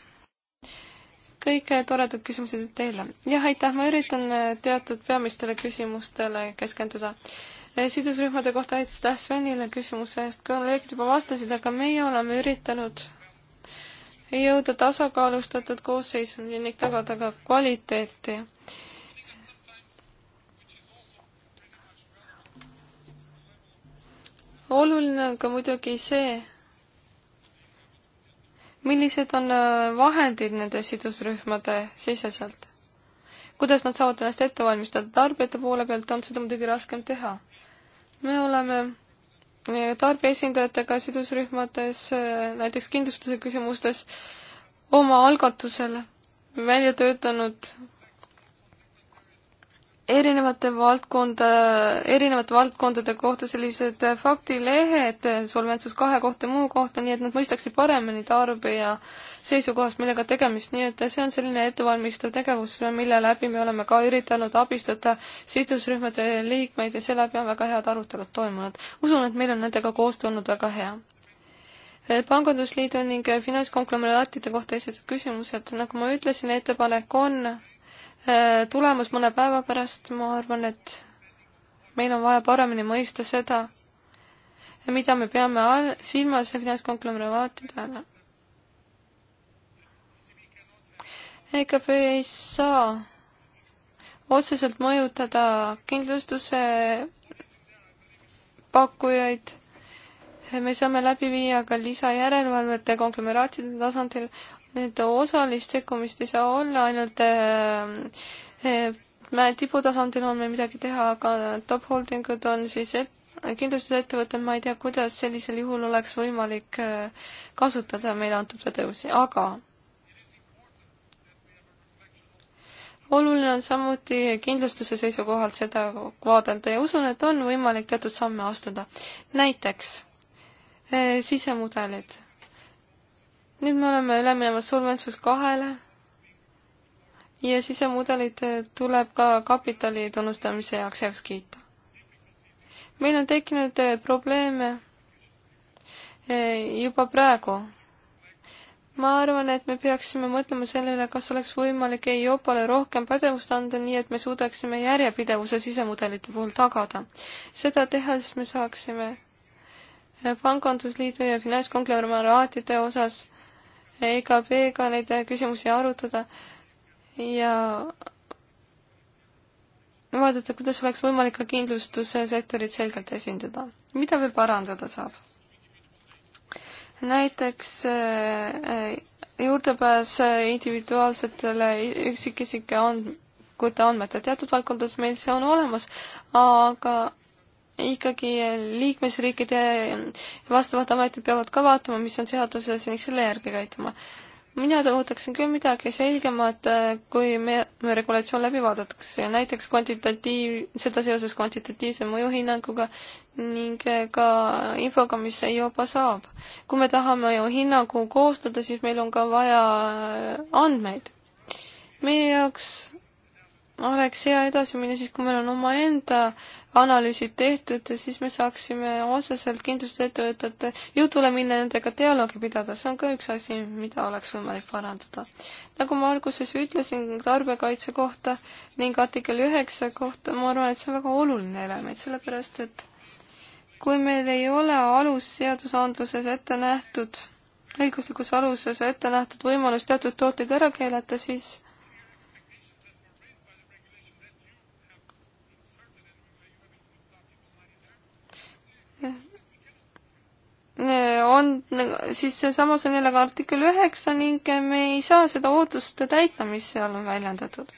kõik eh, toredad küsimused teile. jah, aitäh, ma üritan eh, teatud peamistele küsimustele keskenduda. sidusrühmade kohta aitäh Svenile küsimuse eest, kolleegid juba vastasid, aga meie oleme üritanud jõuda tasakaalustatud koosseisuni ning tagada ka kvaliteeti. oluline on ka muidugi see, millised on äh, vahendid nende sidusrühmade siseselt. kuidas nad saavad ennast ette valmistada, tarbijate poole pealt on seda muidugi raskem teha. me oleme äh, tarbija esindajatega sidusrühmades, äh, näiteks kindlustuse küsimustes, oma algatusel välja töötanud erinevate valdkonda, erinevate valdkondade kohta sellised faktilehed Solventsus kahe kohta, muu kohta, nii et nad mõistaksid paremini tarbija seisukohast, millega tegemist, nii et see on selline ettevalmistav tegevus, mille läbi me oleme ka üritanud abistada sidusrühmade liikmeid ja seeläbi on väga head arutelud toimunud. usun, et meil on nendega koostöö olnud väga hea pangandusliidu ning finantskonglomeraatide kohta esitatud küsimused, nagu ma ütlesin, ettepanek on Äh, tulemus mõne päeva pärast, ma arvan, et meil on vaja paremini mõista seda, mida me peame silmas finantskonglomeraatide all. EKP ei saa otseselt mõjutada kindlustuse pakkujaid. me saame läbi viia ka lisajärelevalvete konglomeraatide tasandil, et osalist sekkumist ei saa olla, ainult äh, äh tiputasandil on meil midagi teha, aga top holding ud on siis et, kindlustusettevõtted, ma ei tea, kuidas sellisel juhul oleks võimalik äh, kasutada meile antud pädevusi, aga oluline on samuti kindlustuse seisukohalt seda vaadelda ja usun, et on võimalik teatud samme astuda. näiteks äh, sisemudelid nüüd me oleme üle minemas Solventsus kahele ja sisemudelid tuleb ka kapitali tunnustamise jaoks heaks kiita. meil on tekkinud eh, probleeme eh, juba praegu. ma arvan, et me peaksime mõtlema selle üle, kas oleks võimalik EIOPA-le rohkem pädevust anda, nii et me suudaksime järjepidevuse sisemudelite puhul tagada. seda tehes me saaksime eh, pangandusliidu ja finantskonglomeraatide osas EKP-ga neid küsimusi arutada ja vaadata, kuidas oleks võimalik ka kindlustussektorit selgelt esindada. mida veel parandada saab? näiteks eh, juurdepääs individuaalsetele üksikisike andmetele, andmete teatud valdkondades meil see on olemas, aga ikkagi liikmesriikide vastavad ametid peavad ka vaatama, mis on seaduses ning selle järgi käituma. mina ootaksin küll midagi selgemat, äh, kui me, me regulatsioon läbi vaadatakse, näiteks kvantitatiiv, seda seoses kvantitatiivse mõjuhinnanguga ning äh, ka infoga, mis juba saab. kui me tahame ju hinnangu koostada, siis meil on ka vaja äh, andmeid. meie jaoks oleks hea edasi minna siis, kui meil on omaenda analüüsid tehtud, siis me saaksime otseselt kindlustusettevõtete jutule minna, nendega dialoogi pidada, see on ka üks asi, mida oleks võimalik parandada. nagu ma alguses ütlesin tarbijakaitse kohta ning artikkel üheksa kohta, ma arvan, et see on väga oluline element, sellepärast et kui meil ei ole alusseadusandluses ette nähtud, õiguslikus aluses ette nähtud võimalus teatud tooteid ära keelata, siis Äh, on, siis samas on jälle ka artikkel üheksa ning me ei saa seda ootust täita, mis seal on väljendatud.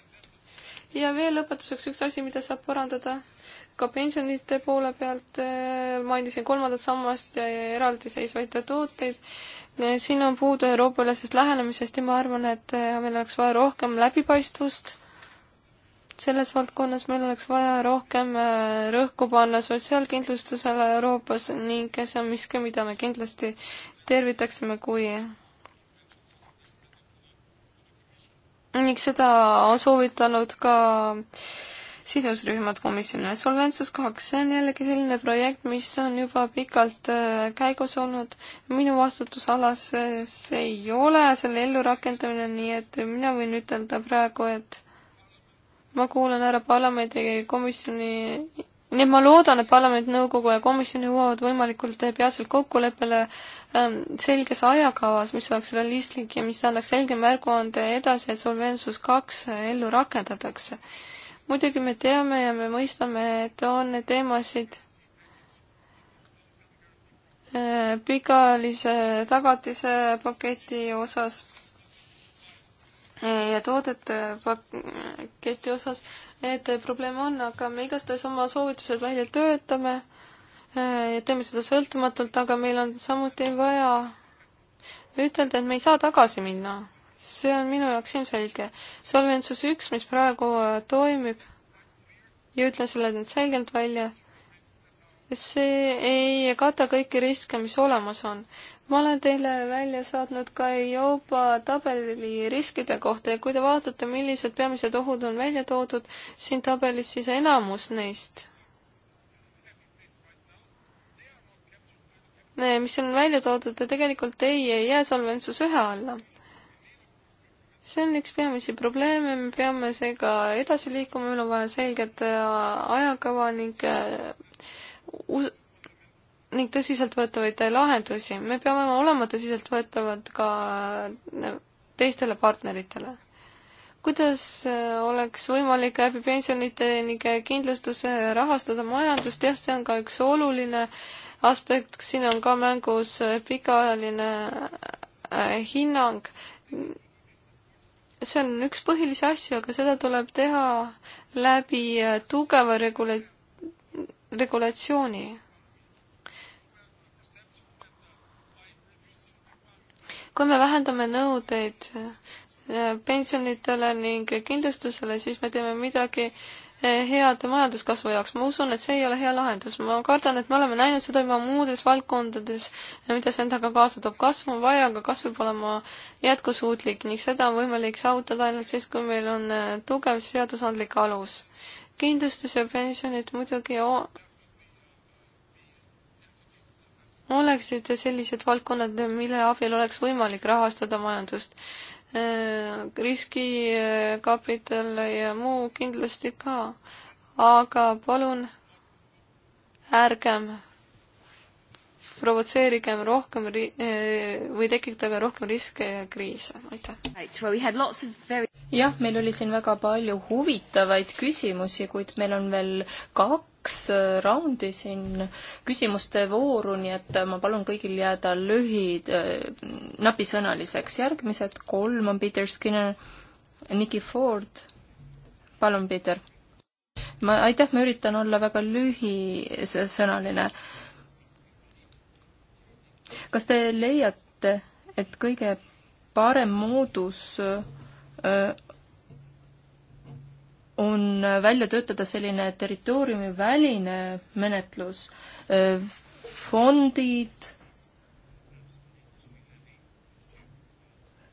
ja veel lõpetuseks üks asi, mida saab parandada ka pensionite poole pealt, äh, mainisin kolmandat sammast ja eraldiseisvaid tooteid. Äh, siin on puudu Euroopa-ülesest lähenemisest ja ma arvan, et meil oleks vaja rohkem läbipaistvust selles valdkonnas meil oleks vaja rohkem äh, rõhku panna sotsiaalkindlustusele Euroopas ning see on miski, mida me kindlasti tervitaksime, kui ning seda on soovitanud ka sidusrühmad komisjonile. Solventsus kaks, see on jällegi selline projekt, mis on juba pikalt äh, käigus olnud. minu vastutusalas äh, see ei ole selle ellurakendamine, nii et mina võin ütelda praegu, et ma kuulan ära parlamendi komisjoni, nii et ma loodan, et parlament, nõukogu ja komisjon jõuavad võimalikult peatselt kokkuleppele ähm, selges ajakavas, mis oleks realistlik ja mis annaks selge märguande edasi, et Solventsus kaks ellu rakendatakse. muidugi me teame ja me mõistame, et on teemasid äh, pikaajalise tagatise paketi osas ja toodete paketi osas, et probleeme on, aga me igastahes oma soovitused välja töötame eh, ja teeme seda sõltumatult, aga meil on samuti vaja ütelda, et me ei saa tagasi minna. see on minu jaoks ilmselge. solventsus üks, mis praegu eh, toimib ja ütlen selle nüüd selgelt välja see ei kata kõiki riske, mis olemas on. ma olen teile välja saatnud ka juba tabeli riskide kohta ja kui te vaatate, millised peamised ohud on välja toodud siin tabelis, siis enamus neist, mis on välja toodud, tegelikult ei, ei jää solventsus ühe alla see on üks peamisi probleeme, me peame seega edasi liikuma, meil on vaja selget äh, ajakava ning äh, ning tõsiseltvõetavaid lahendusi. me peame olema tõsiseltvõetavad ka äh, teistele partneritele. kuidas äh, oleks võimalik läbi pensionite ning kindlustuse rahastada majandust, jah, see on ka üks oluline aspekt, siin on ka mängus äh, pikaajaline hinnang. see on üks põhilisi asju, aga seda tuleb teha läbi tugeva regula-, regulatsiooni kui me vähendame nõudeid äh, pensionitele ning kindlustusele, siis me teeme midagi äh, head majanduskasvu jaoks. ma usun, et see ei ole hea lahendus. ma kardan, et me oleme näinud seda juba muudes valdkondades, äh, mida see endaga kaasa toob. kasv on vaja, aga kasv peab olema jätkusuutlik ning seda on võimalik saavutada ainult siis, kui meil on tugev seadusandlik alus kindlustuse pensionid muidugi oleksid sellised valdkonnad, mille abil oleks võimalik rahastada majandust. Äh, riskikapital äh, ja muu kindlasti ka, aga palun ärgem provotseerigem rohkem ri-, eh, või tekitage rohkem riske ja kriise, aitäh! jah, meil oli siin väga palju huvitavaid küsimusi, kuid meil on veel kaks eh, raundi siin küsimuste vooru, nii et eh, ma palun kõigil jääda lühi-, napisõnaliseks. järgmised kolm on Peter Skinner, Nicky Ford, palun, Peter! ma, aitäh, ma üritan olla väga lühisõnaline kas te leiate, et kõige parem moodus äh, on välja töötada selline territooriumiväline menetlus, äh, fondid,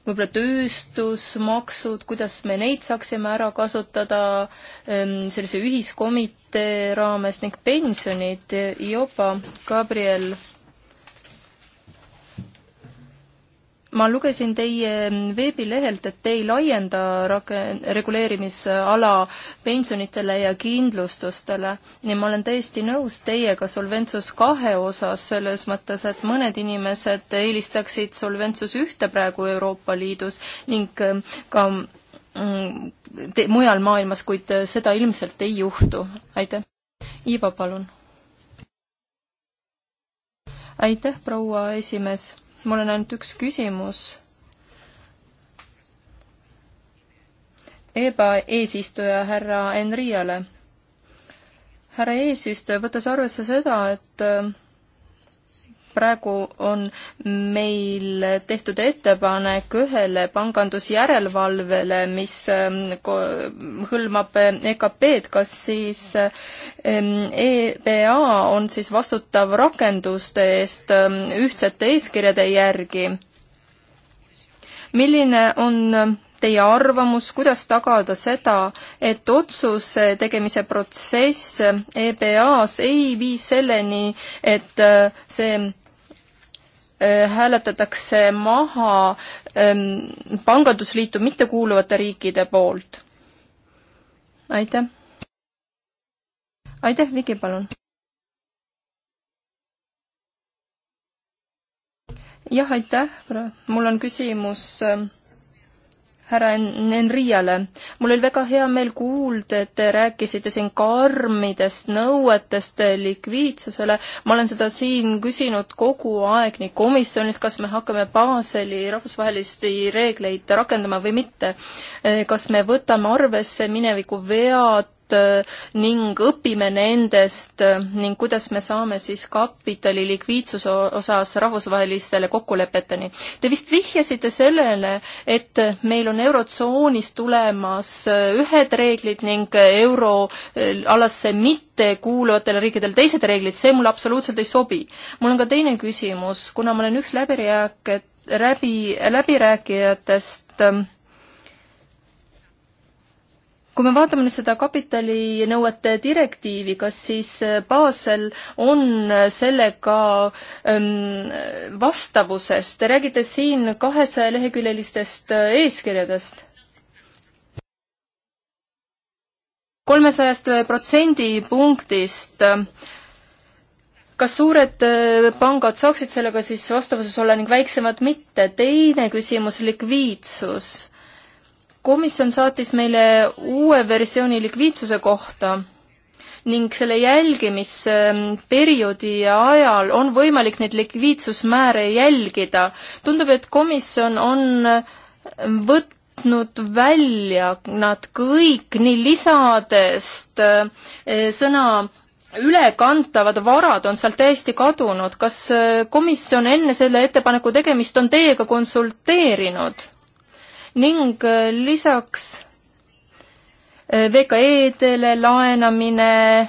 võib-olla tööstusmaksud, kuidas me neid saaksime ära kasutada ähm, sellise ühiskomitee raames ning pensionid, Jopa, Gabriel ma lugesin teie veebilehelt, et te ei laienda rake-, reguleerimisala pensionitele ja kindlustustele. ja ma olen täiesti nõus teiega Solventsus kahe osas, selles mõttes, et mõned inimesed eelistaksid Solventsus ühte praegu Euroopa Liidus ning ähm, ka mm, te, mujal maailmas, kuid äh, seda ilmselt ei juhtu. aitäh. Iiva, palun. aitäh, proua esimees mul on ainult üks küsimus. EBA eesistuja härra Enriale. härra eesistuja, võttes arvesse seda, et praegu on meil tehtud ettepanek ühele pangandusjärelevalvele, mis ähm, hõlmab EKP-d, kas siis ähm, EBA on siis vastutav rakenduste eest ähm, ühtsete eeskirjade järgi? milline on teie arvamus, kuidas tagada seda, et otsuse tegemise protsess EBA-s ei vii selleni, et äh, see Äh, hääletatakse maha ähm, pangandusliitu mittekuuluvate riikide poolt. aitäh. aitäh, Viki, palun. jah, aitäh. mul on küsimus äh, härra Enriale. mul oli väga hea meel kuulda, et te rääkisite siin karmidest nõuetest likviidsusele. ma olen seda siin küsinud kogu aeg nii komisjonilt, kas me hakkame Baseli rahvusvahelisi reegleid rakendama või mitte. kas me võtame arvesse mineviku vead, Äh, ning õpime nendest äh, ning kuidas me saame siis kapitali likviidsuse osas rahvusvahelistele kokkulepeteni. Te vist vihjasite sellele, et meil on Eurotsoonis tulemas äh, ühed reeglid ning euroalasse mittekuuluvatele riikidele teised reeglid, see mulle absoluutselt ei sobi. mul on ka teine küsimus, kuna ma olen üks läbirääk-, läbi, läbirääkijatest läbi ähm, kui me vaatame nüüd seda kapitalinõuete direktiivi, kas siis äh, Basel on äh, sellega ähm, vastavuses, te räägite siin kahesajaleheküljelistest äh, eeskirjadest? kolmesajast protsendipunktist kas suured pangad saaksid sellega siis vastavuses olla ning väiksemad mitte? teine küsimus, likviidsus komisjon saatis meile uue versiooni likviidsuse kohta ning selle jälgimisperioodi ajal on võimalik neid likviidsusmääre jälgida. tundub, et komisjon on võtnud välja nad kõik nii lisadest eh, sõna ülekantavad varad on sealt täiesti kadunud. kas komisjon enne selle ettepaneku tegemist on teiega konsulteerinud? ning äh, lisaks äh, VKE-dele laenamine,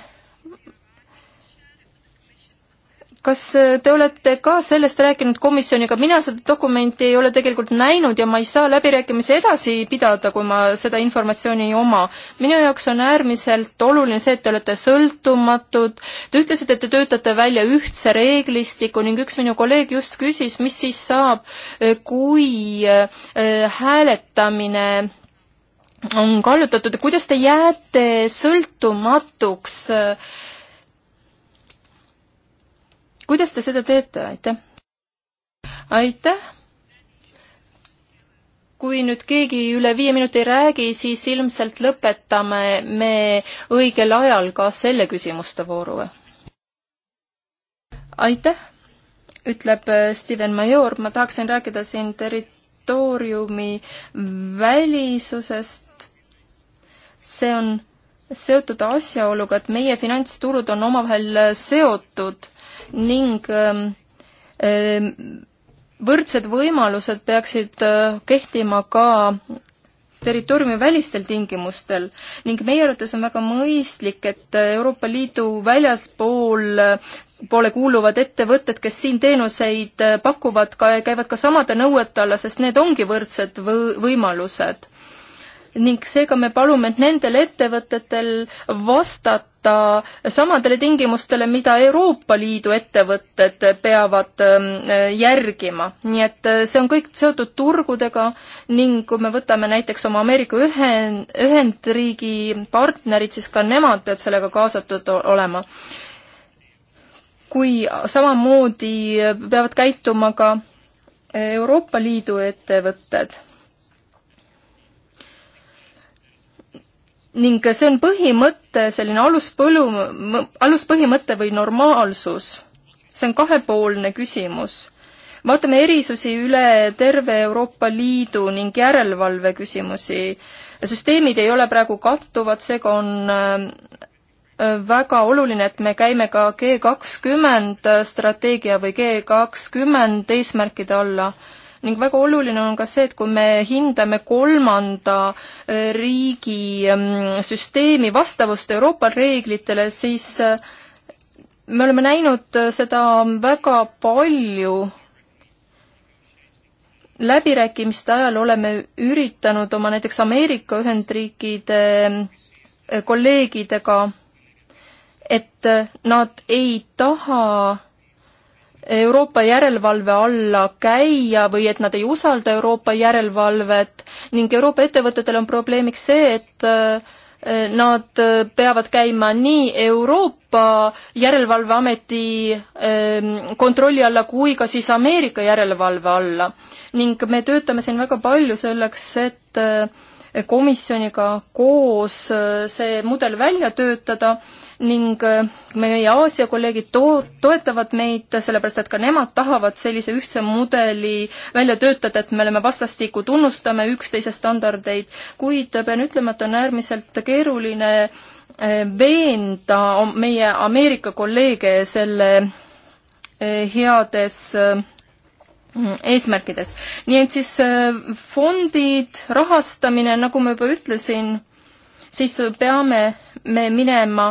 kas äh, te olete ka sellest rääkinud komisjoniga, mina seda dokumenti ei ole tegelikult näinud ja ma ei saa läbirääkimisi edasi pidada, kui ma seda informatsiooni ei oma. minu jaoks on äärmiselt oluline see, et te olete sõltumatud, te ütlesite, et te töötate välja ühtse reeglistiku ning üks minu kolleeg just küsis, mis siis saab, äh, kui äh, hääletamine on kallutatud, kuidas te jääte sõltumatuks äh, kuidas te seda teete, aitäh? aitäh! kui nüüd keegi üle viie minuti ei räägi, siis ilmselt lõpetame me õigel ajal ka selle küsimuste vooru. aitäh, ütleb Steven Major, ma tahaksin rääkida siin territooriumi välisusest. see on seotud asjaoluga, et meie finantsturud on omavahel seotud ning ähm, ähm, võrdsed võimalused peaksid äh, kehtima ka territooriumi välistel tingimustel ning meie arvates on väga mõistlik, et äh, Euroopa Liidu väljaspool äh, poole kuuluvad ettevõtted, kes siin teenuseid pakuvad, ka, käivad ka samade nõuete alla, sest need ongi võrdsed võ-, võimalused ning seega me palume, et nendel ettevõtetel vastata samadele tingimustele, mida Euroopa Liidu ettevõtted peavad ähm, järgima. nii et äh, see on kõik seotud turgudega ning kui me võtame näiteks oma Ameerika ühen-, Ühendriigi partnerid, siis ka nemad peavad sellega kaasatud olema. kui samamoodi peavad käituma ka Euroopa Liidu ettevõtted ning see on põhimõte, selline aluspõlu, aluspõhimõte või normaalsus. see on kahepoolne küsimus. vaatame erisusi üle terve Euroopa Liidu ning järelevalve küsimusi. süsteemid ei ole praegu kattuvad, seega on äh, väga oluline, et me käime ka G kakskümmend strateegia või G kakskümmend eesmärkide alla ning väga oluline on ka see, et kui me hindame kolmanda äh, riigi mm, süsteemi vastavust Euroopa reeglitele, siis äh, me oleme näinud äh, seda väga palju läbirääkimiste ajal oleme üritanud oma näiteks Ameerika Ühendriikide kolleegidega, et nad ei taha Euroopa järelevalve alla käia või et nad ei usalda Euroopa järelevalvet ning Euroopa ettevõtetel on probleemiks see, et äh, nad äh, peavad käima nii Euroopa Järelevalveameti ähm, kontrolli alla kui ka siis Ameerika järelevalve alla. ning me töötame siin väga palju selleks, et äh, komisjoniga koos see mudel välja töötada ning äh, meie Aasia kolleegid to-, toetavad meid, sellepärast et ka nemad tahavad sellise ühtse mudeli välja töötada, et me oleme vastastikku, tunnustame üksteise standardeid, kuid pean ütlema, et on äärmiselt keeruline äh, veenda meie Ameerika kolleege selle äh, heades eesmärkides. nii et siis fondid, rahastamine, nagu ma juba ütlesin, siis peame me minema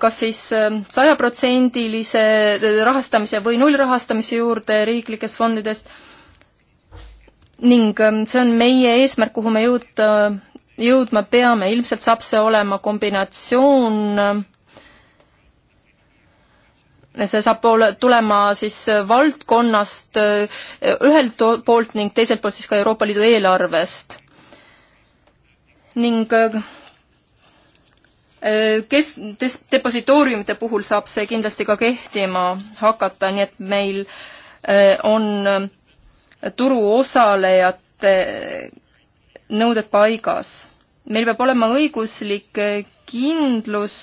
kas siis ähm, sajaprotsendilise äh, rahastamise või nullrahastamise juurde riiklikest fondidest ning ähm, see on meie eesmärk, kuhu me jõud-, äh, jõudma peame, ilmselt saab see olema kombinatsioon äh, see saab ole, tulema siis valdkonnast ühelt poolt ning teiselt poolt siis ka Euroopa Liidu eelarvest. ning Äh, kes, des-, depositooriumide puhul saab see kindlasti ka kehtima hakata, nii et meil äh, on äh, turuosalejate nõuded paigas. meil peab olema õiguslik kindlus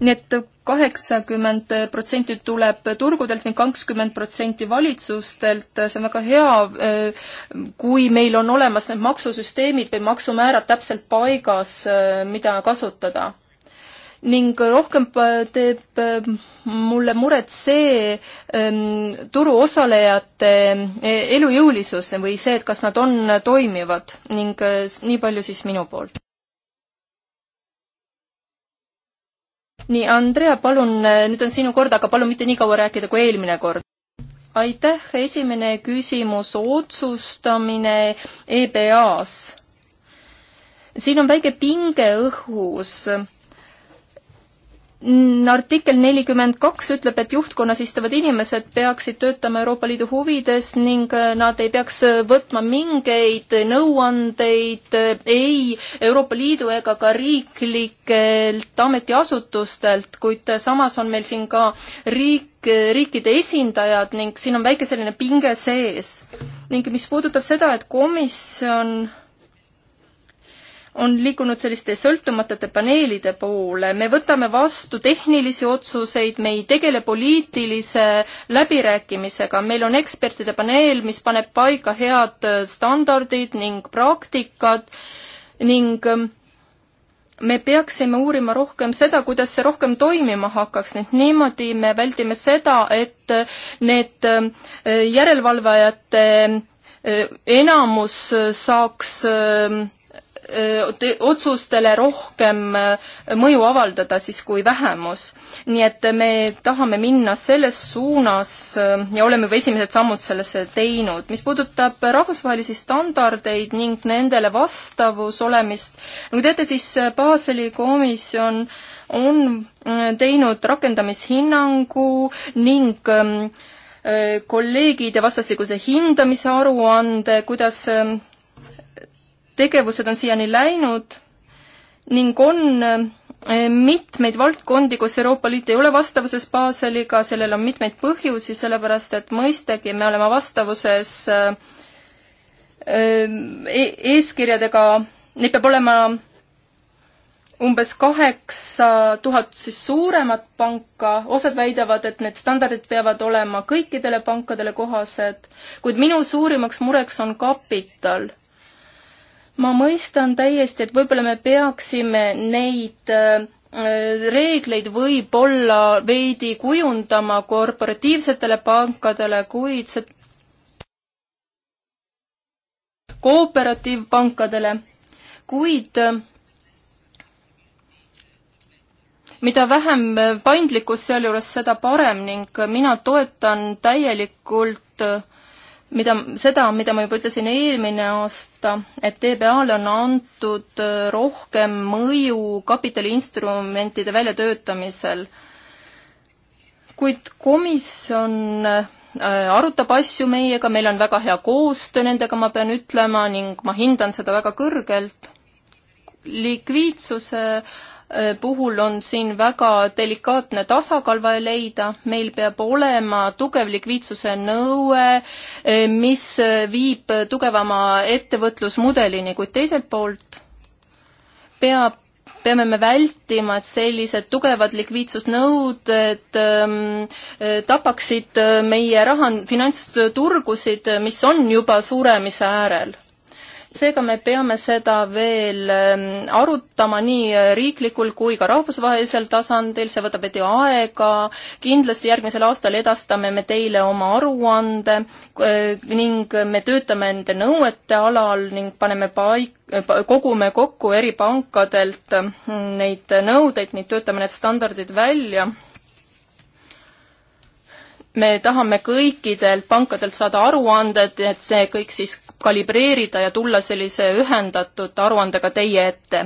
nii et kaheksakümmend protsenti tuleb turgudelt ning kakskümmend protsenti valitsustelt, see on väga hea, kui meil on olemas need maksusüsteemid või maksumäärad täpselt paigas, mida kasutada ning rohkem teeb äh, mulle muret see ähm, turuosalejate äh, elujõulisus või see, et kas nad on äh, toimivad ning nii palju siis minu poolt. nii, Andrea, palun, nüüd on sinu kord, aga palun mitte nii kaua rääkida kui eelmine kord. aitäh, esimene küsimus, otsustamine EBA-s. siin on väike pinge õhus artikkel nelikümmend kaks ütleb, et juhtkonnas istuvad inimesed peaksid töötama Euroopa Liidu huvides ning äh, nad ei peaks äh, võtma mingeid nõuandeid äh, ei Euroopa Liidu ega ka riiklikelt ametiasutustelt, kuid samas on meil siin ka riik, riikide esindajad ning siin on väike selline pinge sees. ning mis puudutab seda, et komisjon on liikunud selliste sõltumatute paneelide poole, me võtame vastu tehnilisi otsuseid, me ei tegele poliitilise läbirääkimisega, meil on ekspertide paneel, mis paneb paika head standardid ning praktikad ning ähm, me peaksime uurima rohkem seda, kuidas see rohkem toimima hakkaks, nii et niimoodi me väldime seda, et need ähm, järelevalvajate äh, enamus saaks ähm, otsustele rohkem mõju avaldada siis kui vähemus. nii et me tahame minna selles suunas ja oleme juba esimesed sammud sellesse teinud. mis puudutab rahvusvahelisi standardeid ning nendele vastavus olemist, nagu teate, siis Baseli komisjon on teinud rakendamishinnangu ning kolleegide vastastikuse hindamise aruande, kuidas tegevused on siiani läinud ning on eh, mitmeid valdkondi, kus Euroopa Liit ei ole vastavuses Baseliga, sellel on mitmeid põhjusi, sellepärast et mõistagi me oleme vastavuses eh, e eeskirjadega, neid peab olema umbes kaheksa tuhat siis suuremat panka, osad väidavad, et need standardid peavad olema kõikidele pankadele kohased, kuid minu suurimaks mureks on kapital ma mõistan täiesti, et võib-olla me peaksime neid äh, reegleid võib-olla veidi kujundama korporatiivsetele pankadele, kuid see kooperatiivpankadele, kuid äh, mida vähem paindlikkus sealjuures, seda parem ning mina toetan täielikult äh, mida, seda, mida ma juba ütlesin eelmine aasta, et TBA-le on antud äh, rohkem mõju kapitaliinstrumentide väljatöötamisel. kuid komisjon äh, arutab asju meiega, meil on väga hea koostöö nendega, ma pean ütlema, ning ma hindan seda väga kõrgelt. likviidsuse Äh, puhul on siin väga delikaatne tasakaal vaja leida, meil peab olema tugev likviidsuse nõue, äh, mis äh, viib tugevama ettevõtlusmudelini, kuid teiselt poolt peab peame me vältima, et sellised tugevad likviidsusnõuded ähm, tapaksid meie raha, finantsturgusid, mis on juba suremise äärel seega me peame seda veel ähm, arutama nii riiklikul kui ka rahvusvahelisel tasandil, see võtab veidi aega, kindlasti järgmisel aastal edastame me teile oma aruande äh, ning me töötame nende nõuete alal ning paneme paika kogume kokku eri pankadelt hm, neid nõudeid, nii töötame need standardid välja me tahame kõikidelt pankadelt saada aruanded, et see kõik siis kalibreerida ja tulla sellise ühendatud aruandega teie ette.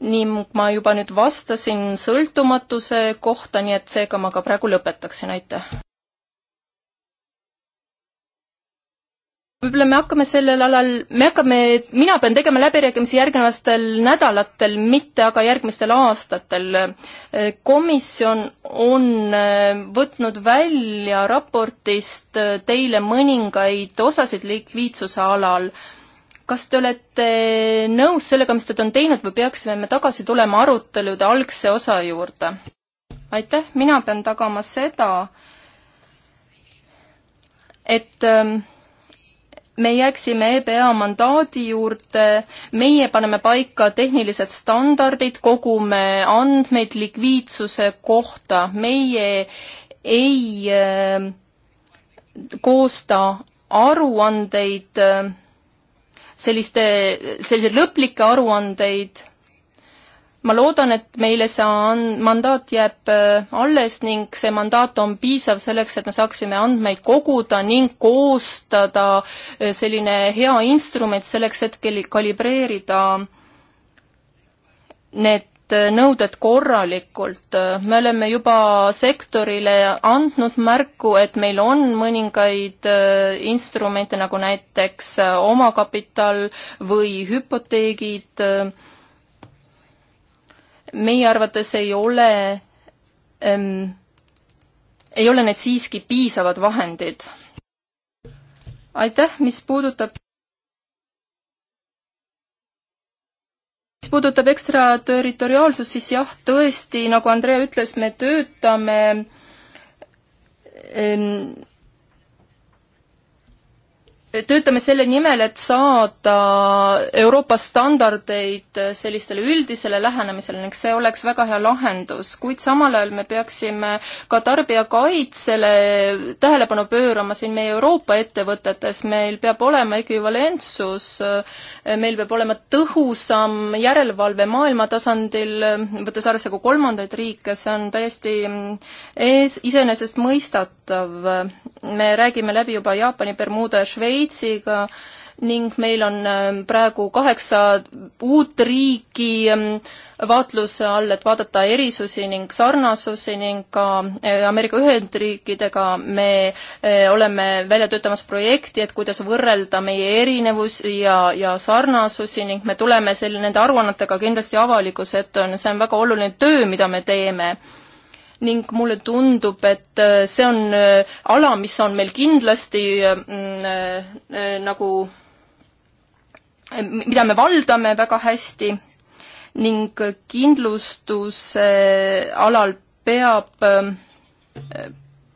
nii, ma juba nüüd vastasin sõltumatuse kohta, nii et seega ma ka praegu lõpetaksin, aitäh. võib-olla me hakkame sellel alal, me hakkame, mina pean tegema läbirääkimisi järgnevatel nädalatel, mitte aga järgmistel aastatel. komisjon on äh, võtnud välja raportist äh, teile mõningaid osasid likviidsuse alal. kas te olete nõus sellega, mis nad on teinud või peaksime me tagasi tulema arutelude algse osa juurde? aitäh, mina pean tagama seda, et ähm, me jääksime EBA mandaadi juurde, meie paneme paika tehnilised standardid, kogume andmeid likviidsuse kohta, meie ei äh, koosta aruandeid äh,, selliste, selliseid lõplikke aruandeid ma loodan, et meile see an-, mandaat jääb äh, alles ning see mandaat on piisav selleks, et me saaksime andmeid koguda ning koostada äh, selline hea instrument selleks, et kalibreerida need äh, nõuded korralikult. me oleme juba sektorile andnud märku, et meil on mõningaid instrumente, nagu näiteks omakapital või hüpoteegid, meie arvates ei ole ähm,, ei ole need siiski piisavad vahendid. aitäh, mis puudutab mis puudutab ekstraterritoriaalsust, siis jah, tõesti, nagu Andrea ütles, me töötame ähm, töötame selle nimel, et saada Euroopa standardeid sellistele üldisele lähenemisele ning see oleks väga hea lahendus, kuid samal ajal me peaksime ka tarbijakaitsele tähelepanu pöörama siin meie Euroopa ettevõtetes, meil peab olema ekvivalentsus, meil peab olema tõhusam järelevalve maailma tasandil, võttes arvesse ka kolmandaid riike, see on täiesti ees, iseenesestmõistatav. me räägime läbi juba Jaapani, Bermuda ja Šveitsi, Šveitsiga ning meil on ähm, praegu kaheksa uut riiki ähm, vaatluse all, et vaadata erisusi ning sarnasusi ning ka äh, Ameerika Ühendriikidega me äh, oleme välja töötamas projekti, et kuidas võrrelda meie erinevusi ja, ja sarnasusi ning me tuleme selle, nende aruannetega kindlasti avalikkuse ette, on, see on väga oluline töö, mida me teeme ning mulle tundub, et äh, see on äh, ala, mis on meil kindlasti äh, mm, nagu, mida me valdame väga hästi ning kindlustuse alal peab,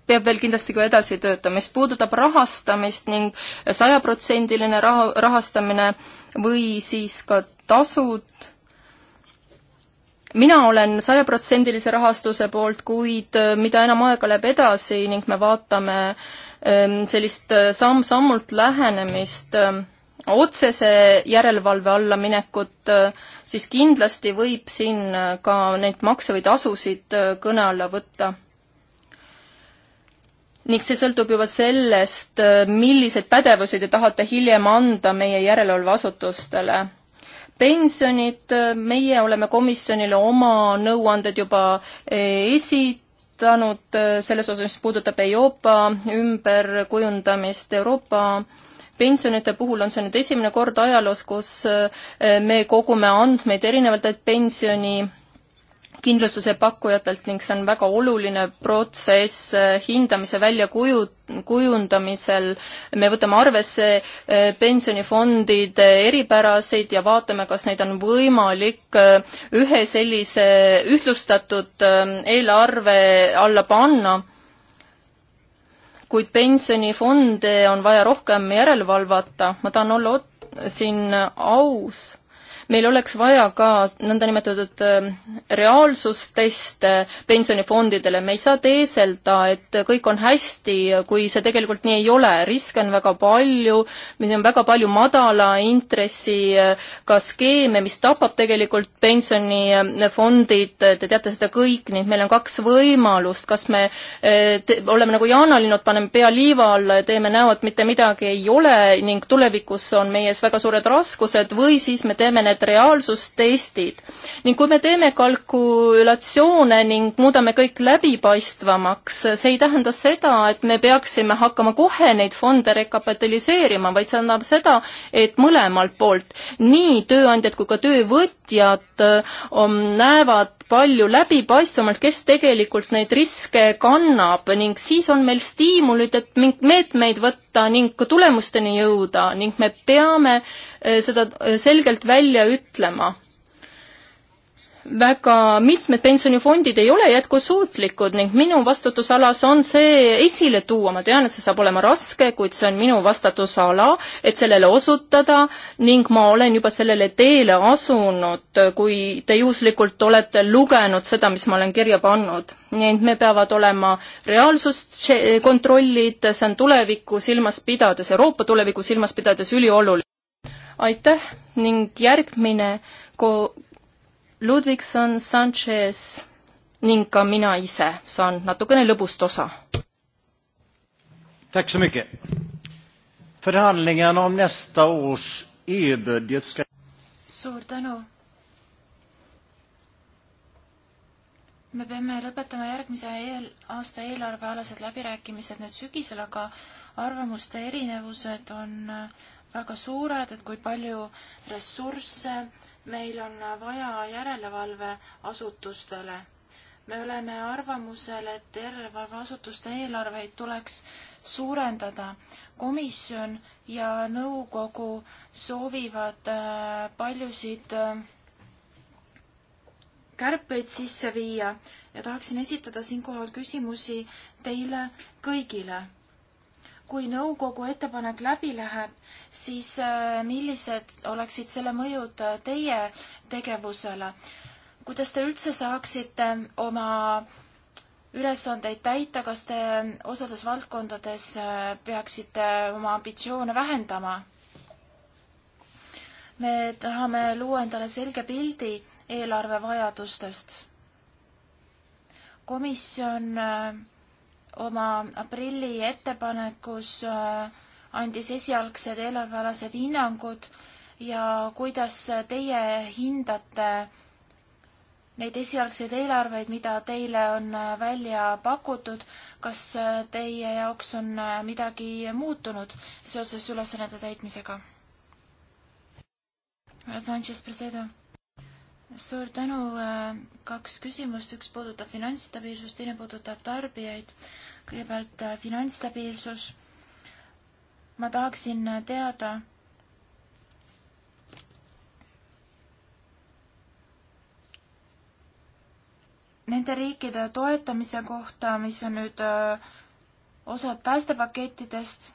peab veel kindlasti ka edasi töötama, mis puudutab rahastamist ning sajaprotsendiline raha, rahastamine või siis ka tasud mina olen sajaprotsendilise rahastuse poolt, kuid äh, mida enam aega läheb edasi ning me vaatame ähm, sellist äh, samm-sammult lähenemist, ähm, otsese järelevalve alla minekut, äh, siis kindlasti võib siin ka neid makse või tasusid kõne alla võtta ning see sõltub juba sellest, milliseid pädevusi te tahate hiljem anda meie järelevalveasutustele pensionid, meie oleme komisjonile oma nõuanded juba eh, esitanud eh, selles osas, mis puudutab EIOPA ümberkujundamist Euroopa pensionite puhul on see nüüd esimene kord ajaloos, kus eh, me kogume andmeid erinevatelt pensioni kindlustuse pakkujatelt ning see on väga oluline protsess eh, hindamise väljakuju, kujundamisel. me võtame arvesse eh, pensionifondide eripärasid ja vaatame, kas neid on võimalik eh, ühe sellise ühtlustatud eelarve alla panna kuid pensionifonde on vaja rohkem järele valvata, ma tahan olla siin aus meil oleks vaja ka nõndanimetatud äh, reaalsusteste pensionifondidele, me ei saa teeselda, et kõik on hästi, kui see tegelikult nii ei ole, riske on väga palju, meil on väga palju madala intressiga äh, skeeme, mis tapab tegelikult pensionifondid, te teate seda kõik, nii et meil on kaks võimalust, kas me äh, te, oleme nagu jaanalinnud, paneme pea liiva alla ja teeme näo, et mitte midagi ei ole ning tulevikus on meie ees väga suured raskused või siis me teeme need reaalsustestid. ning kui me teeme kalkulatsioone ning muudame kõik läbipaistvamaks, see ei tähenda seda, et me peaksime hakkama kohe neid fonde rekapitaliseerima, vaid see annab seda, et mõlemalt poolt nii tööandjad kui ka töövõtjad on, ähm, näevad, palju läbipaistvamalt, kes tegelikult neid riske kannab ning siis on meil stiimulid, et ming-, meetmeid võtta ning tulemusteni jõuda ning me peame eh, seda eh, selgelt välja ütlema väga mitmed pensionifondid ei ole jätkusuutlikud ning minu vastutusalas on see esile tuua, ma tean, et see saab olema raske, kuid see on minu vastutusala, et sellele osutada ning ma olen juba sellele teele asunud, kui te juhuslikult olete lugenud seda, mis ma olen kirja pannud. nii et me peavad olema reaalsust kontrollid, see on tulevikku silmas pidades, Euroopa tulevikku silmas pidades ülioluline. aitäh ning järgmine ko-, Ludvigson, Sanchez ning ka mina ise saan natukene lõbust osa. Tack så mycket. Förhandlingarna om nästa års EU-budget ska... Suur tänu. me peame lõpetama järgmise eel, aasta eelarvealased läbirääkimised nüüd sügisel, aga arvamuste erinevused on väga suured, et kui palju ressursse meil on vaja järelevalveasutustele. me oleme arvamusel, et järelevalveasutuste eelarveid tuleks suurendada. komisjon ja nõukogu soovivad äh, paljusid äh, kärpeid sisse viia ja tahaksin esitada siinkohal küsimusi teile kõigile kui nõukogu ettepanek läbi läheb, siis äh, millised oleksid selle mõjud äh, teie tegevusele? kuidas te üldse saaksite oma ülesandeid täita, kas te äh, osades valdkondades peaksite oma ambitsioone vähendama? me tahame luua endale selge pildi eelarve vajadustest. komisjon oma aprilli ettepanekus äh, andis esialgsed eelarvealased hinnangud ja kuidas teie hindate neid esialgseid eelarveid, mida teile on äh, välja pakutud, kas äh, teie jaoks on midagi muutunud seoses ülesannete täitmisega? Sanchez Presedo suur tänu, äh, kaks küsimust, üks puudutab finantsstabiilsust, teine puudutab tarbijaid. kõigepealt äh, finantsstabiilsus. ma tahaksin äh, teada, nende riikide toetamise kohta, mis on nüüd osad päästepakettidest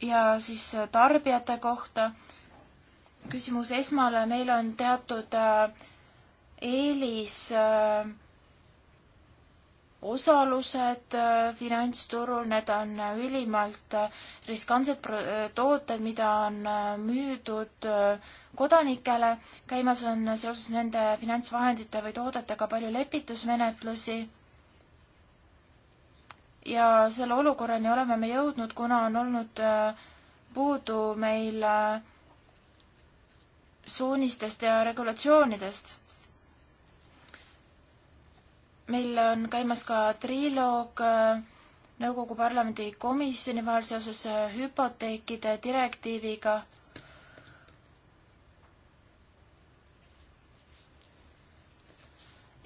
ja siis tarbijate kohta küsimus esmale, meil on teatud äh, eelis äh, osalused äh, finantsturul, need on ülimalt riskantsed tooted, mida on müüdud kodanikele. käimas on seoses nende finantsvahendite või toodetega palju lepitusmenetlusi. ja selle olukorrani oleme me jõudnud, kuna on olnud puudu meil äh, suunistest ja regulatsioonidest. meil on käimas ka triloog äh, nõukogu parlamendi komisjoni vahel seoses äh, hüpoteekide direktiiviga.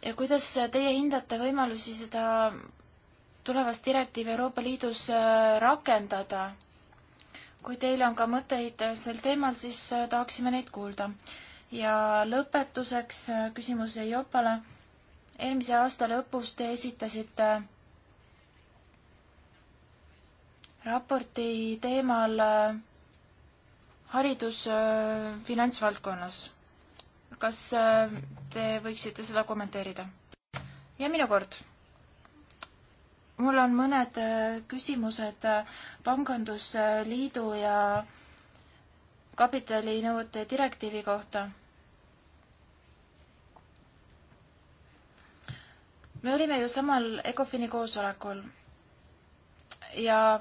ja kuidas äh, teie hindate võimalusi seda tulevast direktiivi Euroopa Liidus rakendada? kui teil on ka mõtteid sel teemal, siis äh, tahaksime neid kuulda. ja lõpetuseks äh, küsimus Jopale. eelmise aasta lõpus te esitasite raporti teemal äh, haridus finantsvaldkonnas. kas te võiksite seda kommenteerida? ja minu kord mul on mõned äh, küsimused äh, Pangandusliidu ja kapitalinõuete direktiivi kohta. me olime ju samal ECOFIN-i koosolekul ja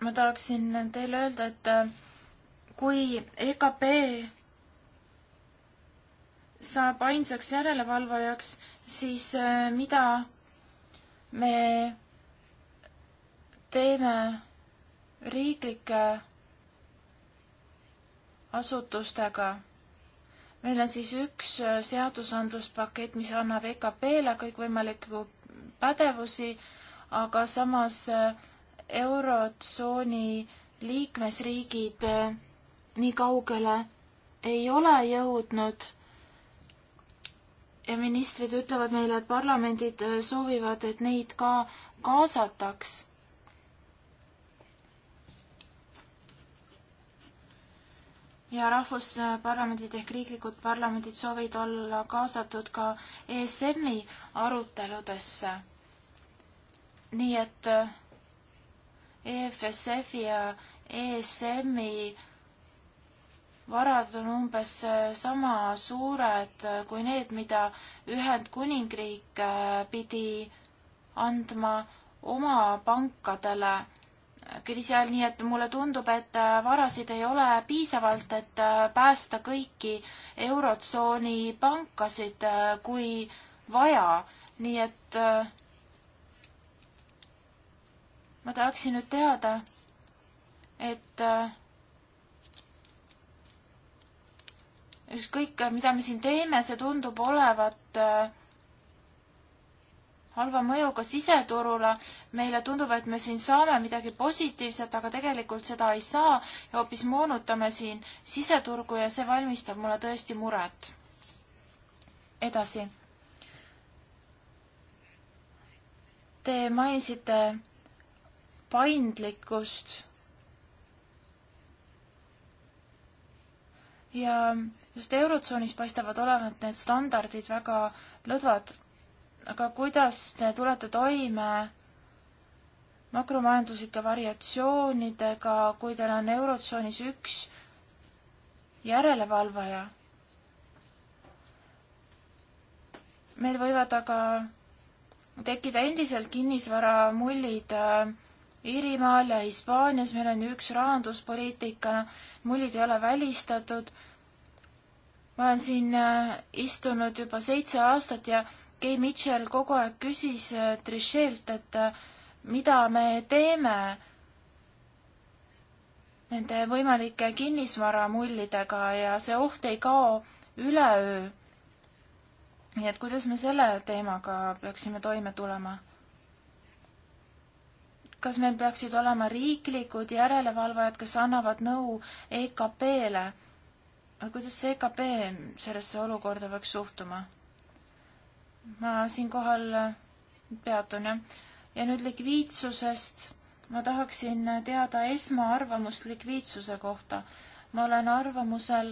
ma tahaksin teile öelda, et äh, kui EKP saab ainsaks järelevalvajaks, siis äh, mida me teeme riiklike asutustega. meil on siis üks äh, seadusandluspakett, mis annab EKP-le kõikvõimalikku pädevusi, aga samas äh, Eurotsooni liikmesriigid nii kaugele ei ole jõudnud ja ministrid ütlevad meile, et parlamendid äh, soovivad, et neid ka kaasataks. ja rahvusparlamendid ehk riiklikud parlamendid soovid olla kaasatud ka ESM-i aruteludesse. nii et äh, EFSF-i ja ESM-i varad on umbes äh, sama suured äh, kui need, mida Ühendkuningriik äh, pidi andma oma pankadele kriisi ajal, nii et mulle tundub, et varasid ei ole piisavalt, et päästa kõiki Eurotsooni pankasid, kui vaja, nii et ma tahaksin nüüd teada, et äh, ükskõik, mida me siin teeme, see tundub olevat äh, halva mõjuga siseturule, meile tundub, et me siin saame midagi positiivset, aga tegelikult seda ei saa ja hoopis moonutame siin siseturgu ja see valmistab mulle tõesti muret. edasi. Te mainisite paindlikkust ja just Eurotsoonis paistavad olevat need standardid väga lõdvad. aga kuidas te tulete toime makromajanduslike variatsioonidega, kui teil on Eurotsoonis üks järelevalvaja? meil võivad aga tekkida endiselt kinnisvaramullid äh, Iirimaal ja Hispaanias, meil on ju üks rahanduspoliitika, mullid ei ole välistatud ma olen siin äh, istunud juba seitse aastat ja Kay Mitchell kogu aeg küsis äh, Trichelt, et äh, mida me teeme nende võimalike kinnisvaramullidega ja see oht ei kao üleöö. nii et kuidas me selle teemaga peaksime toime tulema? kas meil peaksid olema riiklikud järelevalvajad, kes annavad nõu EKP-le? aga kuidas see EKP sellesse olukorda peaks suhtuma? ma siinkohal peatun, jah. ja nüüd likviidsusest. ma tahaksin teada esmaarvamust likviidsuse kohta. ma olen arvamusel,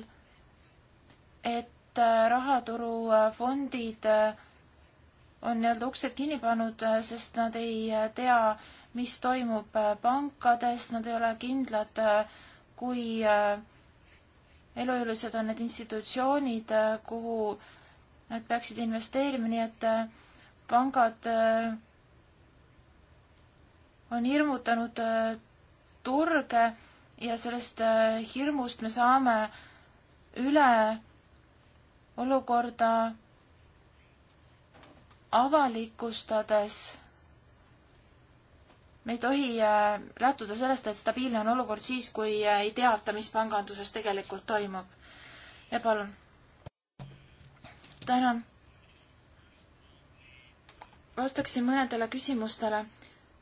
et äh, rahaturufondid äh, äh, on nii-öelda uksed kinni pannud, sest nad ei tea, mis toimub pankades, nad ei ole kindlad, kui äh, elujõulised on need institutsioonid, äh, kuhu nad peaksid investeerima, nii et äh, pangad äh, on hirmutanud turge ja sellest hirmust me saame üle olukorda avalikustades me ei tohi äh, lähtuda sellest, et stabiilne on olukord siis, kui äh, ei teata, mis panganduses tegelikult toimub. ja palun. tänan. vastaksin mõnedele küsimustele.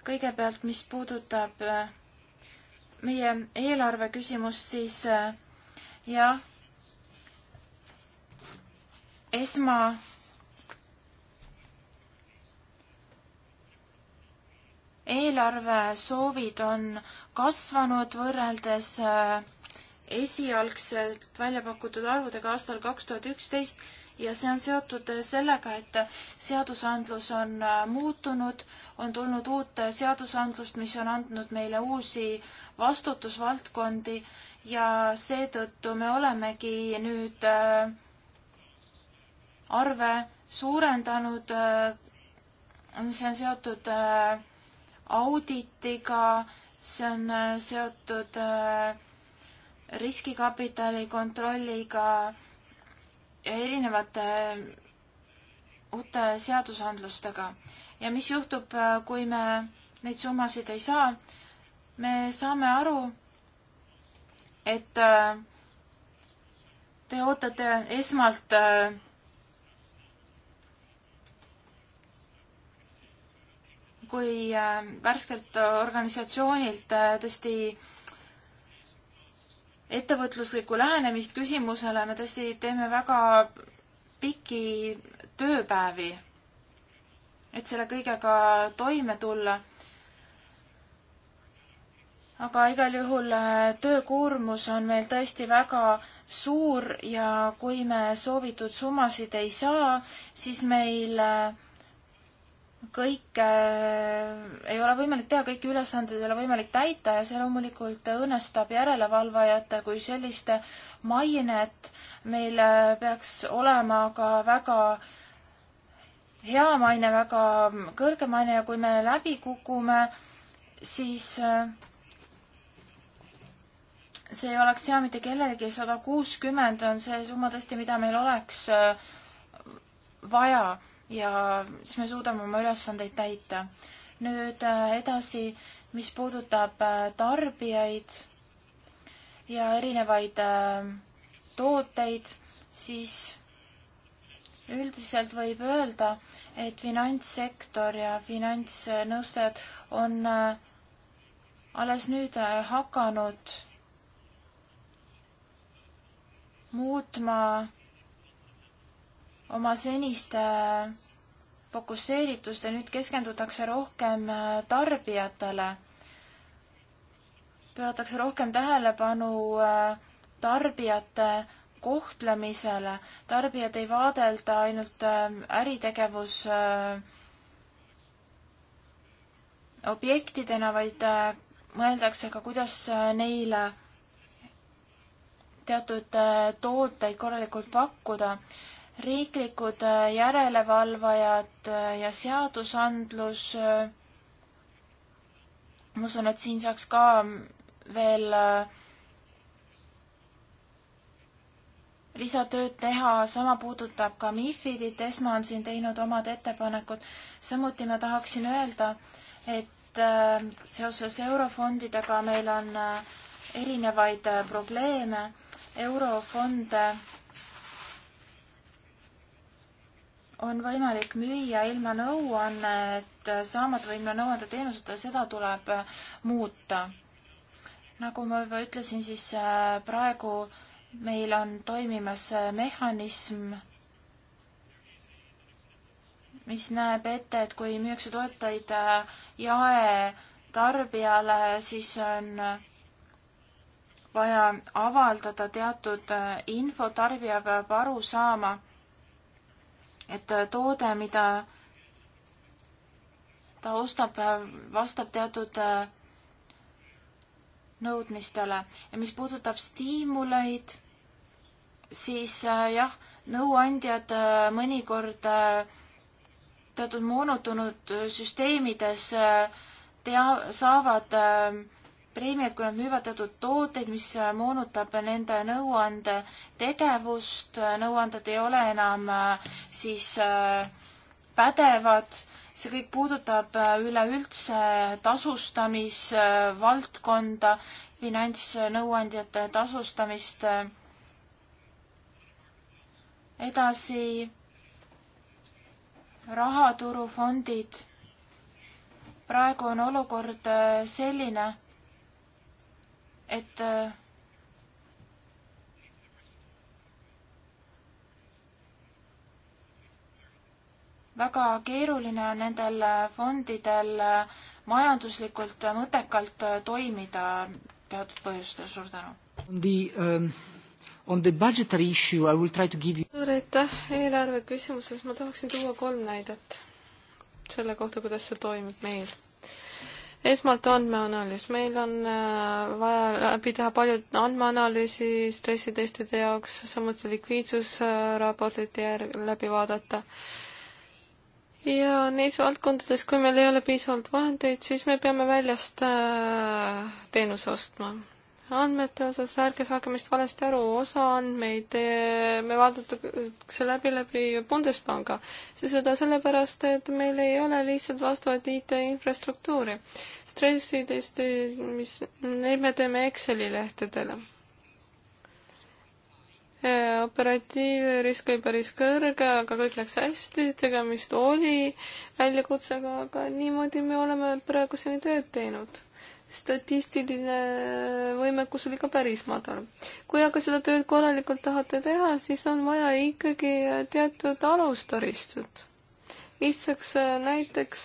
kõigepealt, mis puudutab äh, meie eelarve küsimust, siis jah, esma eelarve soovid on kasvanud võrreldes äh, esialgselt välja pakutud arvudega aastal kaks tuhat üksteist ja see on seotud sellega, et seadusandlus on äh, muutunud, on tulnud uut seadusandlust, mis on andnud meile uusi vastutusvaldkondi ja seetõttu me olemegi nüüd äh, arve suurendanud, see on seotud auditiga, see on äh, seotud äh, riskikapitali kontrolliga ja erinevate äh, uute seadusandlustega. ja mis juhtub, kui me neid summasid ei saa? me saame aru, et te ootate esmalt äh, kui äh, värskelt organisatsioonilt äh, tõesti ettevõtluslikku lähenemist küsimusele, me tõesti teeme väga pikki tööpäevi, et selle kõigega toime tulla. aga igal juhul äh, töökoormus on meil tõesti väga suur ja kui me soovitud summasid ei saa, siis meil äh, kõike äh, ei ole võimalik teha, kõiki ülesandeid ei ole võimalik täita ja see loomulikult õõnestab järelevalvajate kui selliste mainet. meil äh, peaks olema ka väga hea maine, väga kõrge maine ja kui me läbi kukume, siis äh, see ei oleks hea mitte kellelegi, sada kuuskümmend on see summa tõesti, mida meil oleks vaja ja siis me suudame oma ülesandeid täita. nüüd äh, edasi, mis puudutab äh, tarbijaid ja erinevaid äh, tooteid, siis üldiselt võib öelda, et finantssektor ja finantsnõustajad on alles nüüd hakanud muutma oma seniste äh, fokusseeritust ja nüüd keskendutakse rohkem äh, tarbijatele. pööratakse rohkem tähelepanu äh, tarbijate kohtlemisele, tarbijad ei vaadelda ainult äh, äritegevus objektidena, vaid mõeldakse ka, kuidas neile teatud tooteid korralikult pakkuda riiklikud äh, järelevalvajad äh, ja seadusandlus, äh, ma usun, et siin saaks ka veel lisatööd teha, sama puudutab ka MIFIDit, ESMA on siin teinud omad ettepanekud. samuti ma tahaksin öelda, et seoses eurofondidega meil on erinevaid probleeme. eurofonde on võimalik müüa ilma nõuannet, saamata või ilma nõuande teenuseta, seda tuleb muuta. nagu ma juba ütlesin, siis äh, praegu meil on toimimas äh, mehhanism, mis näeb ette, et kui müüakse tooteid äh, jaetarbijale, siis on vaja avaldada teatud info, tarbija peab aru saama et toode, mida ta ostab, vastab teatud äh, nõudmistele ja mis puudutab stiimuleid, siis äh, jah, nõuandjad äh, mõnikord teatud moonutunud süsteemides tea-, saavad äh, preemiad, kui nad müüvad teatud tooteid, mis äh, moonutab nende nõuande tegevust, äh, nõuanded ei ole enam äh, siis pädevad, see kõik puudutab üleüldse tasustamisvaldkonda, finantsnõuandjate tasustamist. edasi rahaturufondid. praegu on olukord selline et äh, väga keeruline on nendel fondidel majanduslikult mõttekalt toimida teatud põhjustel, suur tänu. on the um... On the budgetary issue I will try to give you suur aitäh, eelarve küsimuses ma tahaksin tuua kolm näidet selle kohta, kuidas see toimib meil esmalt andmeanalüüs, meil on äh, vaja läbi teha palju andmeanalüüsi stressitestide jaoks, samuti likviidsusraportite järg-, läbi vaadata. ja neis valdkondades, kui meil ei ole piisavalt vahendeid, siis me peame väljast äh, teenuse ostma andmete osas ärge saage meist valesti aru, osa andmeid eh, me vaadatakse läbi läbi Bundespanga. seda sellepärast, et meil ei ole lihtsalt vastavat IT-infrastruktuuri. stressitesti, eh, mis, neid me teeme Exceli lehtedele. Eh, operatiivrisk oli päris kõrge, aga kõik läks hästi, tegemist oli väljakutsega, aga niimoodi me oleme praeguseni tööd teinud statistiline võimekus oli ka päris madal. kui aga seda tööd korralikult tahate teha, siis on vaja ikkagi teatud alustaristut. lihtsaks äh, näiteks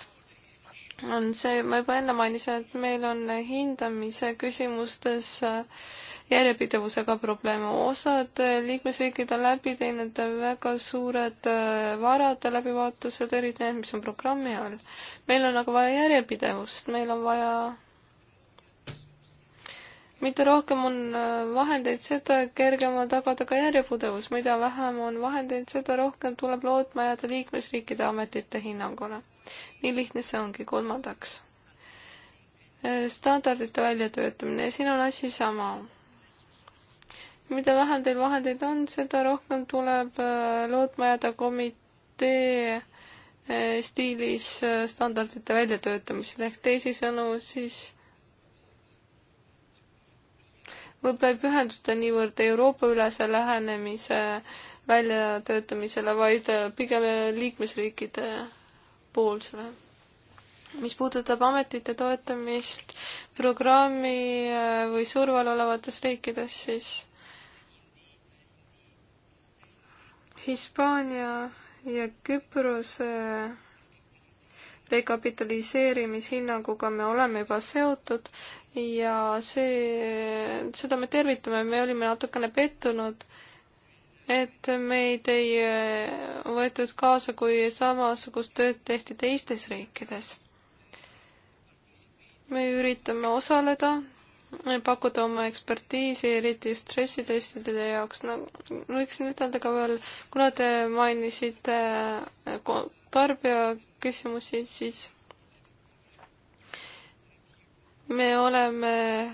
on see, ma juba enne mainisin, et meil on hindamise küsimustes äh, järjepidevusega probleeme. osad äh, liikmesriigid on läbi teinud väga suured varade läbivaatused, eriti need, mis on programmi all. meil on aga vaja järjepidevust, meil on vaja mida rohkem on äh, vahendeid, seda kergem on tagada ka järjepidevus, mida vähem on vahendeid, seda rohkem tuleb lootma jääda liikmesriikide ametite hinnangule. nii lihtne see ongi, kolmandaks. Äh, standardite väljatöötamine, siin on asi sama. mida vähem teil vahendeid on, seda rohkem tuleb äh, lootma jääda komitee stiilis standardite väljatöötamisele ehk teisisõnu siis võib-olla ei pühenduta niivõrd Euroopa-ülese lähenemise väljatöötamisele, vaid pigem liikmesriikide poolsele. mis puudutab ametite toetamist programmi äh, või surve all olevates riikides, siis Hispaania ja Küprose rekapitaliseerimishinnanguga me oleme juba seotud ja see, seda me tervitame, me olime natukene pettunud, et meid ei eh, võetud kaasa, kui samasugust tööd tehti teistes riikides. me üritame osaleda, pakkuda oma ekspertiisi, eriti stressitestide jaoks, no võiksin ütelda ka veel, kuna te mainisite eh, tarbija küsimusi, siis me oleme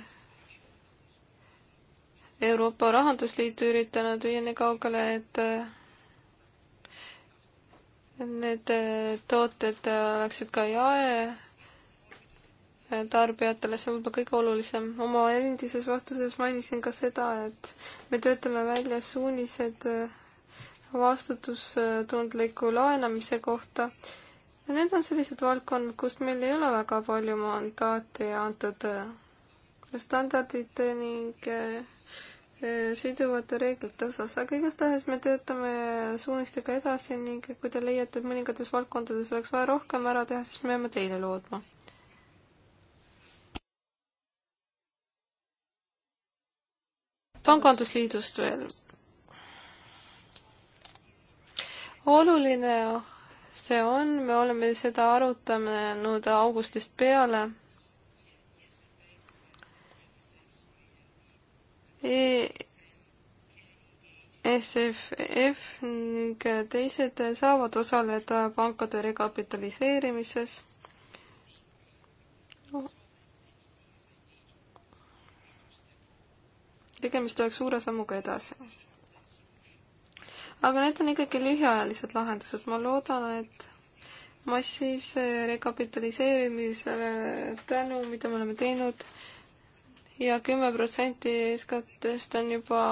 Euroopa Rahandusliitu üritanud viia nii kaugele, et need tooted oleksid ka jae tarbijatele, see on võib-olla kõige olulisem. oma endises vastuses mainisin ka seda, et me töötame välja suunised vastutustundliku laenamise kohta Need on sellised valdkonnad, kust meil ei ole väga palju mandaate antud standardite ning eh, eh, siduvate reeglite osas, aga igastahes me töötame suunistega edasi ning kui te leiate, et mõningates valdkondades oleks vaja rohkem ära teha, siis me jääme teile lootma. pangandusliidust veel. oluline see on, me oleme seda arutanud augustist peale e. SFF ning teised saavad osaleda pankade rekapitaliseerimises tegemist oleks suure sammuga edasi aga need on ikkagi lühiajalised lahendused, ma loodan, et massiivse rekapitaliseerimisele tänu, mida me oleme teinud ja kümme protsenti SKT-st on juba,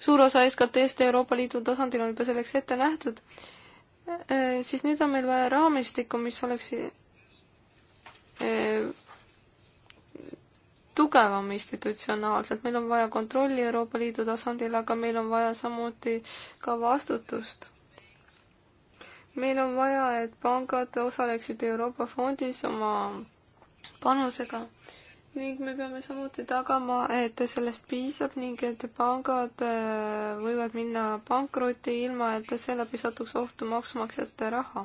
suur osa SKT-st Euroopa Liidu tasandil on juba selleks ette nähtud, äh, siis nüüd on meil vaja raamistikku, mis oleks äh, tugevam institutsionaalselt, meil on vaja kontrolli Euroopa Liidu tasandil, aga meil on vaja samuti ka vastutust. meil on vaja, et pangad osaleksid Euroopa fondis oma panusega ning me peame samuti tagama, et sellest piisab ning et pangad äh, võivad minna pankrotti, ilma et seeläbi satuks ohtu maksumaksjate raha.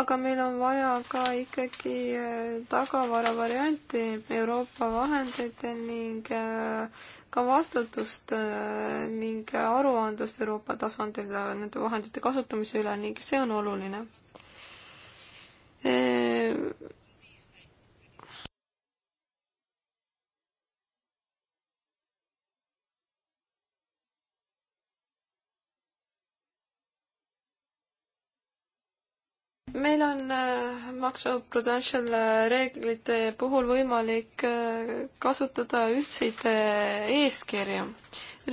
aga meil on vaja ka ikkagi äh, tagavara varianti Euroopa vahendeid ning äh, ka vastutust ning aruandlust Euroopa tasandil nende vahendite kasutamise üle ning see on oluline meil on äh, maksu prudential äh, reeglite puhul võimalik äh, kasutada ühtseid eeskirju.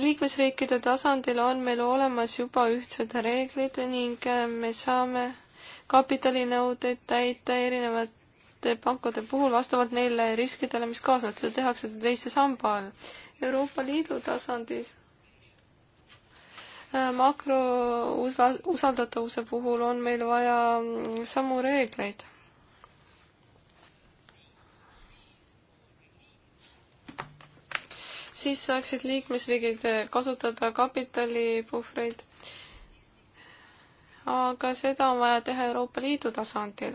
liikmesriikide tasandil on meil olemas juba ühtsed reeglid ning me saame kapitalinõudeid täita erinevate pankade puhul vastavalt neile riskidele, mis kaasnevad, seda tehakse teise samba all. Euroopa Liidu tasandis Äh, makrousaldatavuse puhul on meil vaja mm, samu reegleid. siis saaksid liikmesriigid kasutada kapitalipuhvreid. aga seda on vaja teha Euroopa Liidu tasandil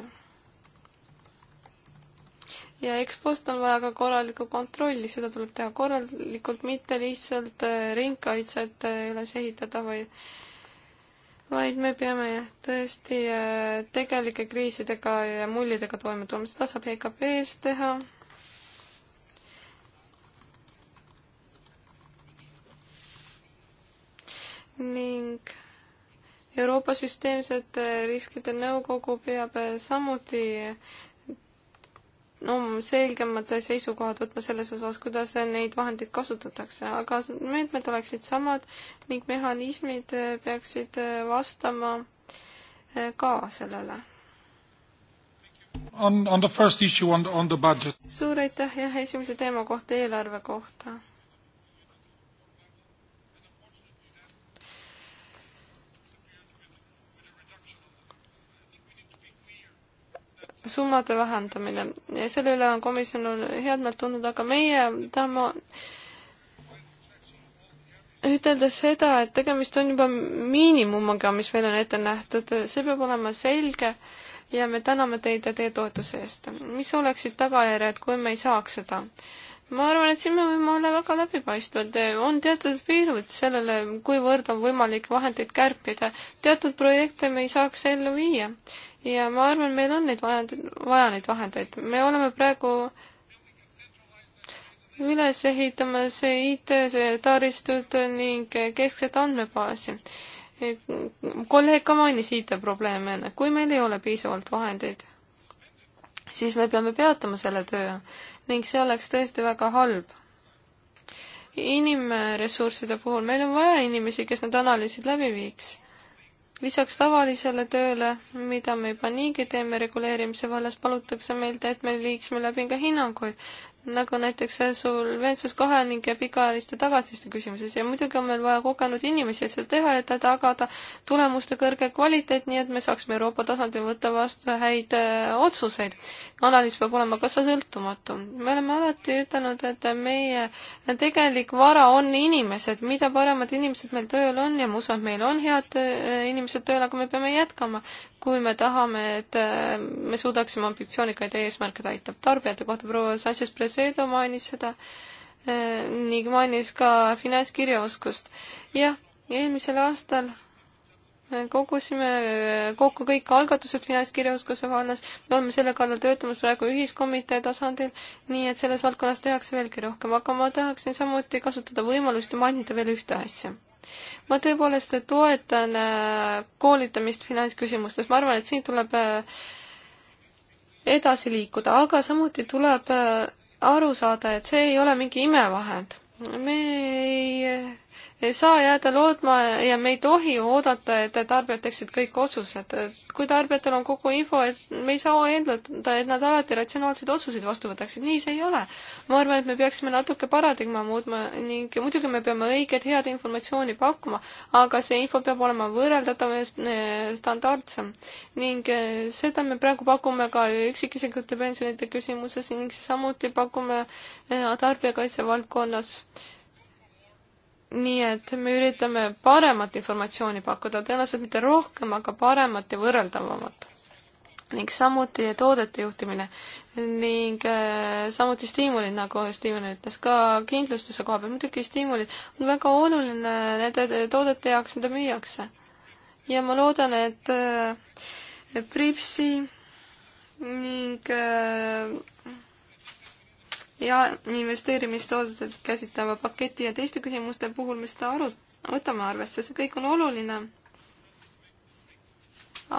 ja EXPO-st on vaja ka korralikku kontrolli, seda tuleb teha korralikult, mitte lihtsalt äh, ringkaitset äh, üles ehitada, vaid vaid me peame tõesti äh, tegelike kriisidega ja mullidega toime tulema, seda saab EKP-s teha. ning Euroopa Süsteemsete Riskide Nõukogu peab samuti um, selgemad seisukohad võtma selles osas, kuidas neid vahendeid kasutatakse, aga meetmed oleksid samad ning mehhanismid peaksid vastama ka sellele. On, on the first issue on, on the budget. suur aitäh, jah, esimese teema kohta, eelarve kohta summade vähendamine. selle üle on komisjon head meelt tundnud, aga meie tahame ütelda seda, et tegemist on juba miinimumiga, mis meil on ette nähtud, see peab olema selge ja me täname teid ja teie toetuse eest. mis oleksid tagajärjed, kui me ei saaks seda? ma arvan, et siin me võime olla väga läbipaistvad, on teatud piirud sellele, kuivõrd on võimalik vahendeid kärpida. teatud projekte me ei saaks ellu viia ja ma arvan, meil on neid vahendeid, vaja neid vahendeid, me oleme praegu üles ehitamas IT-taristut ning keskset andmebaasi. kolleeg ka mainis IT-probleeme, kui meil ei ole piisavalt vahendeid, siis me peame peatama selle töö ning see oleks tõesti väga halb. inimressursside puhul meil on vaja inimesi, kes need analüüsid läbi viiks lisaks tavalisele tööle, mida me juba niigi teeme reguleerimise vallas, palutakse meilt, et me viiksime läbi ka hinnanguid nagu näiteks solventsus kahe ning pikaajaliste tagatiste küsimuses ja muidugi on meil vaja kogenud inimesi, et seda teha, et tagada tulemuste kõrge kvaliteet, nii et me saaksime Euroopa tasandil võtta vastu häid äh, otsuseid. analüüs peab olema ka sõltumatu. me oleme alati ütelnud, et meie tegelik vara on inimesed, mida paremad inimesed meil tööl on ja ma usun, et meil on head äh, inimesed tööl, aga me peame jätkama kui me tahame, et äh, me suudaksime ambitsioonikaid eesmärke täita. tarbijate kohta proua Sanchez Presedo mainis seda äh, ning mainis ka finantskirjaoskust. jah, eelmisel aastal kogusime äh, kokku kõik algatused finantskirjaoskuse vallas, me oleme selle kallal töötamas praegu ühiskomitee tasandil, nii et selles valdkonnas tehakse veelgi rohkem, aga ma tahaksin samuti kasutada võimalust ja mainida veel ühte asja ma tõepoolest toetan äh, koolitamist finantsküsimustes, ma arvan, et siin tuleb äh, edasi liikuda, aga samuti tuleb äh, aru saada, et see ei ole mingi imevahend. me ei ei saa jääda lootma ja me ei tohi oodata, et tarbijad teeksid kõik otsused. kui tarbijatel on kogu info, et me ei saa eeldada, et nad alati ratsionaalseid otsuseid vastu võtaksid, nii see ei ole. ma arvan, et me peaksime natuke paradigma muutma ning muidugi me peame õiget, head informatsiooni pakkuma, aga see info peab olema võrreldatav ja standardsem. ning eh, seda me praegu pakume ka üksikisikute pensionite küsimuses ning samuti pakume eh, tarbijakaitse valdkonnas äh, nii et me üritame paremat informatsiooni pakkuda, tõenäoliselt mitte rohkem, aga paremat ja võrreldavamat. ning samuti toodete juhtimine ning äh, samuti stiimulid, nagu Steven ütles, ka kindlustuse koha peal, muidugi stiimulid on väga oluline nende toodete jaoks, mida müüakse. ja ma loodan, et äh, Pripsi ning äh, ja investeerimistoodet käsitleva paketi ja teiste küsimuste puhul me seda aru, võtame arvesse, see kõik on oluline.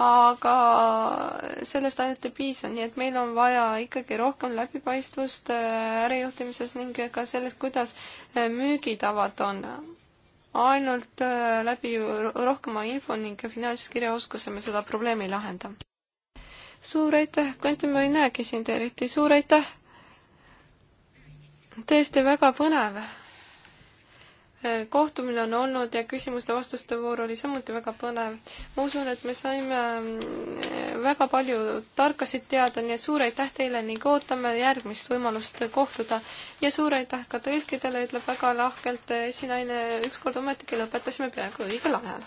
aga sellest ainult ei piisa, nii et meil on vaja ikkagi rohkem läbipaistvust äh, ärijuhtimises ning ka selles, kuidas äh, müügitavad on. ainult äh, läbi rohkema info ning finantskirjaoskuse me seda probleemi ei lahenda. suur aitäh, Quentin, ma ei näegi sind eriti, suur aitäh tõesti väga põnev kohtumine on olnud ja küsimuste-vastuste voor oli samuti väga põnev. ma usun, et me saime mm, väga palju tarkasid teada, nii et suur aitäh teile ning ootame järgmist võimalust kohtuda. ja suur aitäh ka tõlkidele, ütleb väga lahkelt esinaine, ükskord ometigi lõpetasime peaaegu õigel ajal.